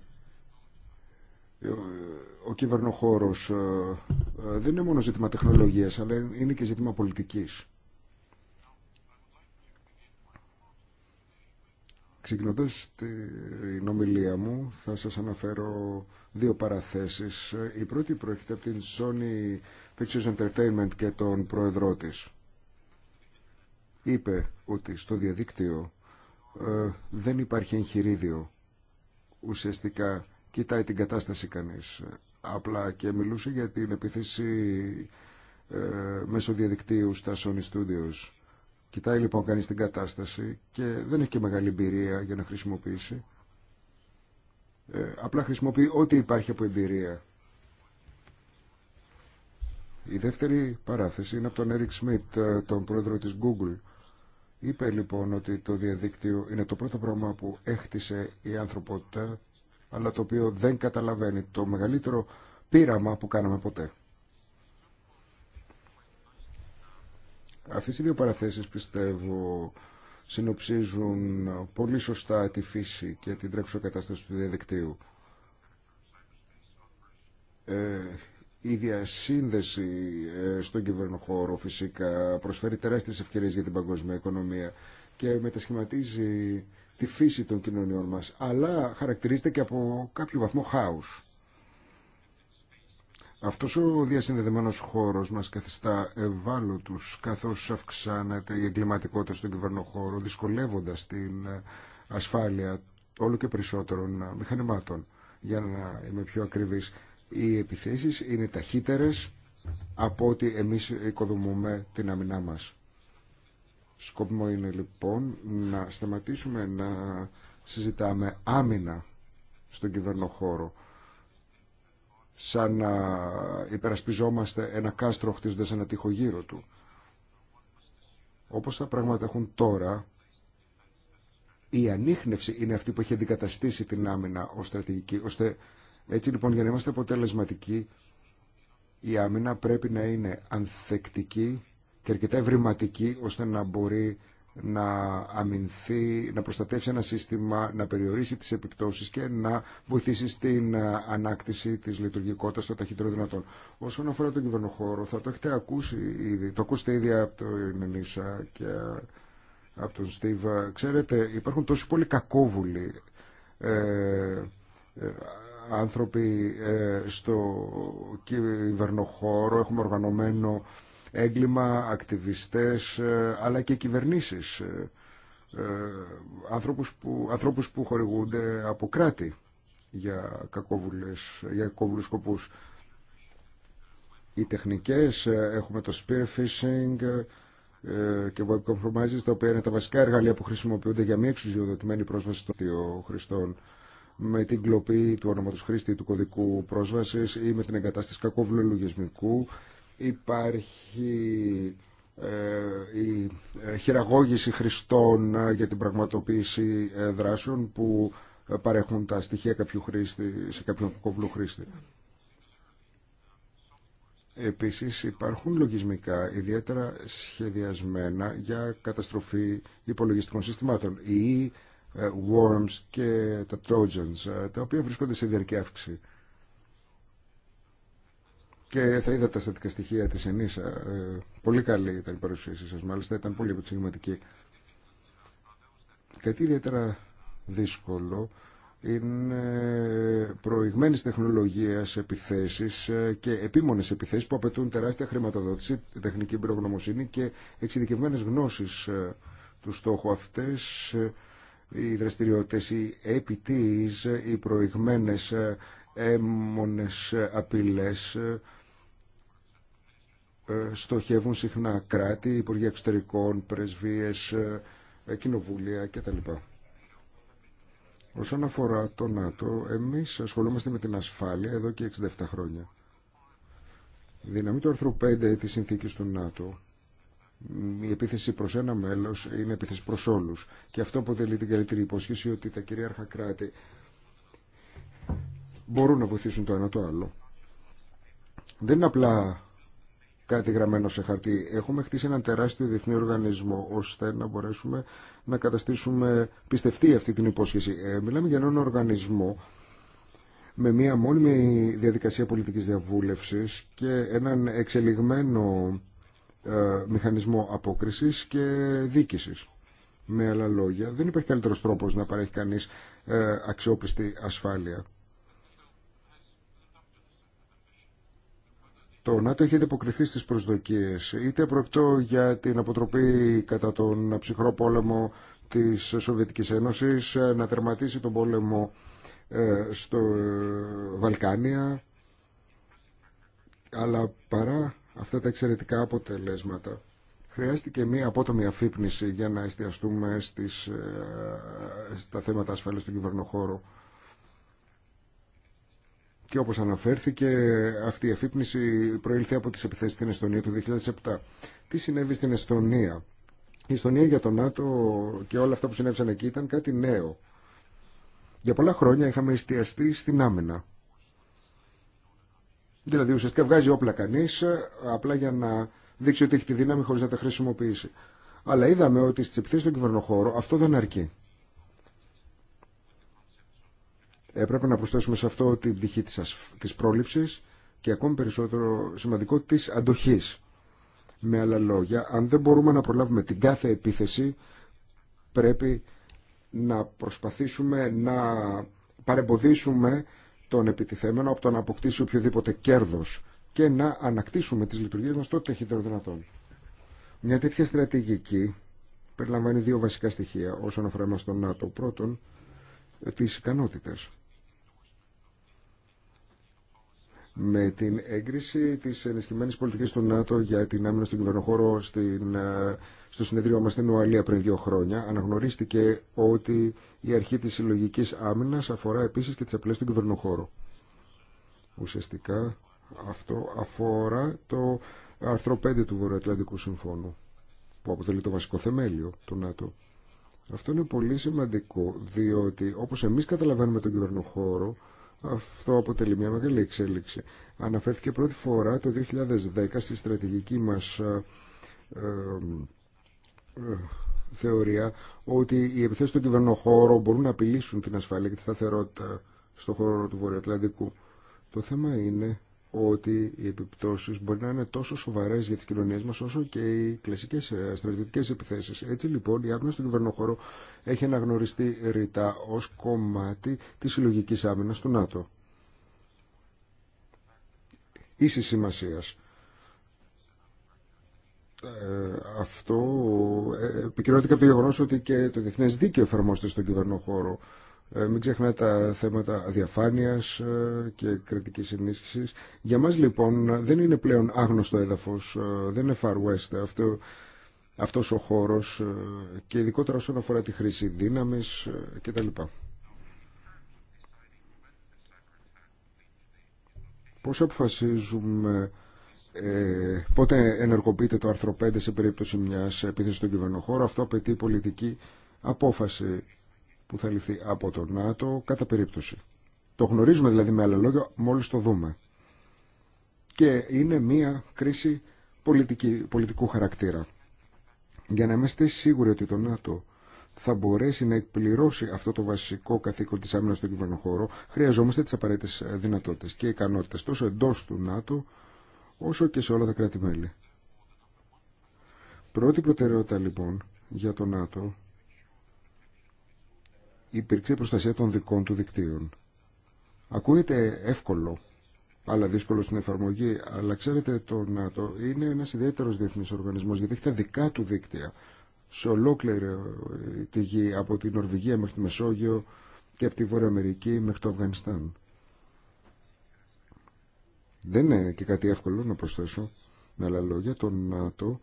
ε, ο κυβερνοχώρος ε, δεν είναι μόνο ζήτημα τεχνολογίας, αλλά είναι και ζήτημα πολιτικής. Ξεκινώντας την ομιλία μου θα σας αναφέρω δύο παραθέσεις. Η πρώτη προέρχεται από την Sony Pictures Entertainment και τον πρόεδρό της. Είπε ότι στο διαδίκτυο ε, δεν υπάρχει εγχειρίδιο. Ουσιαστικά κοιτάει την κατάσταση κανείς. Απλά και μιλούσε για την επίθεση ε, μέσω διαδικτύου στα Sony Studios Κοιτάει λοιπόν κανείς την κατάσταση και δεν έχει και μεγάλη εμπειρία για να χρησιμοποιήσει. Ε, απλά χρησιμοποιεί ό,τι υπάρχει από εμπειρία. Η δεύτερη παράθεση είναι από τον Eric Schmidt, ε, τον πρόεδρο της Google. Είπε λοιπόν ότι το διαδίκτυο είναι το πρώτο πράγμα που έχτισε η ανθρωπότητα, αλλά το οποίο δεν καταλαβαίνει το μεγαλύτερο πείραμα που κάναμε ποτέ. Αυτές οι δύο παραθέσεις πιστεύω συνοψίζουν πολύ σωστά τη φύση και την τρέχουσα κατάσταση του διαδικτύου. Ε, η διασύνδεση ε, στον κυβερνοχώρο φυσικά προσφέρει τεράστιες ευκαιρίες για την παγκόσμια οικονομία και μετασχηματίζει τη φύση των κοινωνιών μας, αλλά χαρακτηρίζεται και από κάποιο βαθμό χάους. Αυτός ο διασυνδεδεμένος χώρος μας καθιστά ευάλωτους καθώς αυξάνεται η εγκληματικότητα στον κυβερνοχώρο δυσκολεύοντας την ασφάλεια όλο και περισσότερων μηχανημάτων. Για να είμαι πιο ακριβής, οι επιθέσεις είναι ταχύτερες από ότι εμείς οικοδομούμε την αμυνά μας. Σκόπιμο είναι λοιπόν να σταματήσουμε να συζητάμε άμυνα στον κυβερνοχώρο σαν να υπερασπιζόμαστε ένα κάστρο χτίζοντας ένα τείχο γύρω του. Όπως τα πράγματα έχουν τώρα, η ανείχνευση είναι αυτή που έχει αντικαταστήσει την άμυνα ως στρατηγική, ώστε έτσι λοιπόν για να είμαστε αποτελεσματικοί, η άμυνα πρέπει να είναι ανθεκτική και αρκετά ευρηματική, ώστε να μπορεί να αμυνθεί, να προστατεύσει ένα σύστημα, να περιορίσει τις επιπτώσεις και να βοηθήσει στην ε, ανάκτηση της λειτουργικότητας των ταχύτερων δυνατών. Όσον αφορά τον κυβερνοχώρο, θα το έχετε ακούσει ήδη, το ακούσετε ήδη από τον Ενίσα και ε, από τον Στίβ. Ξέρετε, υπάρχουν τόσο πολλοί κακόβουλοι ε, ε, άνθρωποι ε, στο κυβερνοχώρο, έχουμε οργανωμένο έγκλημα, ακτιβιστές, ε, αλλά και κυβερνήσεις, ανθρώπους ε, ε, που, ανθρώπους που χορηγούνται από κράτη για, κακόβουλες, για κακόβουλους σκοπούς. Οι τεχνικές, έχουμε το spear phishing και web compromises, τα οποία είναι τα βασικά εργαλεία που χρησιμοποιούνται για μη εξουσιοδοτημένη πρόσβαση των χρηστών με την κλοπή του ονόματος χρήστη του κωδικού πρόσβασης ή με την εγκατάσταση κακόβουλου λογισμικού υπάρχει ε, η ε, χειραγώγηση χρηστών ε, για την πραγματοποίηση δράσεων που παρέχουν τα στοιχεία κάποιου χρήστη, σε κάποιον κοβλού χρήστη. Επίσης υπάρχουν λογισμικά ιδιαίτερα σχεδιασμένα για καταστροφή υπολογιστικών συστημάτων ή worms και τα trojans τα οποία βρίσκονται σε διαρκή αύξηση. Και θα είδα τα στατικά στοιχεία της ΕΝΗΣΑ. Ε, πολύ καλή ήταν η παρουσίασή σας, μάλιστα ήταν πολύ επιτυχηματική. Κάτι ιδιαίτερα δύσκολο είναι προηγμένη τεχνολογίες επιθέσει ε, και επίμονες επιθέσει που απαιτούν τεράστια χρηματοδότηση, τεχνική προγνωμοσύνη και εξειδικευμένε γνώσει ε, του στόχου αυτέ. οι δραστηριότητε, οι οι προηγμένε έμόνε απειλέ. Ε, στοχεύουν συχνά κράτη, υπουργεία εξωτερικών, πρεσβείες, ε, ε, κοινοβούλια κτλ. Όσον αφορά το ΝΑΤΟ, εμείς ασχολούμαστε με την ασφάλεια εδώ και 67 χρόνια. Η δυναμή του άρθρου 5 της συνθήκης του ΝΑΤΟ, η επίθεση προς ένα μέλος είναι επίθεση προς όλους. Και αυτό αποτελεί την καλύτερη υπόσχεση ότι τα κυρίαρχα κράτη μπορούν να βοηθήσουν το ένα το άλλο. Δεν είναι απλά κάτι γραμμένο σε χαρτί. Έχουμε χτίσει έναν τεράστιο διεθνή οργανισμό ώστε να μπορέσουμε να καταστήσουμε πιστευτή αυτή την υπόσχεση. Ε, μιλάμε για έναν οργανισμό με μία μόνιμη διαδικασία πολιτικής διαβούλευσης και έναν εξελιγμένο ε, μηχανισμό απόκρισης και δίκησης. Με άλλα λόγια, δεν υπάρχει καλύτερος τρόπος να παρέχει κανείς ε, αξιόπιστη ασφάλεια Το ΝΑΤΟ έχει στις προσδοκίες, είτε προκτώ για την αποτροπή κατά τον ψυχρό πόλεμο της Σοβιετικής Ένωσης, να τερματίσει τον πόλεμο ε, στο ε, Βαλκάνια, αλλά παρά αυτά τα εξαιρετικά αποτελέσματα χρειάστηκε μία απότομη αφύπνιση για να εστιαστούμε στις, ε, στα θέματα ασφάλειας του κυβερνοχώρου και όπως αναφέρθηκε αυτή η αφύπνιση προήλθε από τις επιθέσεις στην Εστονία του 2007. Τι συνέβη στην Εστονία. Η Εστονία για τον ΝΑΤΟ και όλα αυτά που συνέβησαν εκεί ήταν κάτι νέο. Για πολλά χρόνια είχαμε εστιαστεί στην άμενα. Δηλαδή ουσιαστικά βγάζει όπλα κανείς απλά για να δείξει ότι έχει τη δύναμη χωρίς να τα χρησιμοποιήσει. Αλλά είδαμε ότι στις επιθέσεις στον κυβερνοχώρο αυτό δεν αρκεί. Έπρεπε να προσθέσουμε σε αυτό την πτυχή της, ασφ... πρόληψης και ακόμη περισσότερο σημαντικό της αντοχής. Με άλλα λόγια, αν δεν μπορούμε να προλάβουμε την κάθε επίθεση, πρέπει να προσπαθήσουμε να παρεμποδίσουμε τον επιτιθέμενο από το να αποκτήσει οποιοδήποτε κέρδος και να ανακτήσουμε τις λειτουργίες μας το ταχύτερο δυνατόν. Μια τέτοια στρατηγική περιλαμβάνει δύο βασικά στοιχεία όσον αφορά μας τον ΝΑΤΟ. Πρώτον, τις ικανότητες. με την έγκριση τη ενισχυμένη πολιτική του ΝΑΤΟ για την άμυνα στον κυβερνοχώρο στην, ε, στο συνεδρίο μα στην Ουαλία πριν δύο χρόνια αναγνωρίστηκε ότι η αρχή τη συλλογική άμυνα αφορά επίση και τι απλέ του κυβερνοχώρου. Ουσιαστικά αυτό αφορά το άρθρο 5 του Βορειοατλαντικού Συμφώνου που αποτελεί το βασικό θεμέλιο του ΝΑΤΟ. Αυτό είναι πολύ σημαντικό διότι όπω εμεί καταλαβαίνουμε τον κυβερνοχώρο αυτό αποτελεί μια μεγάλη εξέλιξη. Αναφέρθηκε πρώτη φορά το 2010 στη στρατηγική μας ε, ε, ε, θεωρία ότι οι επιθέσεις στον κυβερνοχώρο μπορούν να απειλήσουν την ασφάλεια και τη σταθερότητα στον χώρο του Βορειοατλαντικού. Το θέμα είναι ότι οι επιπτώσεις μπορεί να είναι τόσο σοβαρές για τις κοινωνίε μας όσο και οι κλασικέ ε, στρατιωτικέ επιθέσεις. Έτσι λοιπόν η άμυνα στον κυβερνοχώρο έχει αναγνωριστεί ρητά ως κομμάτι της συλλογική άμυνας του ΝΑΤΟ. Ίσης σημασίας. Ε, αυτό ε, επικοινωνείται από το γεγονό ότι και το διεθνέ δίκαιο εφαρμόζεται στον κυβερνοχώρο. χώρο ε, μην ξεχνά τα θέματα διαφάνειας ε, και κριτικής ενίσχυσης. Για μας λοιπόν δεν είναι πλέον άγνωστο έδαφος, ε, δεν είναι far west αυτό, αυτός ο χώρος και ειδικότερα όσον αφορά τη χρήση δύναμης κτλ. Πώς αποφασίζουμε πότε ενεργοποιείται το άρθρο 5 σε περίπτωση μιας επίθεσης στον κυβερνοχώρο, αυτό απαιτεί πολιτική απόφαση που θα ληφθεί από το ΝΑΤΟ κατά περίπτωση. Το γνωρίζουμε δηλαδή με άλλα λόγια μόλις το δούμε. Και είναι μια κρίση πολιτική, πολιτικού χαρακτήρα. Για να είμαστε σίγουροι ότι το ΝΑΤΟ θα μπορέσει να εκπληρώσει αυτό το βασικό καθήκον της άμυνας στον κυβερνοχώρο, χρειαζόμαστε τις απαραίτητες δυνατότητες και ικανότητες τόσο εντός του ΝΑΤΟ όσο και σε όλα τα κράτη-μέλη. Πρώτη προτεραιότητα λοιπόν για το ΝΑΤΟ υπήρξε προστασία των δικών του δικτύων. Ακούγεται εύκολο, αλλά δύσκολο στην εφαρμογή, αλλά ξέρετε το ΝΑΤΟ είναι ένας ιδιαίτερος διεθνής οργανισμός, γιατί έχει τα δικά του δίκτυα σε ολόκληρη ε, τη γη, από τη Νορβηγία μέχρι τη Μεσόγειο και από τη Βόρεια Αμερική μέχρι το Αφγανιστάν. Δεν είναι και κάτι εύκολο να προσθέσω. Με άλλα λόγια, το ΝΑΤΟ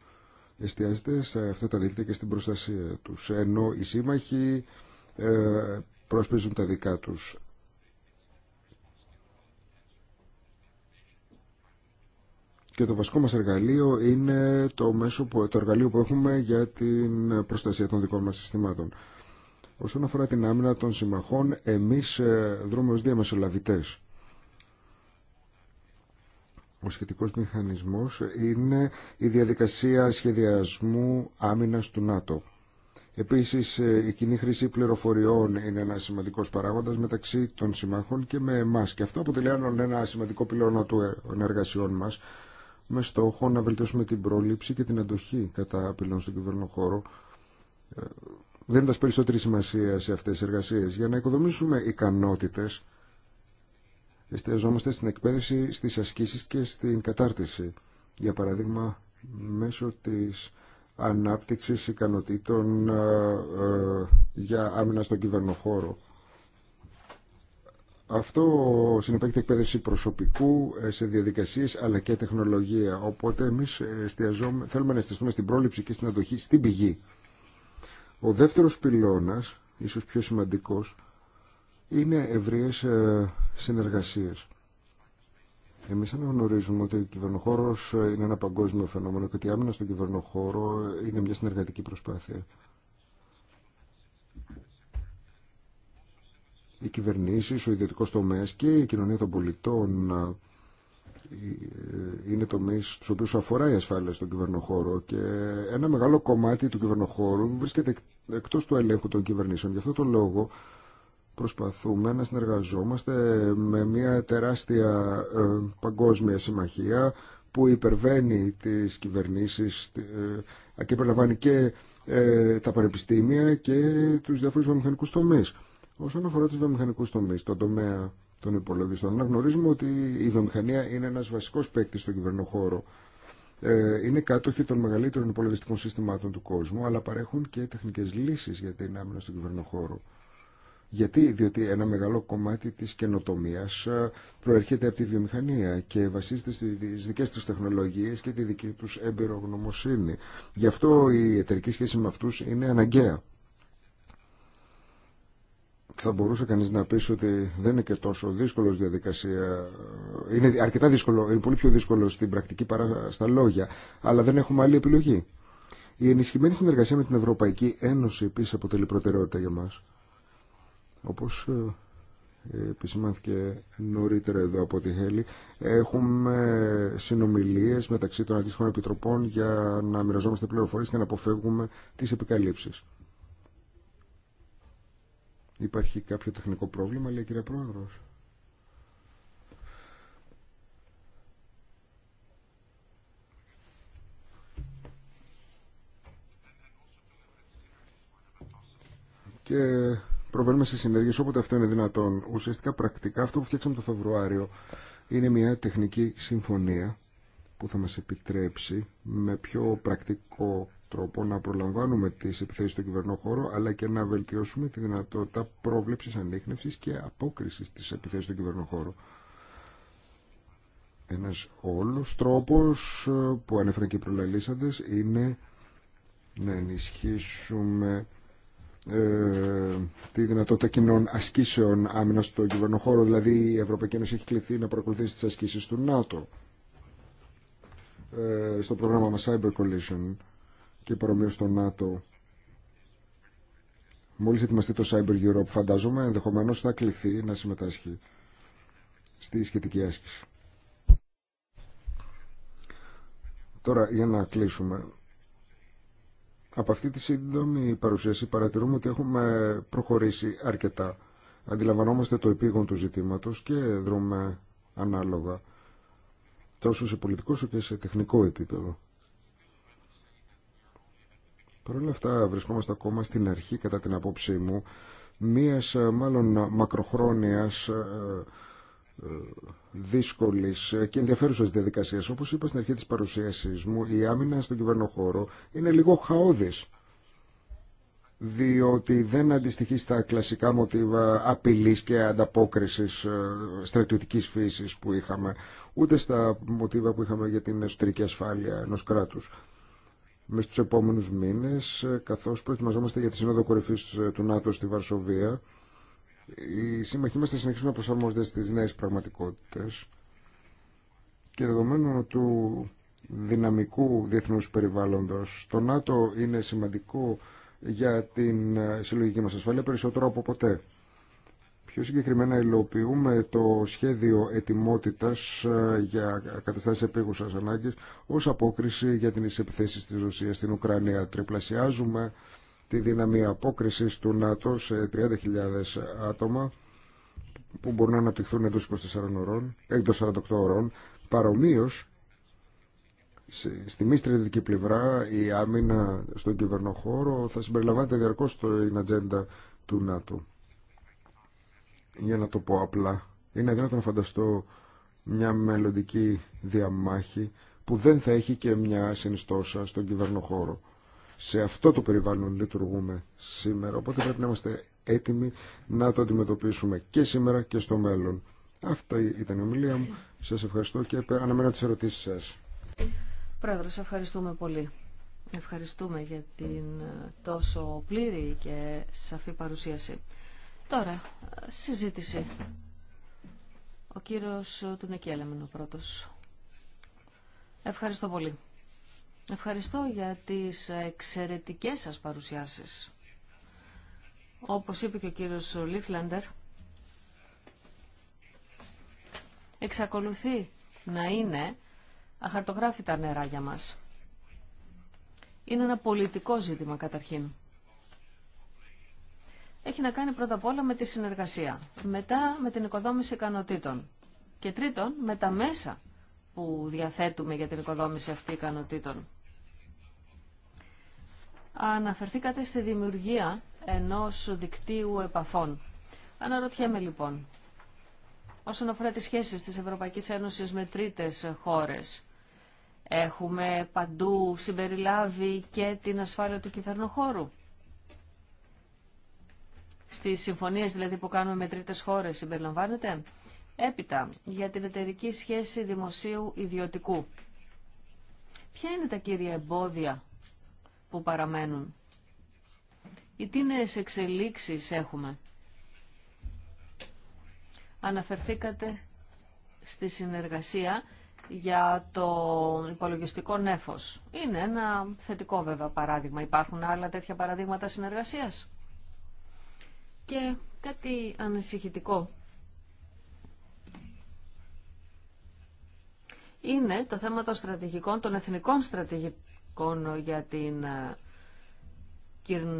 εστιάζεται σε αυτά τα δίκτυα και στην προστασία τους. Ενώ οι σύμμαχοι ε, προσπίζουν τα δικά τους. Και το βασικό μας εργαλείο είναι το, μέσο που, το εργαλείο που έχουμε για την προστασία των δικών μας συστημάτων. Όσον αφορά την άμυνα των συμμαχών, εμείς ε, δρούμε ως διαμεσολαβητές. Ο σχετικός μηχανισμός είναι η διαδικασία σχεδιασμού άμυνας του ΝΑΤΟ. Επίσης, ε, η κοινή χρήση πληροφοριών είναι ένα σημαντικός παράγοντας μεταξύ των συμμάχων και με εμάς. Και αυτό αποτελεί ένα σημαντικό πυλώνα των εργασιών μας, με στόχο να βελτιώσουμε την πρόληψη και την αντοχή κατά απειλών στον κυβερνό χώρο, ε, δίνοντας περισσότερη σημασία σε αυτές τις εργασίες. Για να οικοδομήσουμε ικανότητε. εστιαζόμαστε στην εκπαίδευση, στι ασκήσεις και στην κατάρτιση. Για παράδειγμα, μέσω της ανάπτυξης ικανοτήτων ε, ε, για άμυνα στον κυβερνοχώρο. Αυτό συνεπάγεται εκπαίδευση προσωπικού ε, σε διαδικασίες αλλά και τεχνολογία. Οπότε εμείς θέλουμε να εστιαστούμε στην πρόληψη και στην αντοχή στην πηγή. Ο δεύτερος πυλώνας, ίσως πιο σημαντικός, είναι ευρείες συνεργασίες. Εμείς αναγνωρίζουμε ότι ο κυβερνοχώρος είναι ένα παγκόσμιο φαινόμενο και ότι η άμυνα στον κυβερνοχώρο είναι μια συνεργατική προσπάθεια. Οι κυβερνήσεις, ο ιδιωτικός τομέας και η κοινωνία των πολιτών είναι τομεί στου οποίου αφορά η ασφάλεια στον κυβερνοχώρο και ένα μεγάλο κομμάτι του κυβερνοχώρου βρίσκεται εκτό του ελέγχου των κυβερνήσεων. Γι' αυτό το λόγο προσπαθούμε να συνεργαζόμαστε με μια τεράστια ε, παγκόσμια συμμαχία που υπερβαίνει τις κυβερνήσεις ε, και περιλαμβάνει και ε, τα πανεπιστήμια και τους διάφορους βιομηχανικούς τομείς. Όσον αφορά τους βιομηχανικούς τομείς, τον τομέα των υπολογιστών, να γνωρίζουμε ότι η βιομηχανία είναι ένας βασικός παίκτη στον κυβερνοχώρο. Είναι κάτοχοι των μεγαλύτερων υπολογιστικών συστημάτων του κόσμου, αλλά παρέχουν και τεχνικές λύσεις για την άμυνα στον κυβερνοχώρο. Γιατί, διότι ένα μεγάλο κομμάτι της καινοτομίας ε, προέρχεται από τη βιομηχανία και βασίζεται στις δικές της τεχνολογίες και τη δική τους εμπειρογνωμοσύνη. Γι' αυτό η εταιρική σχέση με αυτούς είναι αναγκαία. Θα μπορούσε κανείς να πει ότι δεν είναι και τόσο δύσκολο διαδικασία. Ε, είναι αρκετά δύσκολο, είναι πολύ πιο δύσκολο στην πρακτική παρά στα λόγια, αλλά δεν έχουμε άλλη επιλογή. Η ενισχυμένη συνεργασία με την Ευρωπαϊκή Ένωση επίσης αποτελεί προτεραιότητα για μας. Όπως ε, επισημάνθηκε νωρίτερα εδώ από τη Χέλη, έχουμε συνομιλίες μεταξύ των αντίστοιχων επιτροπών για να μοιραζόμαστε πληροφορίες και να αποφεύγουμε τις επικαλύψεις. Υπάρχει κάποιο τεχνικό πρόβλημα, λέει η κυρία Πρόεδρος. Και προβαίνουμε σε συνέργειες όποτε αυτό είναι δυνατόν. Ουσιαστικά πρακτικά αυτό που φτιάξαμε το Φεβρουάριο είναι μια τεχνική συμφωνία που θα μας επιτρέψει με πιο πρακτικό τρόπο να προλαμβάνουμε τις επιθέσεις στον κυβερνό χώρο αλλά και να βελτιώσουμε τη δυνατότητα πρόβλεψης, ανείχνευσης και απόκρισης της επιθέσεις στον κυβερνό χώρο. Ένας όλος τρόπος ε, που ανέφεραν και οι προλαλήσαντες είναι να ενισχύσουμε ε, τη δυνατότητα κοινών ασκήσεων άμυνα στο κυβερνοχώρο. Δηλαδή η Ευρωπαϊκή Ένωση έχει κληθεί να παρακολουθήσει τις ασκήσεις του ΝΑΤΟ ε, στο πρόγραμμα μας Cyber Collision και παρομοίως στο ΝΑΤΟ. Μόλις ετοιμαστεί το Cyber Europe φαντάζομαι Ενδεχομένω θα κληθεί να συμμετάσχει στη σχετική άσκηση. Τώρα για να κλείσουμε από αυτή τη σύντομη παρουσίαση παρατηρούμε ότι έχουμε προχωρήσει αρκετά. Αντιλαμβανόμαστε το επίγον του ζητήματος και δρούμε ανάλογα τόσο σε πολιτικό όσο και σε τεχνικό επίπεδο. Παρ' όλα αυτά βρισκόμαστε ακόμα στην αρχή κατά την απόψή μου μίας μάλλον μακροχρόνιας ε, ε, δύσκολη και ενδιαφέρουσα διαδικασία. Όπω είπα στην αρχή τη παρουσίασή μου, η άμυνα στον κυβερνοχώρο είναι λίγο χαόδη. Διότι δεν αντιστοιχεί στα κλασικά μοτίβα απειλή και ανταπόκριση ε, στρατιωτική φύση που είχαμε, ούτε στα μοτίβα που είχαμε για την εσωτερική ασφάλεια ενό κράτου. Με στου επόμενου μήνε, καθώ προετοιμαζόμαστε για τη Σύνοδο Κορυφή ε, του ΝΑΤΟ στη Βαρσοβία, οι σύμμαχοί μας θα συνεχίσουν να προσαρμόζονται στις νέες πραγματικότητες και δεδομένου του δυναμικού διεθνούς περιβάλλοντος. Το ΝΑΤΟ είναι σημαντικό για την συλλογική μας ασφάλεια περισσότερο από ποτέ. Πιο συγκεκριμένα υλοποιούμε το σχέδιο ετοιμότητας ε, για καταστάσεις επίγουσας ανάγκης ως απόκριση για την επιθέσεις της Ρωσίας στην Ουκρανία. Τριπλασιάζουμε τη δύναμη απόκρισης του ΝΑΤΟ σε 30.000 άτομα που μπορούν να αναπτυχθούν εντός 24 ώρων, εντός 48 ώρων. Παρομοίως, στη μη στρατιωτική πλευρά, η άμυνα στον κυβερνοχώρο θα συμπεριλαμβάνεται διαρκώς στην ατζέντα του ΝΑΤΟ. Για να το πω απλά, είναι αδύνατο να φανταστώ μια μελλοντική διαμάχη που δεν θα έχει και μια συνιστόσα στον κυβερνοχώρο. Σε αυτό το περιβάλλον λειτουργούμε σήμερα, οπότε πρέπει να είμαστε έτοιμοι να το αντιμετωπίσουμε και σήμερα και στο μέλλον. Αυτά ήταν η ομιλία μου. Σας ευχαριστώ και αναμένω τις ερωτήσεις σας. Πρόεδρο. ευχαριστούμε πολύ. Ευχαριστούμε για την ε, τόσο πλήρη και σαφή παρουσίαση. Τώρα, συζήτηση. Ο κύριος ε, Τουνεκέλεμεν ο πρώτος. Ευχαριστώ πολύ. Ευχαριστώ για τις εξαιρετικές σας παρουσιάσεις. Όπως είπε και ο κύριος Λίφλαντερ, εξακολουθεί να είναι αχαρτογράφητα νερά για μας. Είναι ένα πολιτικό ζήτημα καταρχήν. Έχει να κάνει πρώτα απ' όλα με τη συνεργασία, μετά με την οικοδόμηση ικανοτήτων και τρίτον με τα μέσα που διαθέτουμε για την οικοδόμηση αυτή ικανοτήτων αναφερθήκατε στη δημιουργία ενός δικτύου επαφών. Αναρωτιέμαι λοιπόν, όσον αφορά τις σχέσεις της Ευρωπαϊκής Ένωσης με τρίτες χώρες, έχουμε παντού συμπεριλάβει και την ασφάλεια του κυβερνοχώρου. Στις συμφωνίες δηλαδή που κάνουμε με τρίτες χώρες συμπεριλαμβάνεται. Έπειτα, για την εταιρική σχέση δημοσίου ιδιωτικού. Ποια είναι τα κύρια εμπόδια που παραμένουν. Η τι εξελίξεις έχουμε. Αναφερθήκατε στη συνεργασία για το υπολογιστικό νέφος. Είναι ένα θετικό βέβαια παράδειγμα. Υπάρχουν άλλα τέτοια παραδείγματα συνεργασίας. Και κάτι ανησυχητικό. Είναι το θέμα των στρατηγικών, των εθνικών στρατηγικών για την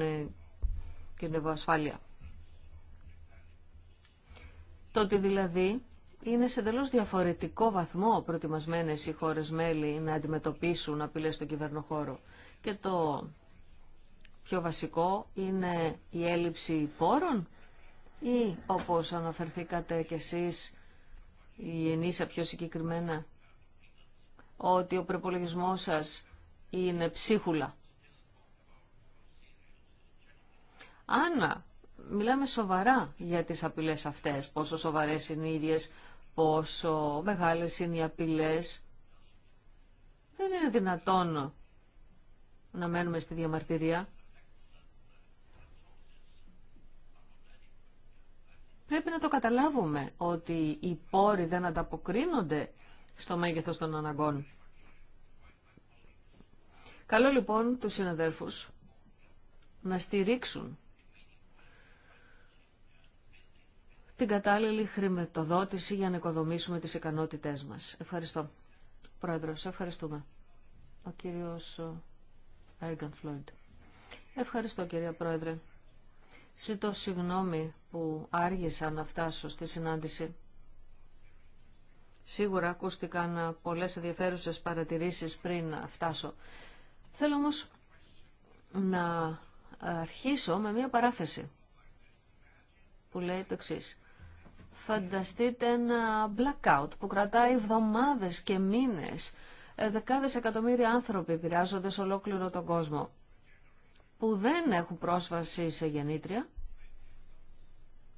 ε, κυρνευοασφάλεια. Το ότι δηλαδή είναι σε τελώς διαφορετικό βαθμό προετοιμασμένες οι χώρες μέλη να αντιμετωπίσουν απειλές στον κυβερνοχώρο. Και το πιο βασικό είναι η έλλειψη πόρων ή όπως αναφερθήκατε κι εσείς η ενίσα πιο συγκεκριμένα ότι ο προπολογισμό σας είναι ψίχουλα. Άννα, μιλάμε σοβαρά για τις απειλές αυτές, πόσο σοβαρές είναι οι ίδιες, πόσο μεγάλες είναι οι απειλές, δεν είναι δυνατόν να μένουμε στη διαμαρτυρία. Πρέπει να το καταλάβουμε ότι οι πόροι δεν ανταποκρίνονται στο μέγεθος των αναγκών. Καλό λοιπόν τους συναδέλφους να στηρίξουν την κατάλληλη χρηματοδότηση για να οικοδομήσουμε τις ικανότητές μας. Ευχαριστώ. Πρόεδρος, ευχαριστούμε. Ο κύριος Έργαν Φλόιντ. Ευχαριστώ κυρία Πρόεδρε. Ζητώ συγγνώμη που άργησα να φτάσω στη συνάντηση. Σίγουρα ακούστηκαν πολλές ενδιαφέρουσες παρατηρήσεις πριν φτάσω. Θέλω όμως να αρχίσω με μία παράθεση που λέει το εξή. Φανταστείτε ένα blackout που κρατάει εβδομάδες και μήνες. Ε, δεκάδες εκατομμύρια άνθρωποι επηρεάζονται σε ολόκληρο τον κόσμο που δεν έχουν πρόσβαση σε γεννήτρια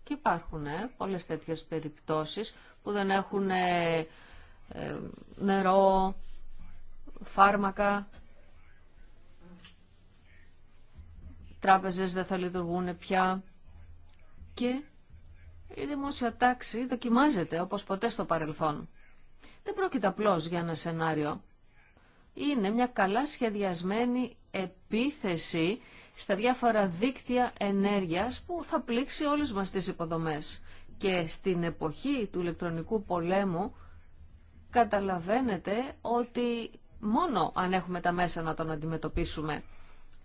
και υπάρχουν ε, πολλές τέτοιες περιπτώσεις που δεν έχουν ε, νερό, φάρμακα τράπεζες δεν θα λειτουργούν πια και η δημόσια τάξη δοκιμάζεται όπως ποτέ στο παρελθόν. Δεν πρόκειται απλώς για ένα σενάριο. Είναι μια καλά σχεδιασμένη επίθεση στα διάφορα δίκτυα ενέργειας που θα πλήξει όλους μας τις υποδομές. Και στην εποχή του ηλεκτρονικού πολέμου καταλαβαίνετε ότι μόνο αν έχουμε τα μέσα να τον αντιμετωπίσουμε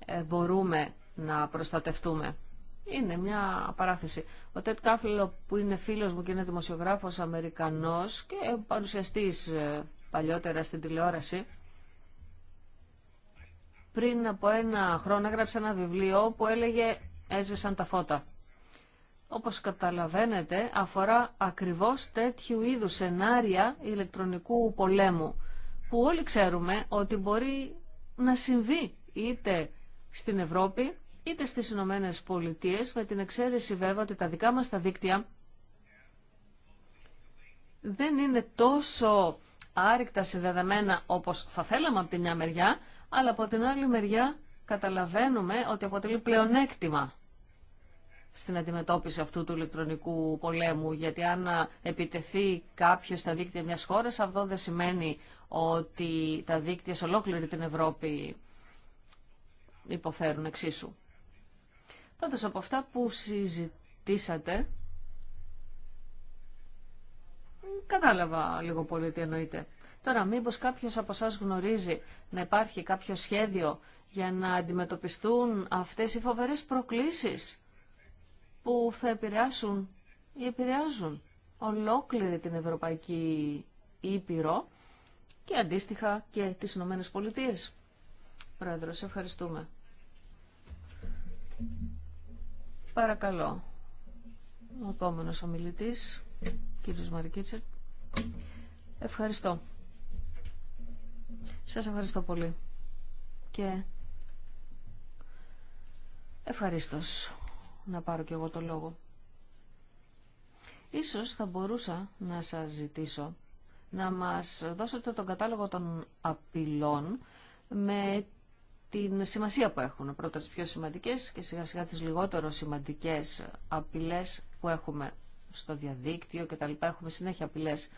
ε, μπορούμε να προστατευτούμε. Είναι μια παράθεση. Ο Τετ που είναι φίλος μου και είναι δημοσιογράφος Αμερικανός και παρουσιαστής ε, παλιότερα στην τηλεόραση, πριν από ένα χρόνο έγραψε ένα βιβλίο που έλεγε «Έσβησαν τα φώτα». Όπως καταλαβαίνετε, αφορά ακριβώς τέτοιου είδους σενάρια ηλεκτρονικού πολέμου, που όλοι ξέρουμε ότι μπορεί να συμβεί είτε στην Ευρώπη, είτε στις Ηνωμένε Πολιτείε, με την εξαίρεση βέβαια ότι τα δικά μας τα δίκτυα δεν είναι τόσο άρρηκτα συνδεδεμένα όπως θα θέλαμε από τη μια μεριά, αλλά από την άλλη μεριά καταλαβαίνουμε ότι αποτελεί πλεονέκτημα στην αντιμετώπιση αυτού του ηλεκτρονικού πολέμου, γιατί αν επιτεθεί κάποιος στα δίκτυα μιας χώρας, αυτό δεν σημαίνει ότι τα δίκτυα σε ολόκληρη την Ευρώπη υποφέρουν εξίσου. Τότε, από αυτά που συζητήσατε, κατάλαβα λίγο πολύ τι εννοείται. Τώρα, μήπως κάποιος από εσά γνωρίζει να υπάρχει κάποιο σχέδιο για να αντιμετωπιστούν αυτές οι φοβερές προκλήσεις που θα επηρεάσουν ή επηρεάζουν ολόκληρη την Ευρωπαϊκή Ήπειρο και αντίστοιχα και τις Ηνωμένες Πολιτείες. Πρόεδρος, ευχαριστούμε. Παρακαλώ. Ο επόμενος ομιλητής, κύριος Μαρικίτσερ. Ευχαριστώ. Σας ευχαριστώ πολύ. Και ευχαρίστως να πάρω κι εγώ το λόγο. Ίσως θα μπορούσα να σας ζητήσω να μας δώσετε τον κατάλογο των απειλών με την σημασία που έχουν. Πρώτα τις πιο σημαντικές και σιγά σιγά τις λιγότερο σημαντικές απειλές που έχουμε στο διαδίκτυο και τα λοιπά. Έχουμε συνέχεια απειλές.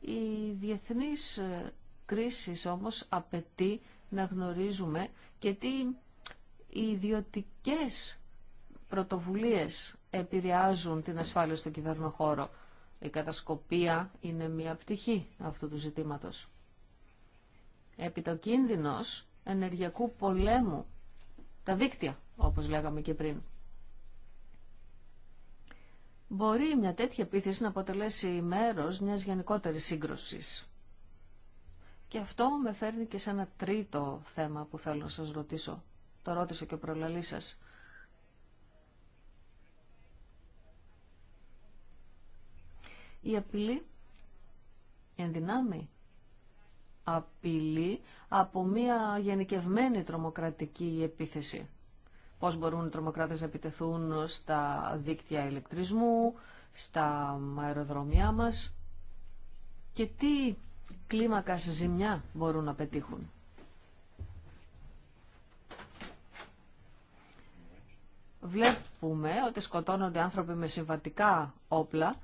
Η διεθνής ε, κρίση όμως απαιτεί να γνωρίζουμε και τι ιδιωτικές πρωτοβουλίες επηρεάζουν την ασφάλεια στον κυβερνοχώρο. Η κατασκοπία είναι μία πτυχή αυτού του ζητήματος. Επί το ενεργειακού πολέμου, τα δίκτυα, όπως λέγαμε και πριν. Μπορεί μια τέτοια επίθεση να αποτελέσει μέρος μιας γενικότερης σύγκρουσης. Και αυτό με φέρνει και σε ένα τρίτο θέμα που θέλω να σας ρωτήσω. Το ρώτησε και ο προλαλής σας. Η απειλή ενδυνάμει απειλή από μια γενικευμένη τρομοκρατική επίθεση. Πώς μπορούν οι τρομοκράτες να επιτεθούν στα δίκτυα ηλεκτρισμού, στα αεροδρομιά μας και τι κλίμακα ζημιά μπορούν να πετύχουν. Βλέπουμε ότι σκοτώνονται άνθρωποι με συμβατικά όπλα,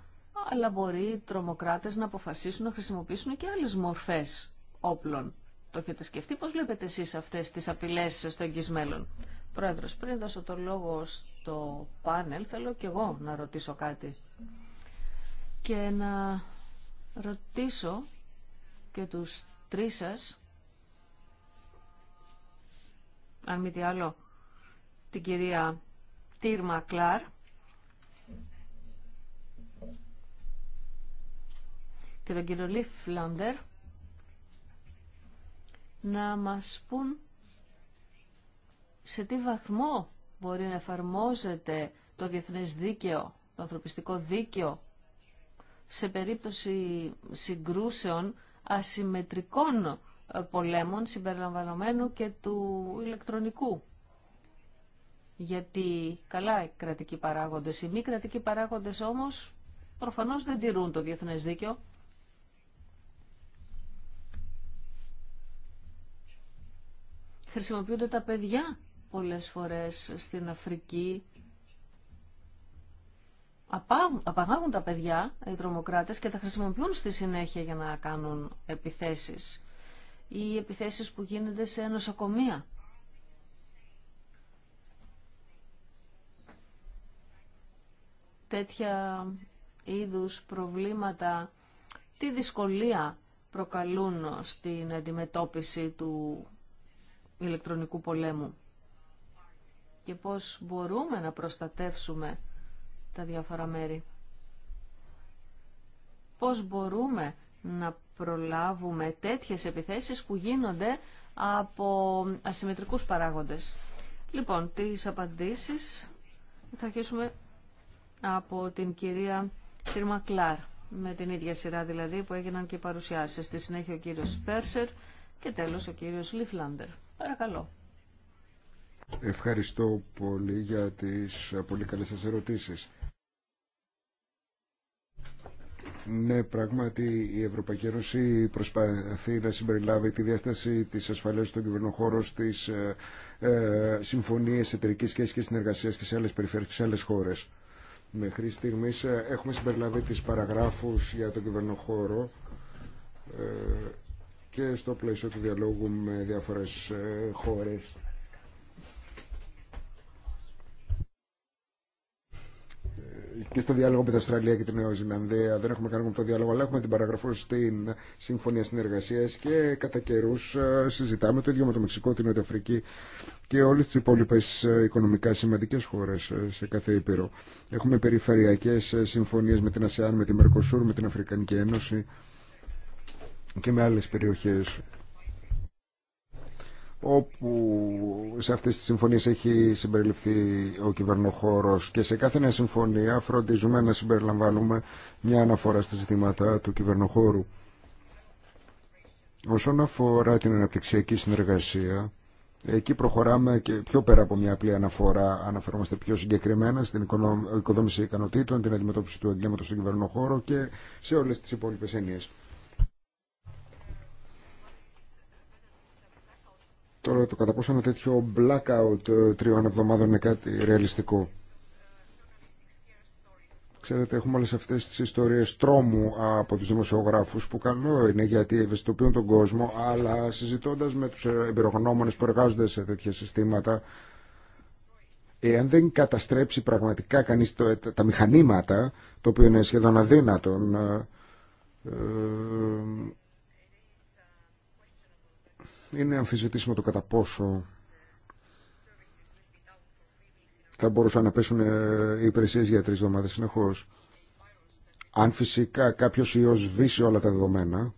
αλλά μπορεί οι τρομοκράτες να αποφασίσουν να χρησιμοποιήσουν και άλλες μορφές όπλων. Το έχετε σκεφτεί, πώς βλέπετε εσείς αυτές τις απειλές στο εγγύς μέλλον. Πρόεδρος, πριν δώσω το λόγο στο πάνελ, θέλω κι εγώ να ρωτήσω κάτι. Και να ρωτήσω και τους τρεις σας, αν μη τι άλλο, την κυρία τίρμα Κλάρ, και τον κύριο Λιφ Λάντερ, να μας πούν σε τι βαθμό μπορεί να εφαρμόζεται το διεθνές δίκαιο, το ανθρωπιστικό δίκαιο, σε περίπτωση συγκρούσεων ασυμμετρικών ε, πολέμων συμπεριλαμβανομένου και του ηλεκτρονικού. Γιατί καλά οι κρατικοί παράγοντες, οι μη κρατικοί παράγοντες όμως προφανώς δεν τηρούν το διεθνές δίκαιο. χρησιμοποιούνται τα παιδιά πολλές φορές στην Αφρική. Απαγάγουν τα παιδιά οι τρομοκράτες και τα χρησιμοποιούν στη συνέχεια για να κάνουν επιθέσεις ή επιθέσεις που γίνονται σε νοσοκομεία. Τέτοια είδους προβλήματα, τι δυσκολία προκαλούν στην αντιμετώπιση του ηλεκτρονικού πολέμου και πώς μπορούμε να προστατεύσουμε τα διάφορα μέρη. Πώς μπορούμε να προλάβουμε τέτοιες επιθέσεις που γίνονται από ασυμμετρικούς παράγοντες. Λοιπόν, τις απαντήσεις θα αρχίσουμε από την κυρία Κύρμα Κλάρ, με την ίδια σειρά δηλαδή που έγιναν και παρουσιάσεις. Στη συνέχεια ο κύριος Πέρσερ και τέλος ο κύριος Λιφλάντερ. Παρακαλώ. Ευχαριστώ πολύ για τις ε, πολύ καλές σας ερωτήσεις. Ναι, πράγματι η Ευρωπαϊκή Ένωση προσπαθεί να συμπεριλάβει τη διάσταση της ασφαλείας στον κυβερνοχώρο στις ε, ε συμφωνίες εταιρικής σχέσης και συνεργασίας και σε άλλες περιφέρειες και σε άλλες χώρες. Μέχρι στιγμής ε, έχουμε συμπεριλάβει τις παραγράφους για τον κυβερνοχώρο και στο πλαίσιο του διαλόγου με διάφορες ε, χώρες. Ε, και στο διάλογο με την Αυστραλία και την Νέα Ζηλανδία. Δεν έχουμε κάνει το διάλογο, αλλά έχουμε την παραγραφό στην Συμφωνία Συνεργασία και κατά καιρού ε, συζητάμε το ίδιο με το Μεξικό, την Νότια Αφρική και όλε τι υπόλοιπε οικονομικά σημαντικέ χώρε σε κάθε ήπειρο. Έχουμε περιφερειακέ συμφωνίε με την ΑΣΕΑΝ, με την Μερκοσούρ, με την Αφρικανική Ένωση και με άλλες περιοχές όπου σε αυτές τις συμφωνίες έχει συμπεριληφθεί ο κυβερνοχώρος και σε κάθε νέα συμφωνία φροντίζουμε να συμπεριλαμβάνουμε μια αναφορά στα ζητήματα του κυβερνοχώρου. Όσον αφορά την αναπτυξιακή συνεργασία, εκεί προχωράμε και πιο πέρα από μια απλή αναφορά, αναφερόμαστε πιο συγκεκριμένα στην οικοδόμηση ικανοτήτων, την αντιμετώπιση του εγκλήματος στον κυβερνοχώρο και σε όλες τις υπόλοιπες έννοιες. Τώρα το κατά πόσο ένα τέτοιο blackout ε, τριών εβδομάδων είναι κάτι ρεαλιστικό. Ξέρετε, έχουμε όλε αυτέ τι ιστορίε τρόμου από του δημοσιογράφου που καλό είναι γιατί ευαισθητοποιούν τον κόσμο, αλλά συζητώντα με του ε, εμπειρογνώμονε που εργάζονται σε τέτοια συστήματα, εάν δεν καταστρέψει πραγματικά κανεί ε, τα μηχανήματα, το οποίο είναι σχεδόν αδύνατον, είναι αμφισβητήσιμο το κατά πόσο θα μπορούσαν να πέσουν ε, οι υπηρεσίε για τρει εβδομάδε συνεχώ. Αν φυσικά κάποιο ιό σβήσει όλα τα δεδομένα,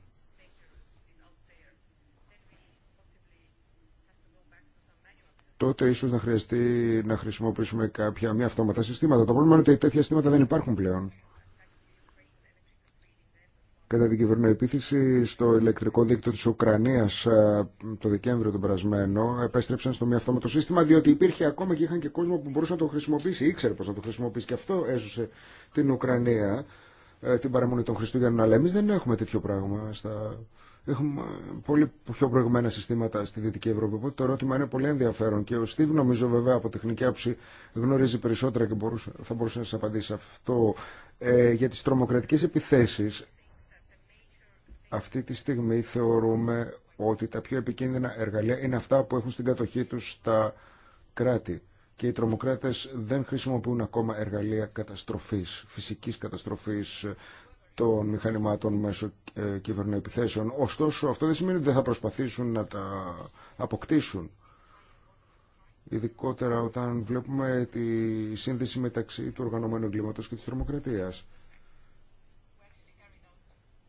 τότε ίσως να χρειαστεί να χρησιμοποιήσουμε κάποια μη αυτόματα συστήματα. Το πρόβλημα είναι ότι τέτοια συστήματα δεν υπάρχουν πλέον κατά την κυβερνοεπίθεση στο ηλεκτρικό δίκτυο της Ουκρανίας ε, το Δεκέμβριο τον περασμένο επέστρεψαν στο μη αυτόματο σύστημα διότι υπήρχε ακόμα και είχαν και κόσμο που μπορούσε να το χρησιμοποιήσει ήξερε πως να το χρησιμοποιήσει και αυτό έζωσε την Ουκρανία ε, την παραμονή των Χριστούγεννων αλλά εμείς δεν έχουμε τέτοιο πράγμα στα... Έχουμε πολύ πιο προηγμένα συστήματα στη Δυτική Ευρώπη. Οπότε το ερώτημα είναι πολύ ενδιαφέρον και ο Στίβ νομίζω βέβαια από τεχνική άποψη γνωρίζει περισσότερα και μπορούσε, θα μπορούσε να σα απαντήσει αυτό. Ε, για τι τρομοκρατικέ επιθέσει. Αυτή τη στιγμή θεωρούμε ότι τα πιο επικίνδυνα εργαλεία είναι αυτά που έχουν στην κατοχή τους τα κράτη. Και οι τρομοκράτες δεν χρησιμοποιούν ακόμα εργαλεία καταστροφής, φυσικής καταστροφής των μηχανημάτων μέσω ε, κυβερνοεπιθέσεων. Ωστόσο, αυτό δεν σημαίνει ότι δεν θα προσπαθήσουν να τα αποκτήσουν. Ειδικότερα όταν βλέπουμε τη σύνδεση μεταξύ του οργανωμένου εγκλήματος και της τρομοκρατίας.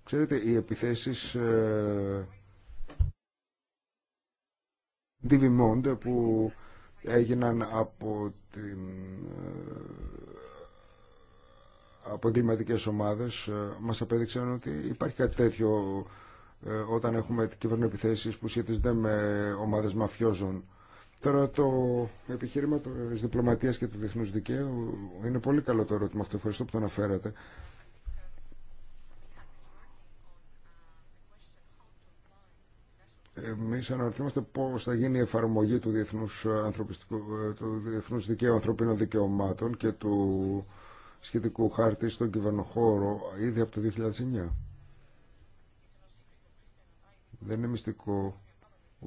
Ξέρετε, οι επιθέσεις ε, που έγιναν από την ε, από εγκληματικές ομάδες ε, μας απέδειξαν ότι υπάρχει κάτι τέτοιο ε, όταν έχουμε επιθέσεις που σχετίζονται με ομάδες μαφιόζων. Τώρα το επιχείρημα της διπλωματίας και του διεθνούς δικαίου είναι πολύ καλό το ερώτημα αυτό. Ευχαριστώ που το αναφέρατε. Εμείς αναρωτιόμαστε πώς θα γίνει η εφαρμογή του διεθνούς, ε, ανθρωπιστικού, ε, του διεθνούς δικαίου ανθρωπίνων δικαιωμάτων και του σχετικού χάρτη στον κυβερνοχώρο ήδη από το 2009. Δεν είναι μυστικό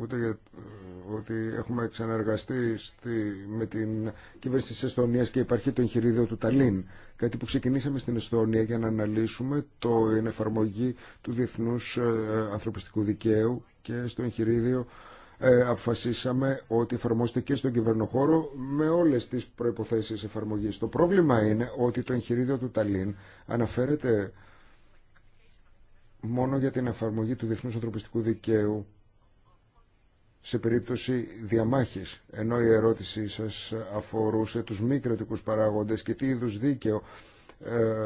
ούτε για, ε, ότι έχουμε ξαναεργαστεί στη, με την κυβέρνηση της Εστονίας και υπάρχει το εγχειρίδιο του Ταλίν. Κάτι που ξεκινήσαμε στην Εστονία για να αναλύσουμε το εφαρμογή του Διεθνούς ε, Ανθρωπιστικού Δικαίου και στο εγχειρίδιο ε, αποφασίσαμε ότι εφαρμόζεται και στον κυβερνοχώρο με όλες τις προϋποθέσεις εφαρμογής. Το πρόβλημα είναι ότι το εγχειρίδιο του Ταλίν αναφέρεται μόνο για την εφαρμογή του Διεθνούς Ανθρωπιστικού Δικαίου σε περίπτωση διαμάχης, ενώ η ερώτησή σας αφορούσε τους μη κρατικούς παράγοντες και τι είδους δίκαιο ε,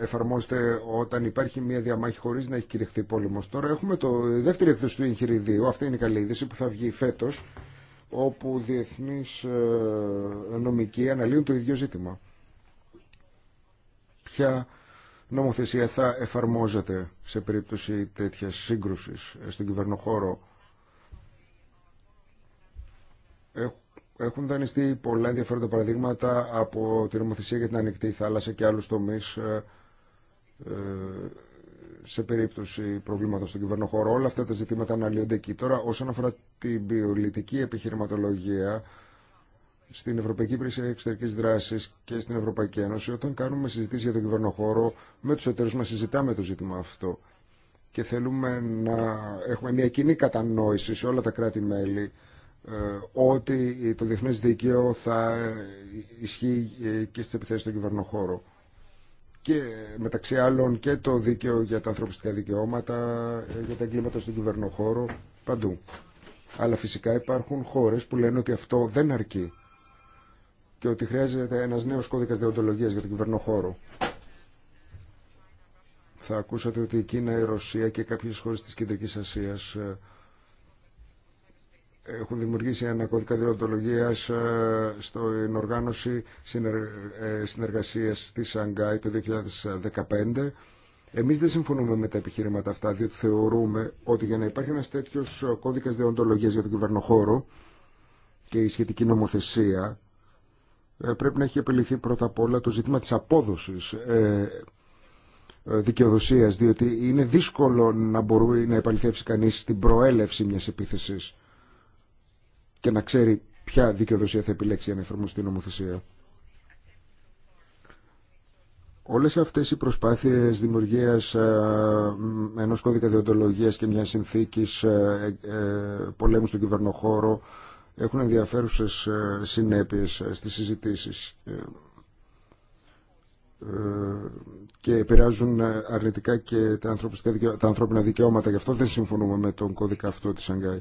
εφαρμόζεται όταν υπάρχει μια διαμάχη χωρίς να έχει κηρυχθεί πόλεμος. Τώρα έχουμε το δεύτερη έκδοση του εγχειριδίου, αυτή είναι η καλή είδηση που θα βγει φέτος, όπου διεθνείς ε, νομικοί αναλύουν το ίδιο ζήτημα. Ποια νομοθεσία θα εφαρμόζεται σε περίπτωση τέτοιας σύγκρουσης ε, στον κυβερνοχώρο έχουν δανειστεί πολλά ενδιαφέροντα παραδείγματα από την νομοθεσία για την ανοιχτή θάλασσα και άλλους τομείς ε, ε, σε περίπτωση προβλήματος στον κυβερνοχώρο. Όλα αυτά τα ζητήματα αναλύονται εκεί. Τώρα, όσον αφορά την ποιολητική επιχειρηματολογία, στην Ευρωπαϊκή Υπηρεσία Εξωτερική Δράση και στην Ευρωπαϊκή Ένωση, όταν κάνουμε συζητήσει για τον κυβερνοχώρο, με του εταιρείς μα συζητάμε το ζήτημα αυτό. Και θέλουμε να έχουμε μια κοινή κατανόηση σε όλα τα κράτη-μέλη ε, ότι το διεθνέ δίκαιο θα ε, ισχύει ε, και στι επιθέσει στον κυβερνοχώρο και μεταξύ άλλων και το δίκαιο για τα ανθρωπιστικά δικαιώματα, για τα εγκλήματα στον κυβερνοχώρο, παντού. Αλλά φυσικά υπάρχουν χώρες που λένε ότι αυτό δεν αρκεί και ότι χρειάζεται ένας νέος κώδικας διοντολογία για τον κυβερνοχώρο. Θα ακούσατε ότι η Κίνα, η Ρωσία και κάποιε χώρε της κεντρική Ασίας έχουν δημιουργήσει ένα κώδικα διοντολογία ε, στην οργάνωση ε, συνεργασία τη ΑΝΚΑΙ το 2015. Εμείς δεν συμφωνούμε με τα επιχειρήματα αυτά, διότι θεωρούμε ότι για να υπάρχει ένας τέτοιος ε, κώδικας διοντολογία για τον κυβερνοχώρο και η σχετική νομοθεσία πρέπει να έχει επιληθεί πρώτα απ' όλα το ζήτημα τη απόδοση δικαιοδοσίας, διότι είναι δύσκολο να μπορεί να επαληθεύσει κανείς την προέλευση μιας επίθεσης και να ξέρει ποια δικαιοδοσία θα επιλέξει για να εφαρμοστεί νομοθεσία. Όλες αυτές οι προσπάθειες δημιουργίας ε, ενός κώδικα διοντολογίας και μιας συνθήκης ε, ε, πολέμου στον κυβερνοχώρο έχουν ενδιαφέρουσες συνέπειες στις συζητήσεις και επηρεάζουν αρνητικά και τα, τα ανθρώπινα δικαιώματα. Γι' αυτό δεν συμφωνούμε με τον κώδικα αυτό της Σανγκάη.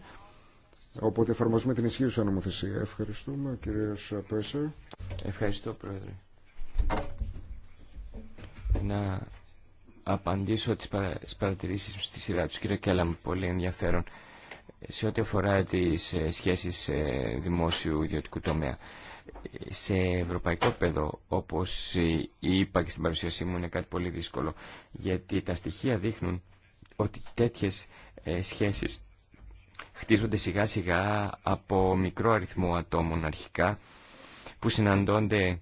Οπότε εφαρμοζούμε την ισχύουσα νομοθεσία. Ευχαριστούμε, κύριε Πέσσερ. Ευχαριστώ, Πρόεδρε. Να απαντήσω τις παρατηρήσεις στη σειρά τους. Κύριε Κέλαμ, πολύ ενδιαφέρον σε ό,τι αφορά τις ε, σχέσεις ε, δημόσιου ιδιωτικού τομέα. Σε ευρωπαϊκό πεδίο, όπως είπα και στην παρουσίασή μου, είναι κάτι πολύ δύσκολο, γιατί τα στοιχεία δείχνουν ότι τέτοιε σχέσει χτίζονται σιγά σιγά από μικρό αριθμό ατόμων αρχικά που συναντώνται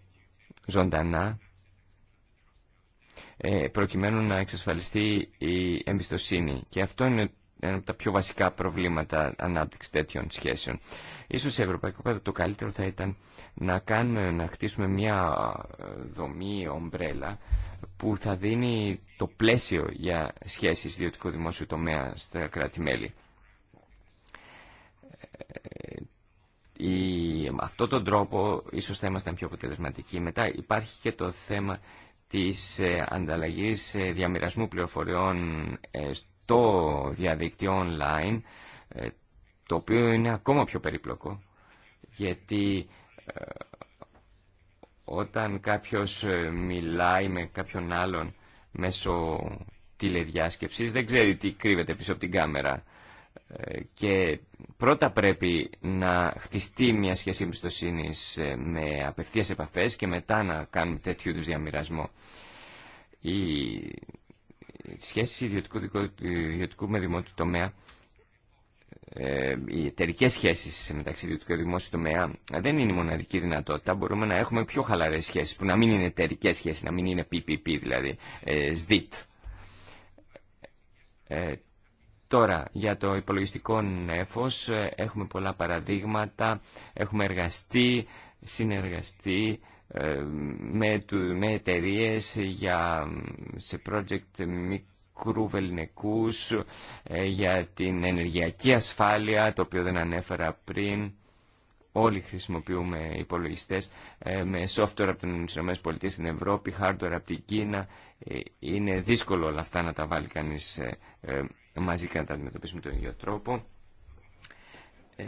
ζωντανά ε, προκειμένου να εξασφαλιστεί η εμπιστοσύνη. Και αυτό είναι ένα από τα πιο βασικά προβλήματα ανάπτυξη τέτοιων σχέσεων. Ίσως σε ευρωπαϊκό πέρα το καλύτερο θα ήταν να, κάνουμε, να χτίσουμε μια ε, δομή ομπρέλα που θα δίνει το πλαίσιο για σχέσεις ιδιωτικού δημόσιου τομέα στα κράτη-μέλη. Ε, η, με αυτόν τον τρόπο ίσως θα ήμασταν πιο αποτελεσματικοί. Μετά υπάρχει και το θέμα της ε, ανταλλαγής ε, διαμοιρασμού πληροφοριών στο διαδικτύο online, το οποίο είναι ακόμα πιο περίπλοκο, γιατί όταν κάποιος μιλάει με κάποιον άλλον μέσω τηλεδιάσκεψης, δεν ξέρει τι κρύβεται πίσω από την κάμερα και πρώτα πρέπει να χτιστεί μια σχέση εμπιστοσύνη ε, με απευθείας επαφές και μετά να κάνουμε τέτοιου είδους διαμοιρασμό. Η σχέση ιδιωτικού, ιδιωτικού με δημόσιο τομέα, ε, οι εταιρικέ σχέσει μεταξύ ιδιωτικού και δημόσιου τομέα δεν είναι η μοναδική δυνατότητα. Μπορούμε να έχουμε πιο χαλαρέ σχέσει που να μην είναι εταιρικέ σχέσει, να μην είναι PPP δηλαδή, SDIT. Ε, Τώρα, για το υπολογιστικό νέφος ε, έχουμε πολλά παραδείγματα, έχουμε εργαστεί, συνεργαστεί ε, με, με εταιρείε για, σε project μικρού ε, για την ενεργειακή ασφάλεια, το οποίο δεν ανέφερα πριν. Όλοι χρησιμοποιούμε υπολογιστές με software από τις ΗΠΑ στην Ευρώπη, hardware από την Κίνα. Είναι δύσκολο όλα αυτά να τα βάλει κανείς μαζί και να τα αντιμετωπίσουμε τον ίδιο τρόπο. Ε,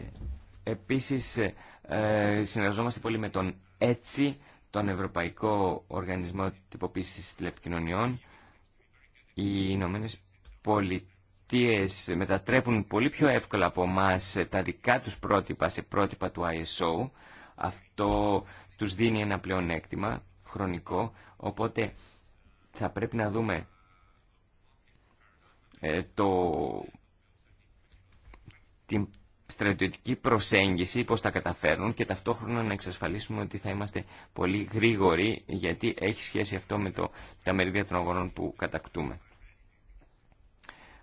επίσης, ε, συνεργαζόμαστε πολύ με τον ΕΤΣΙ, τον Ευρωπαϊκό Οργανισμό Τυποποίησης Τηλεπικοινωνιών. Οι Ηνωμένε Πολιτείε μετατρέπουν πολύ πιο εύκολα από εμά τα δικά τους πρότυπα σε πρότυπα του ISO. Αυτό τους δίνει ένα πλεονέκτημα χρονικό, οπότε θα πρέπει να δούμε ε, το, την στρατιωτική προσέγγιση, πώς τα καταφέρνουν και ταυτόχρονα να εξασφαλίσουμε ότι θα είμαστε πολύ γρήγοροι γιατί έχει σχέση αυτό με το, τα μερίδια των αγορών που κατακτούμε.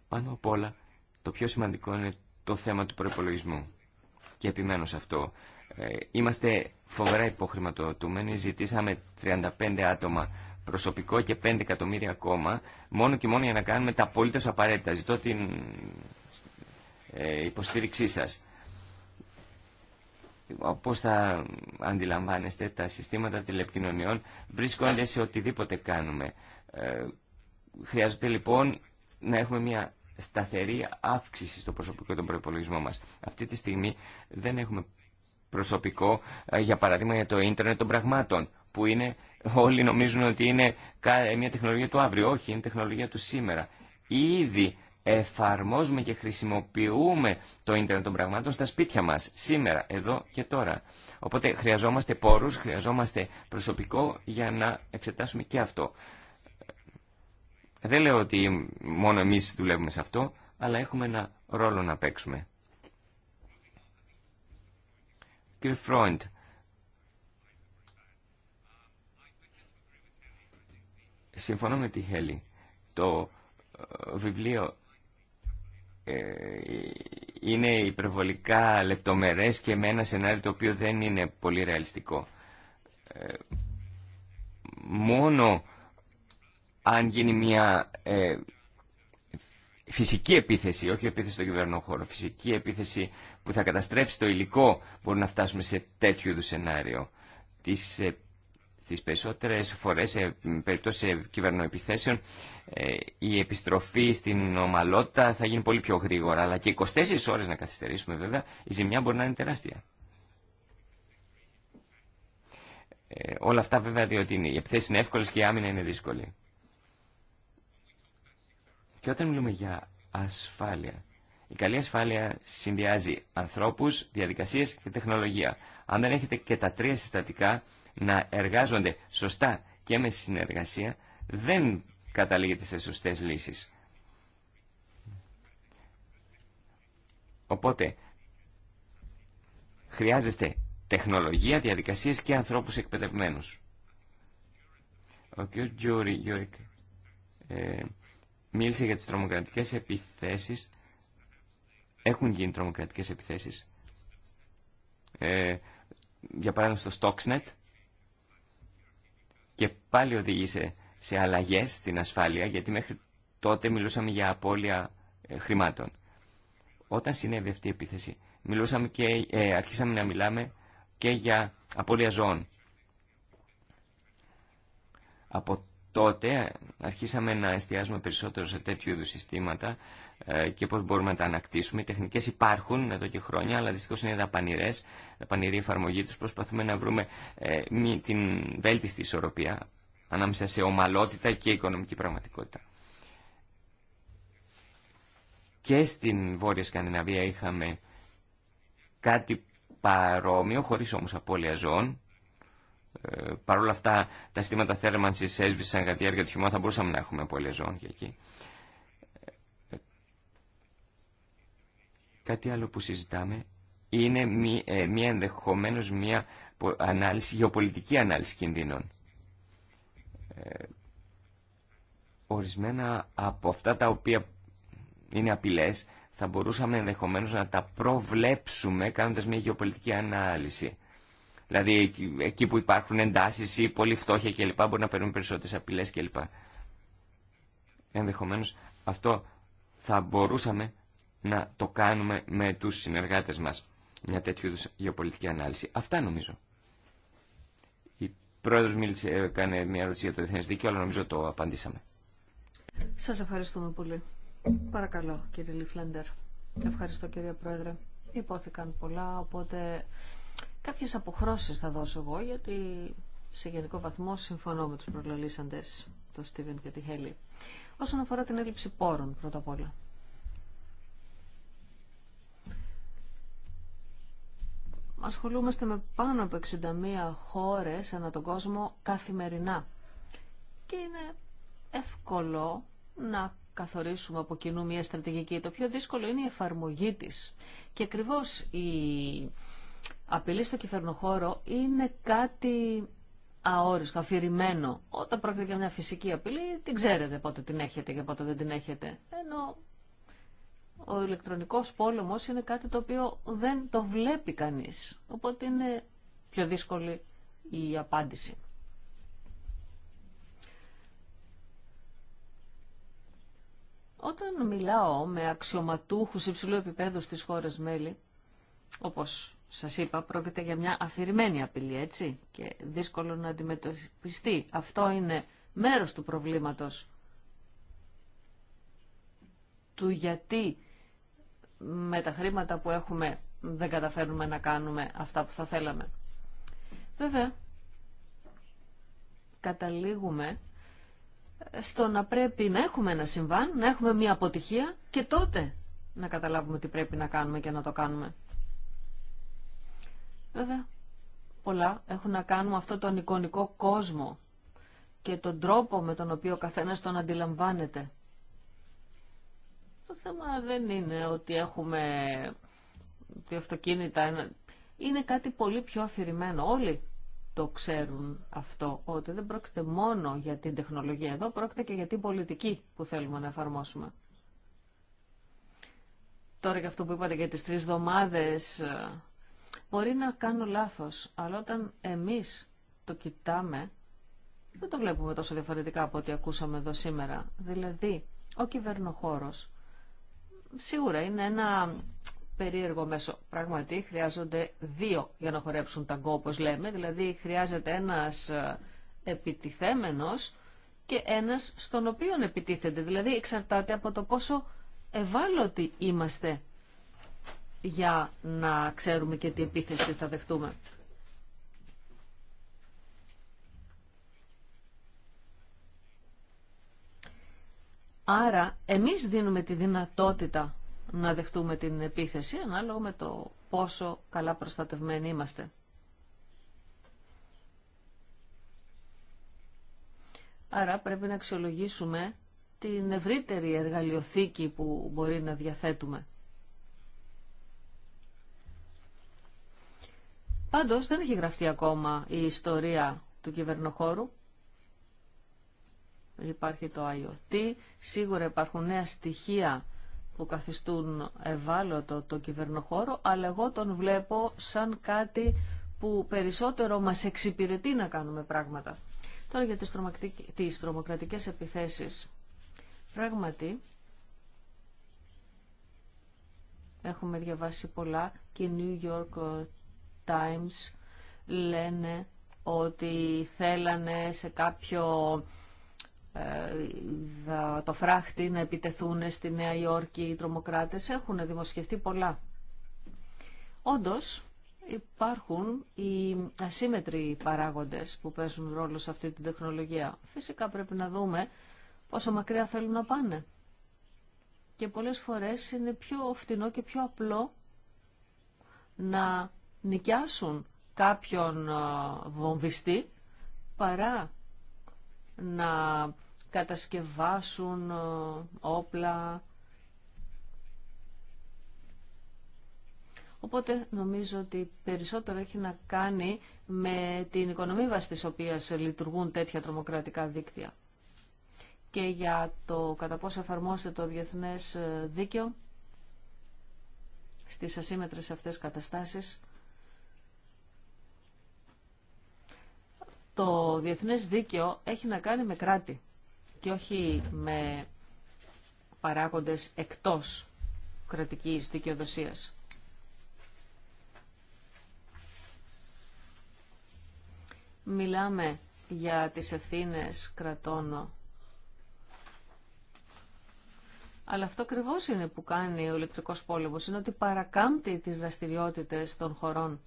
Πάνω απ' όλα το πιο σημαντικό είναι το θέμα του προπολογισμού και επιμένω σε αυτό. Ε, είμαστε φοβερά υποχρηματοδοτούμενοι, ζητήσαμε 35 άτομα προσωπικό και 5 εκατομμύρια ακόμα, μόνο και μόνο για να κάνουμε τα απολύτω απαραίτητα. Ζητώ την ε, υποστήριξή σας. Πώς θα αντιλαμβάνεστε, τα συστήματα τηλεπικοινωνιών βρίσκονται σε οτιδήποτε κάνουμε. Ε, χρειάζεται λοιπόν να έχουμε μια σταθερή αύξηση στο προσωπικό των προπολογισμό μας. Αυτή τη στιγμή δεν έχουμε προσωπικό, ε, για παράδειγμα, για το ίντερνετ των πραγμάτων, που είναι όλοι νομίζουν ότι είναι μια τεχνολογία του αύριο. Όχι, είναι τεχνολογία του σήμερα. Ήδη εφαρμόζουμε και χρησιμοποιούμε το ίντερνετ των πραγμάτων στα σπίτια μας, σήμερα, εδώ και τώρα. Οπότε χρειαζόμαστε πόρους, χρειαζόμαστε προσωπικό για να εξετάσουμε και αυτό. Δεν λέω ότι μόνο εμείς δουλεύουμε σε αυτό, αλλά έχουμε ένα ρόλο να παίξουμε. Κύριε Φρόιντ, Συμφωνώ με τη Χέλη. Το ε, βιβλίο ε, είναι υπερβολικά λεπτομερές και με ένα σενάριο το οποίο δεν είναι πολύ ρεαλιστικό. Ε, μόνο αν γίνει μια φυσική επίθεση, όχι επίθεση στον κυβερνό χώρο, φυσική επίθεση που θα καταστρέψει το υλικό, μπορούμε να φτάσουμε σε τέτοιου είδου σενάριο. Τις στις περισσότερες φορές, σε περίπτωση κυβερνοεπιθέσεων, ε, η επιστροφή στην ομαλότητα θα γίνει πολύ πιο γρήγορα. Αλλά και 24 ώρες να καθυστερήσουμε βέβαια, η ζημιά μπορεί να είναι τεράστια. Ε, όλα αυτά βέβαια διότι είναι, οι επιθέσεις είναι εύκολες και η άμυνα είναι δύσκολη. Και όταν μιλούμε για ασφάλεια, η καλή ασφάλεια συνδυάζει ανθρώπους, διαδικασίες και τεχνολογία. Αν δεν έχετε και τα τρία συστατικά, να εργάζονται σωστά και με συνεργασία δεν καταλήγεται σε σωστές λύσεις. Οπότε χρειάζεστε τεχνολογία, διαδικασίες και ανθρώπους εκπαιδευμένους. Ο κ. Γιούρι, ε, μίλησε για τις τρομοκρατικές επιθέσεις. Έχουν γίνει τρομοκρατικές επιθέσεις. Ε, για παράδειγμα στο Stuxnet και πάλι οδήγησε σε αλλαγές στην ασφάλεια γιατί μέχρι τότε μιλούσαμε για απώλεια ε, χρημάτων. Όταν συνέβη αυτή η επίθεση μιλούσαμε και, ε, αρχίσαμε να μιλάμε και για απώλεια ζώων. Από τότε αρχίσαμε να εστιάζουμε περισσότερο σε τέτοιου είδους συστήματα ε, και πώς μπορούμε να τα ανακτήσουμε. Οι τεχνικές υπάρχουν εδώ και χρόνια, αλλά δυστυχώς είναι δαπανηρές, δαπανηρή εφαρμογή τους. Προσπαθούμε να βρούμε ε, την βέλτιστη ισορροπία ανάμεσα σε ομαλότητα και οικονομική πραγματικότητα. Και στην Βόρεια Σκανδιναβία είχαμε κάτι παρόμοιο, χωρίς όμως απώλεια ζώων. Ε, Παρ' όλα αυτά τα στήματα θέρμανσης έσβησαν κατά τη διάρκεια του χειμώνα, θα μπορούσαμε να έχουμε απώλεια ζώων εκεί. Κάτι άλλο που συζητάμε είναι μία, ε, μία ενδεχομένως μία ανάλυση, γεωπολιτική ανάλυση κινδύνων. Ε, ορισμένα από αυτά τα οποία είναι απειλές θα μπορούσαμε ενδεχομένως να τα προβλέψουμε κάνοντας μια γεωπολιτική ανάλυση. Δηλαδή εκεί που υπάρχουν εντάσεις ή πολύ φτώχεια κλπ. μπορεί να παίρνουν περισσότερες απειλές κλπ. Ενδεχομένως αυτό θα μπορούσαμε να το κάνουμε με τους συνεργάτες μας. Μια τέτοιου είδους γεωπολιτική ανάλυση. Αυτά νομίζω. Η πρόεδρος μίλησε, έκανε μια ερώτηση για το διεθνές δίκαιο, αλλά νομίζω το απαντήσαμε. Σας ευχαριστούμε πολύ. Παρακαλώ κύριε Λιφλέντερ. Ευχαριστώ κύριε Πρόεδρε. Υπόθηκαν πολλά, οπότε κάποιες αποχρώσεις θα δώσω εγώ, γιατί σε γενικό βαθμό συμφωνώ με τους προλαλήσαντες, τον Στίβεν και τη Χέλη. Όσον αφορά την έλλειψη πόρων, πρώτα απ' όλα. ασχολούμαστε με πάνω από 61 χώρες ανά τον κόσμο καθημερινά. Και είναι εύκολο να καθορίσουμε από κοινού μια στρατηγική. Το πιο δύσκολο είναι η εφαρμογή της. Και ακριβώ η απειλή στο κυβερνοχώρο είναι κάτι αόριστο, αφηρημένο. Όταν πρόκειται για μια φυσική απειλή, την ξέρετε πότε την έχετε και πότε δεν την έχετε. Ενώ ο ηλεκτρονικός πόλεμος είναι κάτι το οποίο δεν το βλέπει κανείς. Οπότε είναι πιο δύσκολη η απάντηση. Όταν μιλάω με αξιωματούχους υψηλού επίπεδου στις χώρες μέλη, όπως σας είπα, πρόκειται για μια αφηρημένη απειλή, έτσι, και δύσκολο να αντιμετωπιστεί. Αυτό είναι μέρος του προβλήματος του γιατί με τα χρήματα που έχουμε δεν καταφέρνουμε να κάνουμε αυτά που θα θέλαμε. Βέβαια, καταλήγουμε στο να πρέπει να έχουμε ένα συμβάν, να έχουμε μια αποτυχία και τότε να καταλάβουμε τι πρέπει να κάνουμε και να το κάνουμε. Βέβαια, πολλά έχουν να κάνουν αυτό τον εικονικό κόσμο και τον τρόπο με τον οποίο ο καθένας τον αντιλαμβάνεται. Το θέμα δεν είναι ότι έχουμε τη αυτοκίνητα. Είναι κάτι πολύ πιο αφηρημένο. Όλοι το ξέρουν αυτό, ότι δεν πρόκειται μόνο για την τεχνολογία εδώ, πρόκειται και για την πολιτική που θέλουμε να εφαρμόσουμε. Τώρα και αυτό που είπατε για τις τρεις εβδομάδες, ε, μπορεί να κάνω λάθος, αλλά όταν εμείς το κοιτάμε, δεν το βλέπουμε τόσο διαφορετικά από ό,τι ακούσαμε εδώ σήμερα. Δηλαδή, ο κυβερνοχώρος σίγουρα είναι ένα περίεργο μέσο. Πραγματικά χρειάζονται δύο για να χορέψουν ταγκό, όπως λέμε. Δηλαδή χρειάζεται ένας ε, επιτιθέμενος και ένας στον οποίο επιτίθεται. Δηλαδή εξαρτάται από το πόσο ευάλωτοι είμαστε για να ξέρουμε και τι επίθεση θα δεχτούμε. Άρα εμείς δίνουμε τη δυνατότητα να δεχτούμε την επίθεση ανάλογα με το πόσο καλά προστατευμένοι είμαστε. Άρα πρέπει να αξιολογήσουμε την ευρύτερη εργαλειοθήκη που μπορεί να διαθέτουμε. Πάντως δεν έχει γραφτεί ακόμα η ιστορία του κυβερνοχώρου. Υπάρχει το IoT, σίγουρα υπάρχουν νέα στοιχεία που καθιστούν ευάλωτο το κυβερνοχώρο, αλλά εγώ τον βλέπω σαν κάτι που περισσότερο μας εξυπηρετεί να κάνουμε πράγματα. Τώρα για τις, τις τρομοκρατικές επιθέσεις. Πράγματι, έχουμε διαβάσει πολλά και New York Times λένε ότι θέλανε σε κάποιο ε, το φράχτη να επιτεθούν στη Νέα Υόρκη οι τρομοκράτες. Έχουν δημοσιευτεί πολλά. Όντως υπάρχουν οι ασύμετροι παράγοντες που παίζουν ρόλο σε αυτή την τεχνολογία. Φυσικά πρέπει να δούμε πόσο μακριά θέλουν να πάνε. Και πολλές φορές είναι πιο φτηνό και πιο απλό να νοικιάσουν κάποιον ε, βομβιστή παρά να κατασκευάσουν ε, όπλα. Οπότε νομίζω ότι περισσότερο έχει να κάνει με την οικονομία βάση της οποίας λειτουργούν τέτοια τρομοκρατικά δίκτυα. Και για το κατά πόσο εφαρμόζεται το διεθνές ε, δίκαιο στις ασύμετρες αυτές καταστάσεις, το διεθνές δίκαιο έχει να κάνει με κράτη και όχι με παράγοντες εκτός κρατικής δικαιοδοσίας. Μιλάμε για τις ευθύνες κρατών. Αλλά αυτό ακριβώ είναι που κάνει ο ηλεκτρικός πόλεμος, είναι ότι παρακάμπτει τις δραστηριότητες των χωρών.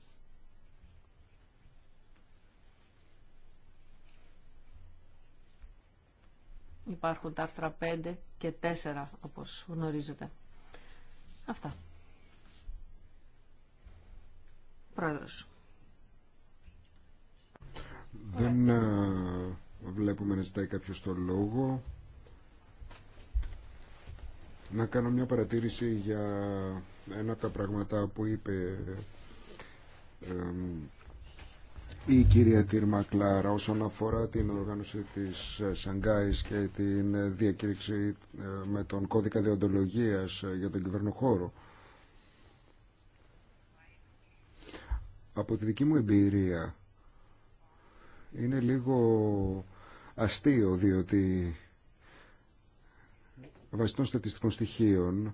Υπάρχουν τα άρθρα 5 και 4 όπως γνωρίζετε. Αυτά. Πρόεδρος. Δεν ε, βλέπουμε να ζητάει κάποιος το λόγο. Να κάνω μια παρατήρηση για ένα από τα πράγματα που είπε ε, η κυρία Τίρμα Κλάρα όσον αφορά την οργάνωση της ε, Σανγκάης και την ε, διακήρυξη ε, με τον κώδικα διοντολογίας για τον κυβερνοχώρο. Από τη δική μου εμπειρία είναι λίγο αστείο διότι βασιστών στατιστικών στοιχείων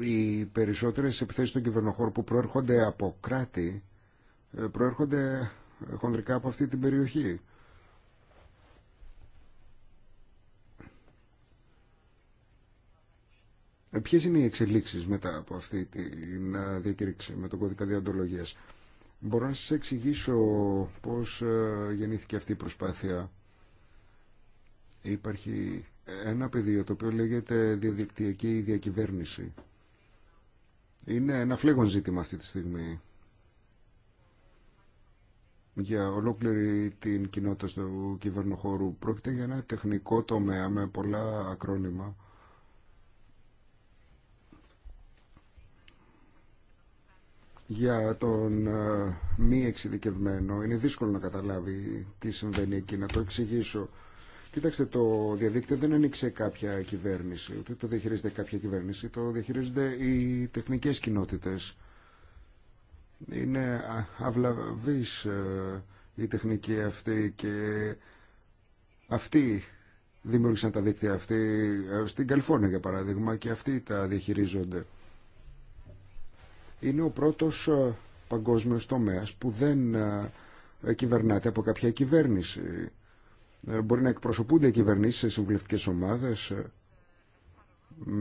οι περισσότερες επιθέσεις στον κυβερνοχώρο που προέρχονται από κράτη ε, προέρχονται ε, χονδρικά από αυτή την περιοχή. Ε, ποιες είναι οι εξελίξεις μετά από αυτή την διακήρυξη με τον κώδικα διαντολογίας. Μπορώ να σας εξηγήσω πώς γεννήθηκε αυτή η προσπάθεια. Υπάρχει ένα πεδίο το οποίο λέγεται διαδικτυακή διακυβέρνηση. Είναι ένα φλέγον ζήτημα αυτή τη στιγμή για ολόκληρη την κοινότητα του κυβερνοχώρου. Πρόκειται για ένα τεχνικό τομέα με πολλά ακρόνημα. Για τον ε, μη εξειδικευμένο είναι δύσκολο να καταλάβει τι συμβαίνει εκεί. Να το εξηγήσω. Κοιτάξτε, το διαδίκτυο δεν ανοίξε κάποια κυβέρνηση, ούτε το διαχειρίζεται κάποια κυβέρνηση, το διαχειρίζονται οι τεχνικέ κοινότητε. Είναι αύλαβη η ε, τεχνική αυτή και αυτοί δημιούργησαν τα δίκτυα αυτή ε, στην Καλιφόρνια για παράδειγμα και αυτοί τα διαχειρίζονται. Είναι ο πρώτος ε, παγκόσμιος τομέας που δεν κυβερνάται από κάποια κυβέρνηση. Ε, μπορεί να εκπροσωπούνται οι κυβερνήσεις σε συμβουλευτικές ομάδες ε,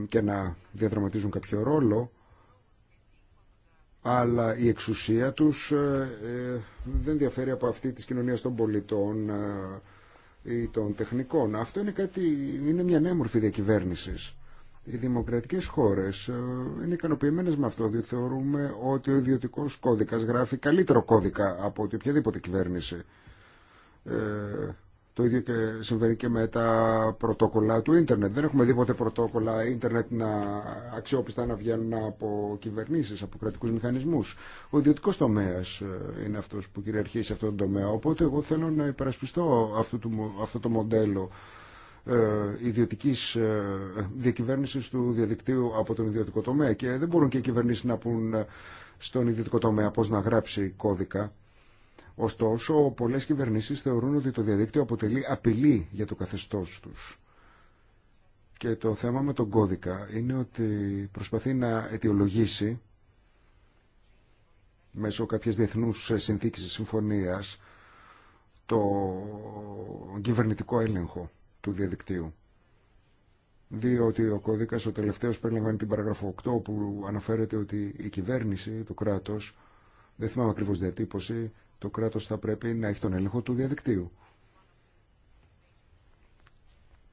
και να διαδραματίζουν κάποιο ρόλο αλλά η εξουσία τους ε, δεν διαφέρει από αυτή της κοινωνίας των πολιτών ή των τεχνικών. Αυτό είναι, κάτι, είναι μια νέα μορφή διακυβέρνησης. Οι δημοκρατικές χώρες είναι ικανοποιημένε με αυτό, διότι θεωρούμε ότι ο ιδιωτικό κώδικας γράφει καλύτερο κώδικα από οποιαδήποτε κυβέρνηση. Το ίδιο και συμβαίνει και με τα πρωτόκολλα του ίντερνετ. Δεν έχουμε δίποτε πρωτόκολλα ίντερνετ να αξιόπιστα να βγαίνουν από κυβερνήσεις, από κρατικούς μηχανισμούς. Ο ιδιωτικό τομέας ε, είναι αυτός που κυριαρχεί σε αυτόν τον τομέα. Οπότε εγώ θέλω να υπερασπιστώ αυτό το, αυτό το μοντέλο ε, ιδιωτικής ε, διακυβέρνησης του διαδικτύου από τον ιδιωτικό τομέα. Και δεν μπορούν και οι κυβερνήσεις να πούν ε, στον ιδιωτικό τομέα πώς να γράψει κώδικα Ωστόσο, πολλέ κυβερνήσει θεωρούν ότι το διαδίκτυο αποτελεί απειλή για το καθεστώς τους. Και το θέμα με τον κώδικα είναι ότι προσπαθεί να αιτιολογήσει μέσω κάποιες διεθνού συνθήκη συμφωνίας το κυβερνητικό έλεγχο του διαδικτύου. Διότι ο κώδικας ο τελευταίος περιλαμβάνει την παραγραφό 8 που αναφέρεται ότι η κυβέρνηση, το κράτο δεν θυμάμαι ακριβώ διατύπωση, το κράτος θα πρέπει να έχει τον έλεγχο του διαδικτύου.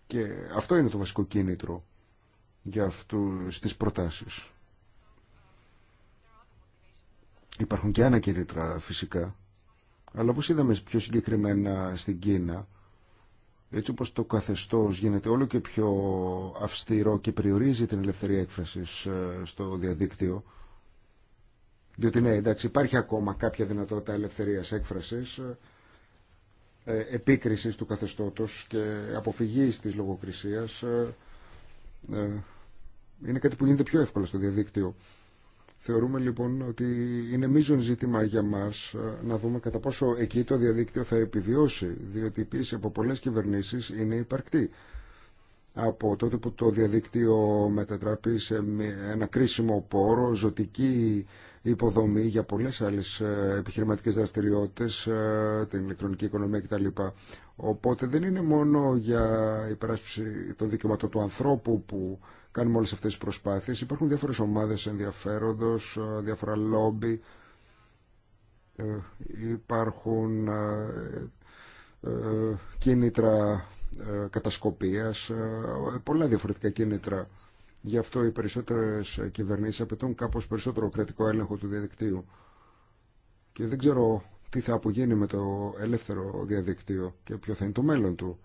Και αυτό είναι το βασικό κίνητρο για αυτούς τις προτάσεις. Υπάρχουν και άλλα κίνητρα φυσικά, αλλά όπως είδαμε πιο συγκεκριμένα στην Κίνα, έτσι όπως το καθεστώς γίνεται όλο και πιο αυστηρό και περιορίζει την ελευθερία έκφρασης ε, στο διαδίκτυο, διότι ναι, εντάξει, υπάρχει ακόμα κάποια δυνατότητα ελευθερίας έκφρασης, ε, επίκρισης του καθεστώτος και αποφυγής της λογοκρισίας. Ε, ε, είναι κάτι που γίνεται πιο εύκολα στο διαδίκτυο. Θεωρούμε λοιπόν ότι είναι μείζον ζήτημα για μας να δούμε κατά πόσο εκεί το διαδίκτυο θα επιβιώσει, διότι η πίεση από πολλές κυβερνήσεις είναι υπαρκτή. Από τότε που το διαδίκτυο μετατράπει σε ένα κρίσιμο πόρο, ζωτική υποδομή για πολλές άλλες ε, επιχειρηματικέ δραστηριότητε, ε, την ηλεκτρονική οικονομία κτλ. Οπότε δεν είναι μόνο για υπεράσπιση των δικαιωμάτων του ανθρώπου που κάνουμε όλε αυτέ τις προσπάθειε. Υπάρχουν διάφορες ομάδες ενδιαφέροντος, ε, διάφορα λόμπι, υπάρχουν κίνητρα κατασκοπίας, πολλά διαφορετικά κίνητρα Γι' αυτό οι περισσότερες κυβερνήσεις απαιτούν κάπως περισσότερο κρατικό έλεγχο του διαδικτύου. Και δεν ξέρω τι θα απογίνει με το ελεύθερο διαδικτύο και ποιο θα είναι το μέλλον του.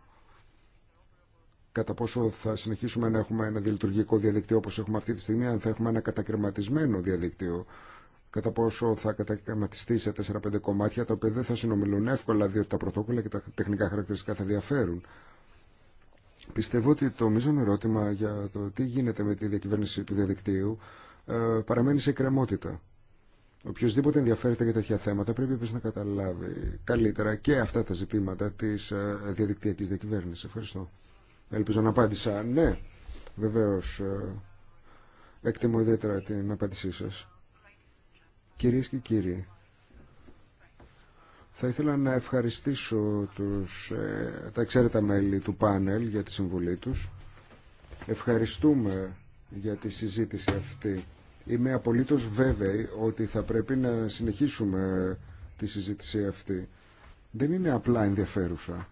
Κατά πόσο θα συνεχίσουμε να έχουμε ένα διελειτουργικό διαδικτύο όπως έχουμε αυτή τη στιγμή, αν θα έχουμε ένα κατακρεματισμένο διαδικτύο, κατά πόσο θα κατακρεματιστεί σε 4-5 κομμάτια, τα οποία δεν θα συνομιλούν εύκολα, διότι τα πρωτόκολλα και τα τεχνικά χαρακτηριστικά θα διαφέρουν. Πιστεύω ότι το μείζον ερώτημα για το τι γίνεται με τη διακυβέρνηση του διαδικτύου ε, παραμένει σε κρεμότητα. Οποιοδήποτε ενδιαφέρεται για τέτοια θέματα πρέπει επίση να καταλάβει καλύτερα και αυτά τα ζητήματα τη ε, διαδικτυακή διακυβέρνηση. Ευχαριστώ. Ελπίζω να απάντησα. Ναι, βεβαίω. Ε, εκτιμώ ιδιαίτερα την απάντησή σα. Κυρίε και κύριοι, θα ήθελα να ευχαριστήσω τους, ε, τα εξαίρετα μέλη του πάνελ για τη συμβολή τους. Ευχαριστούμε για τη συζήτηση αυτή. Είμαι απολύτως βέβαιη ότι θα πρέπει να συνεχίσουμε τη συζήτηση αυτή. Δεν είναι απλά ενδιαφέρουσα,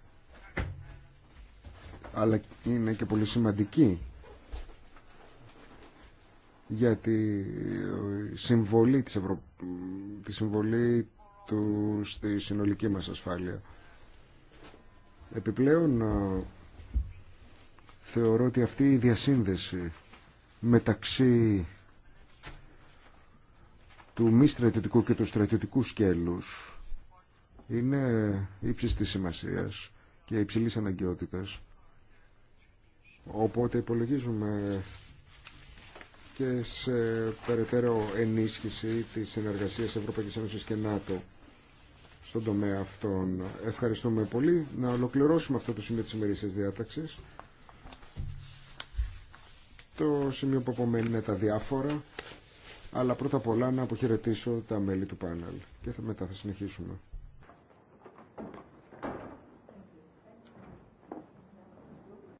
αλλά είναι και πολύ σημαντική για ε, τη συμβολή της, τη συμβολή του στη συνολική μας ασφάλεια. Επιπλέον θεωρώ ότι αυτή η διασύνδεση μεταξύ του μη στρατιωτικού και του στρατιωτικού σκέλους είναι ύψης της σημασίας και υψηλής αναγκαιότητας. Οπότε υπολογίζουμε και σε περαιτέρω ενίσχυση της συνεργασίας Ευρωπαϊκής Ένωσης και ΝΑΤΟ στον τομέα αυτών. Ευχαριστούμε πολύ. Να ολοκληρώσουμε αυτό το σημείο της ημερήσιας διάταξης. Το σημείο που απομένει είναι τα διάφορα, αλλά πρώτα απ' όλα να αποχαιρετήσω τα μέλη του πάνελ και μετά θα συνεχίσουμε.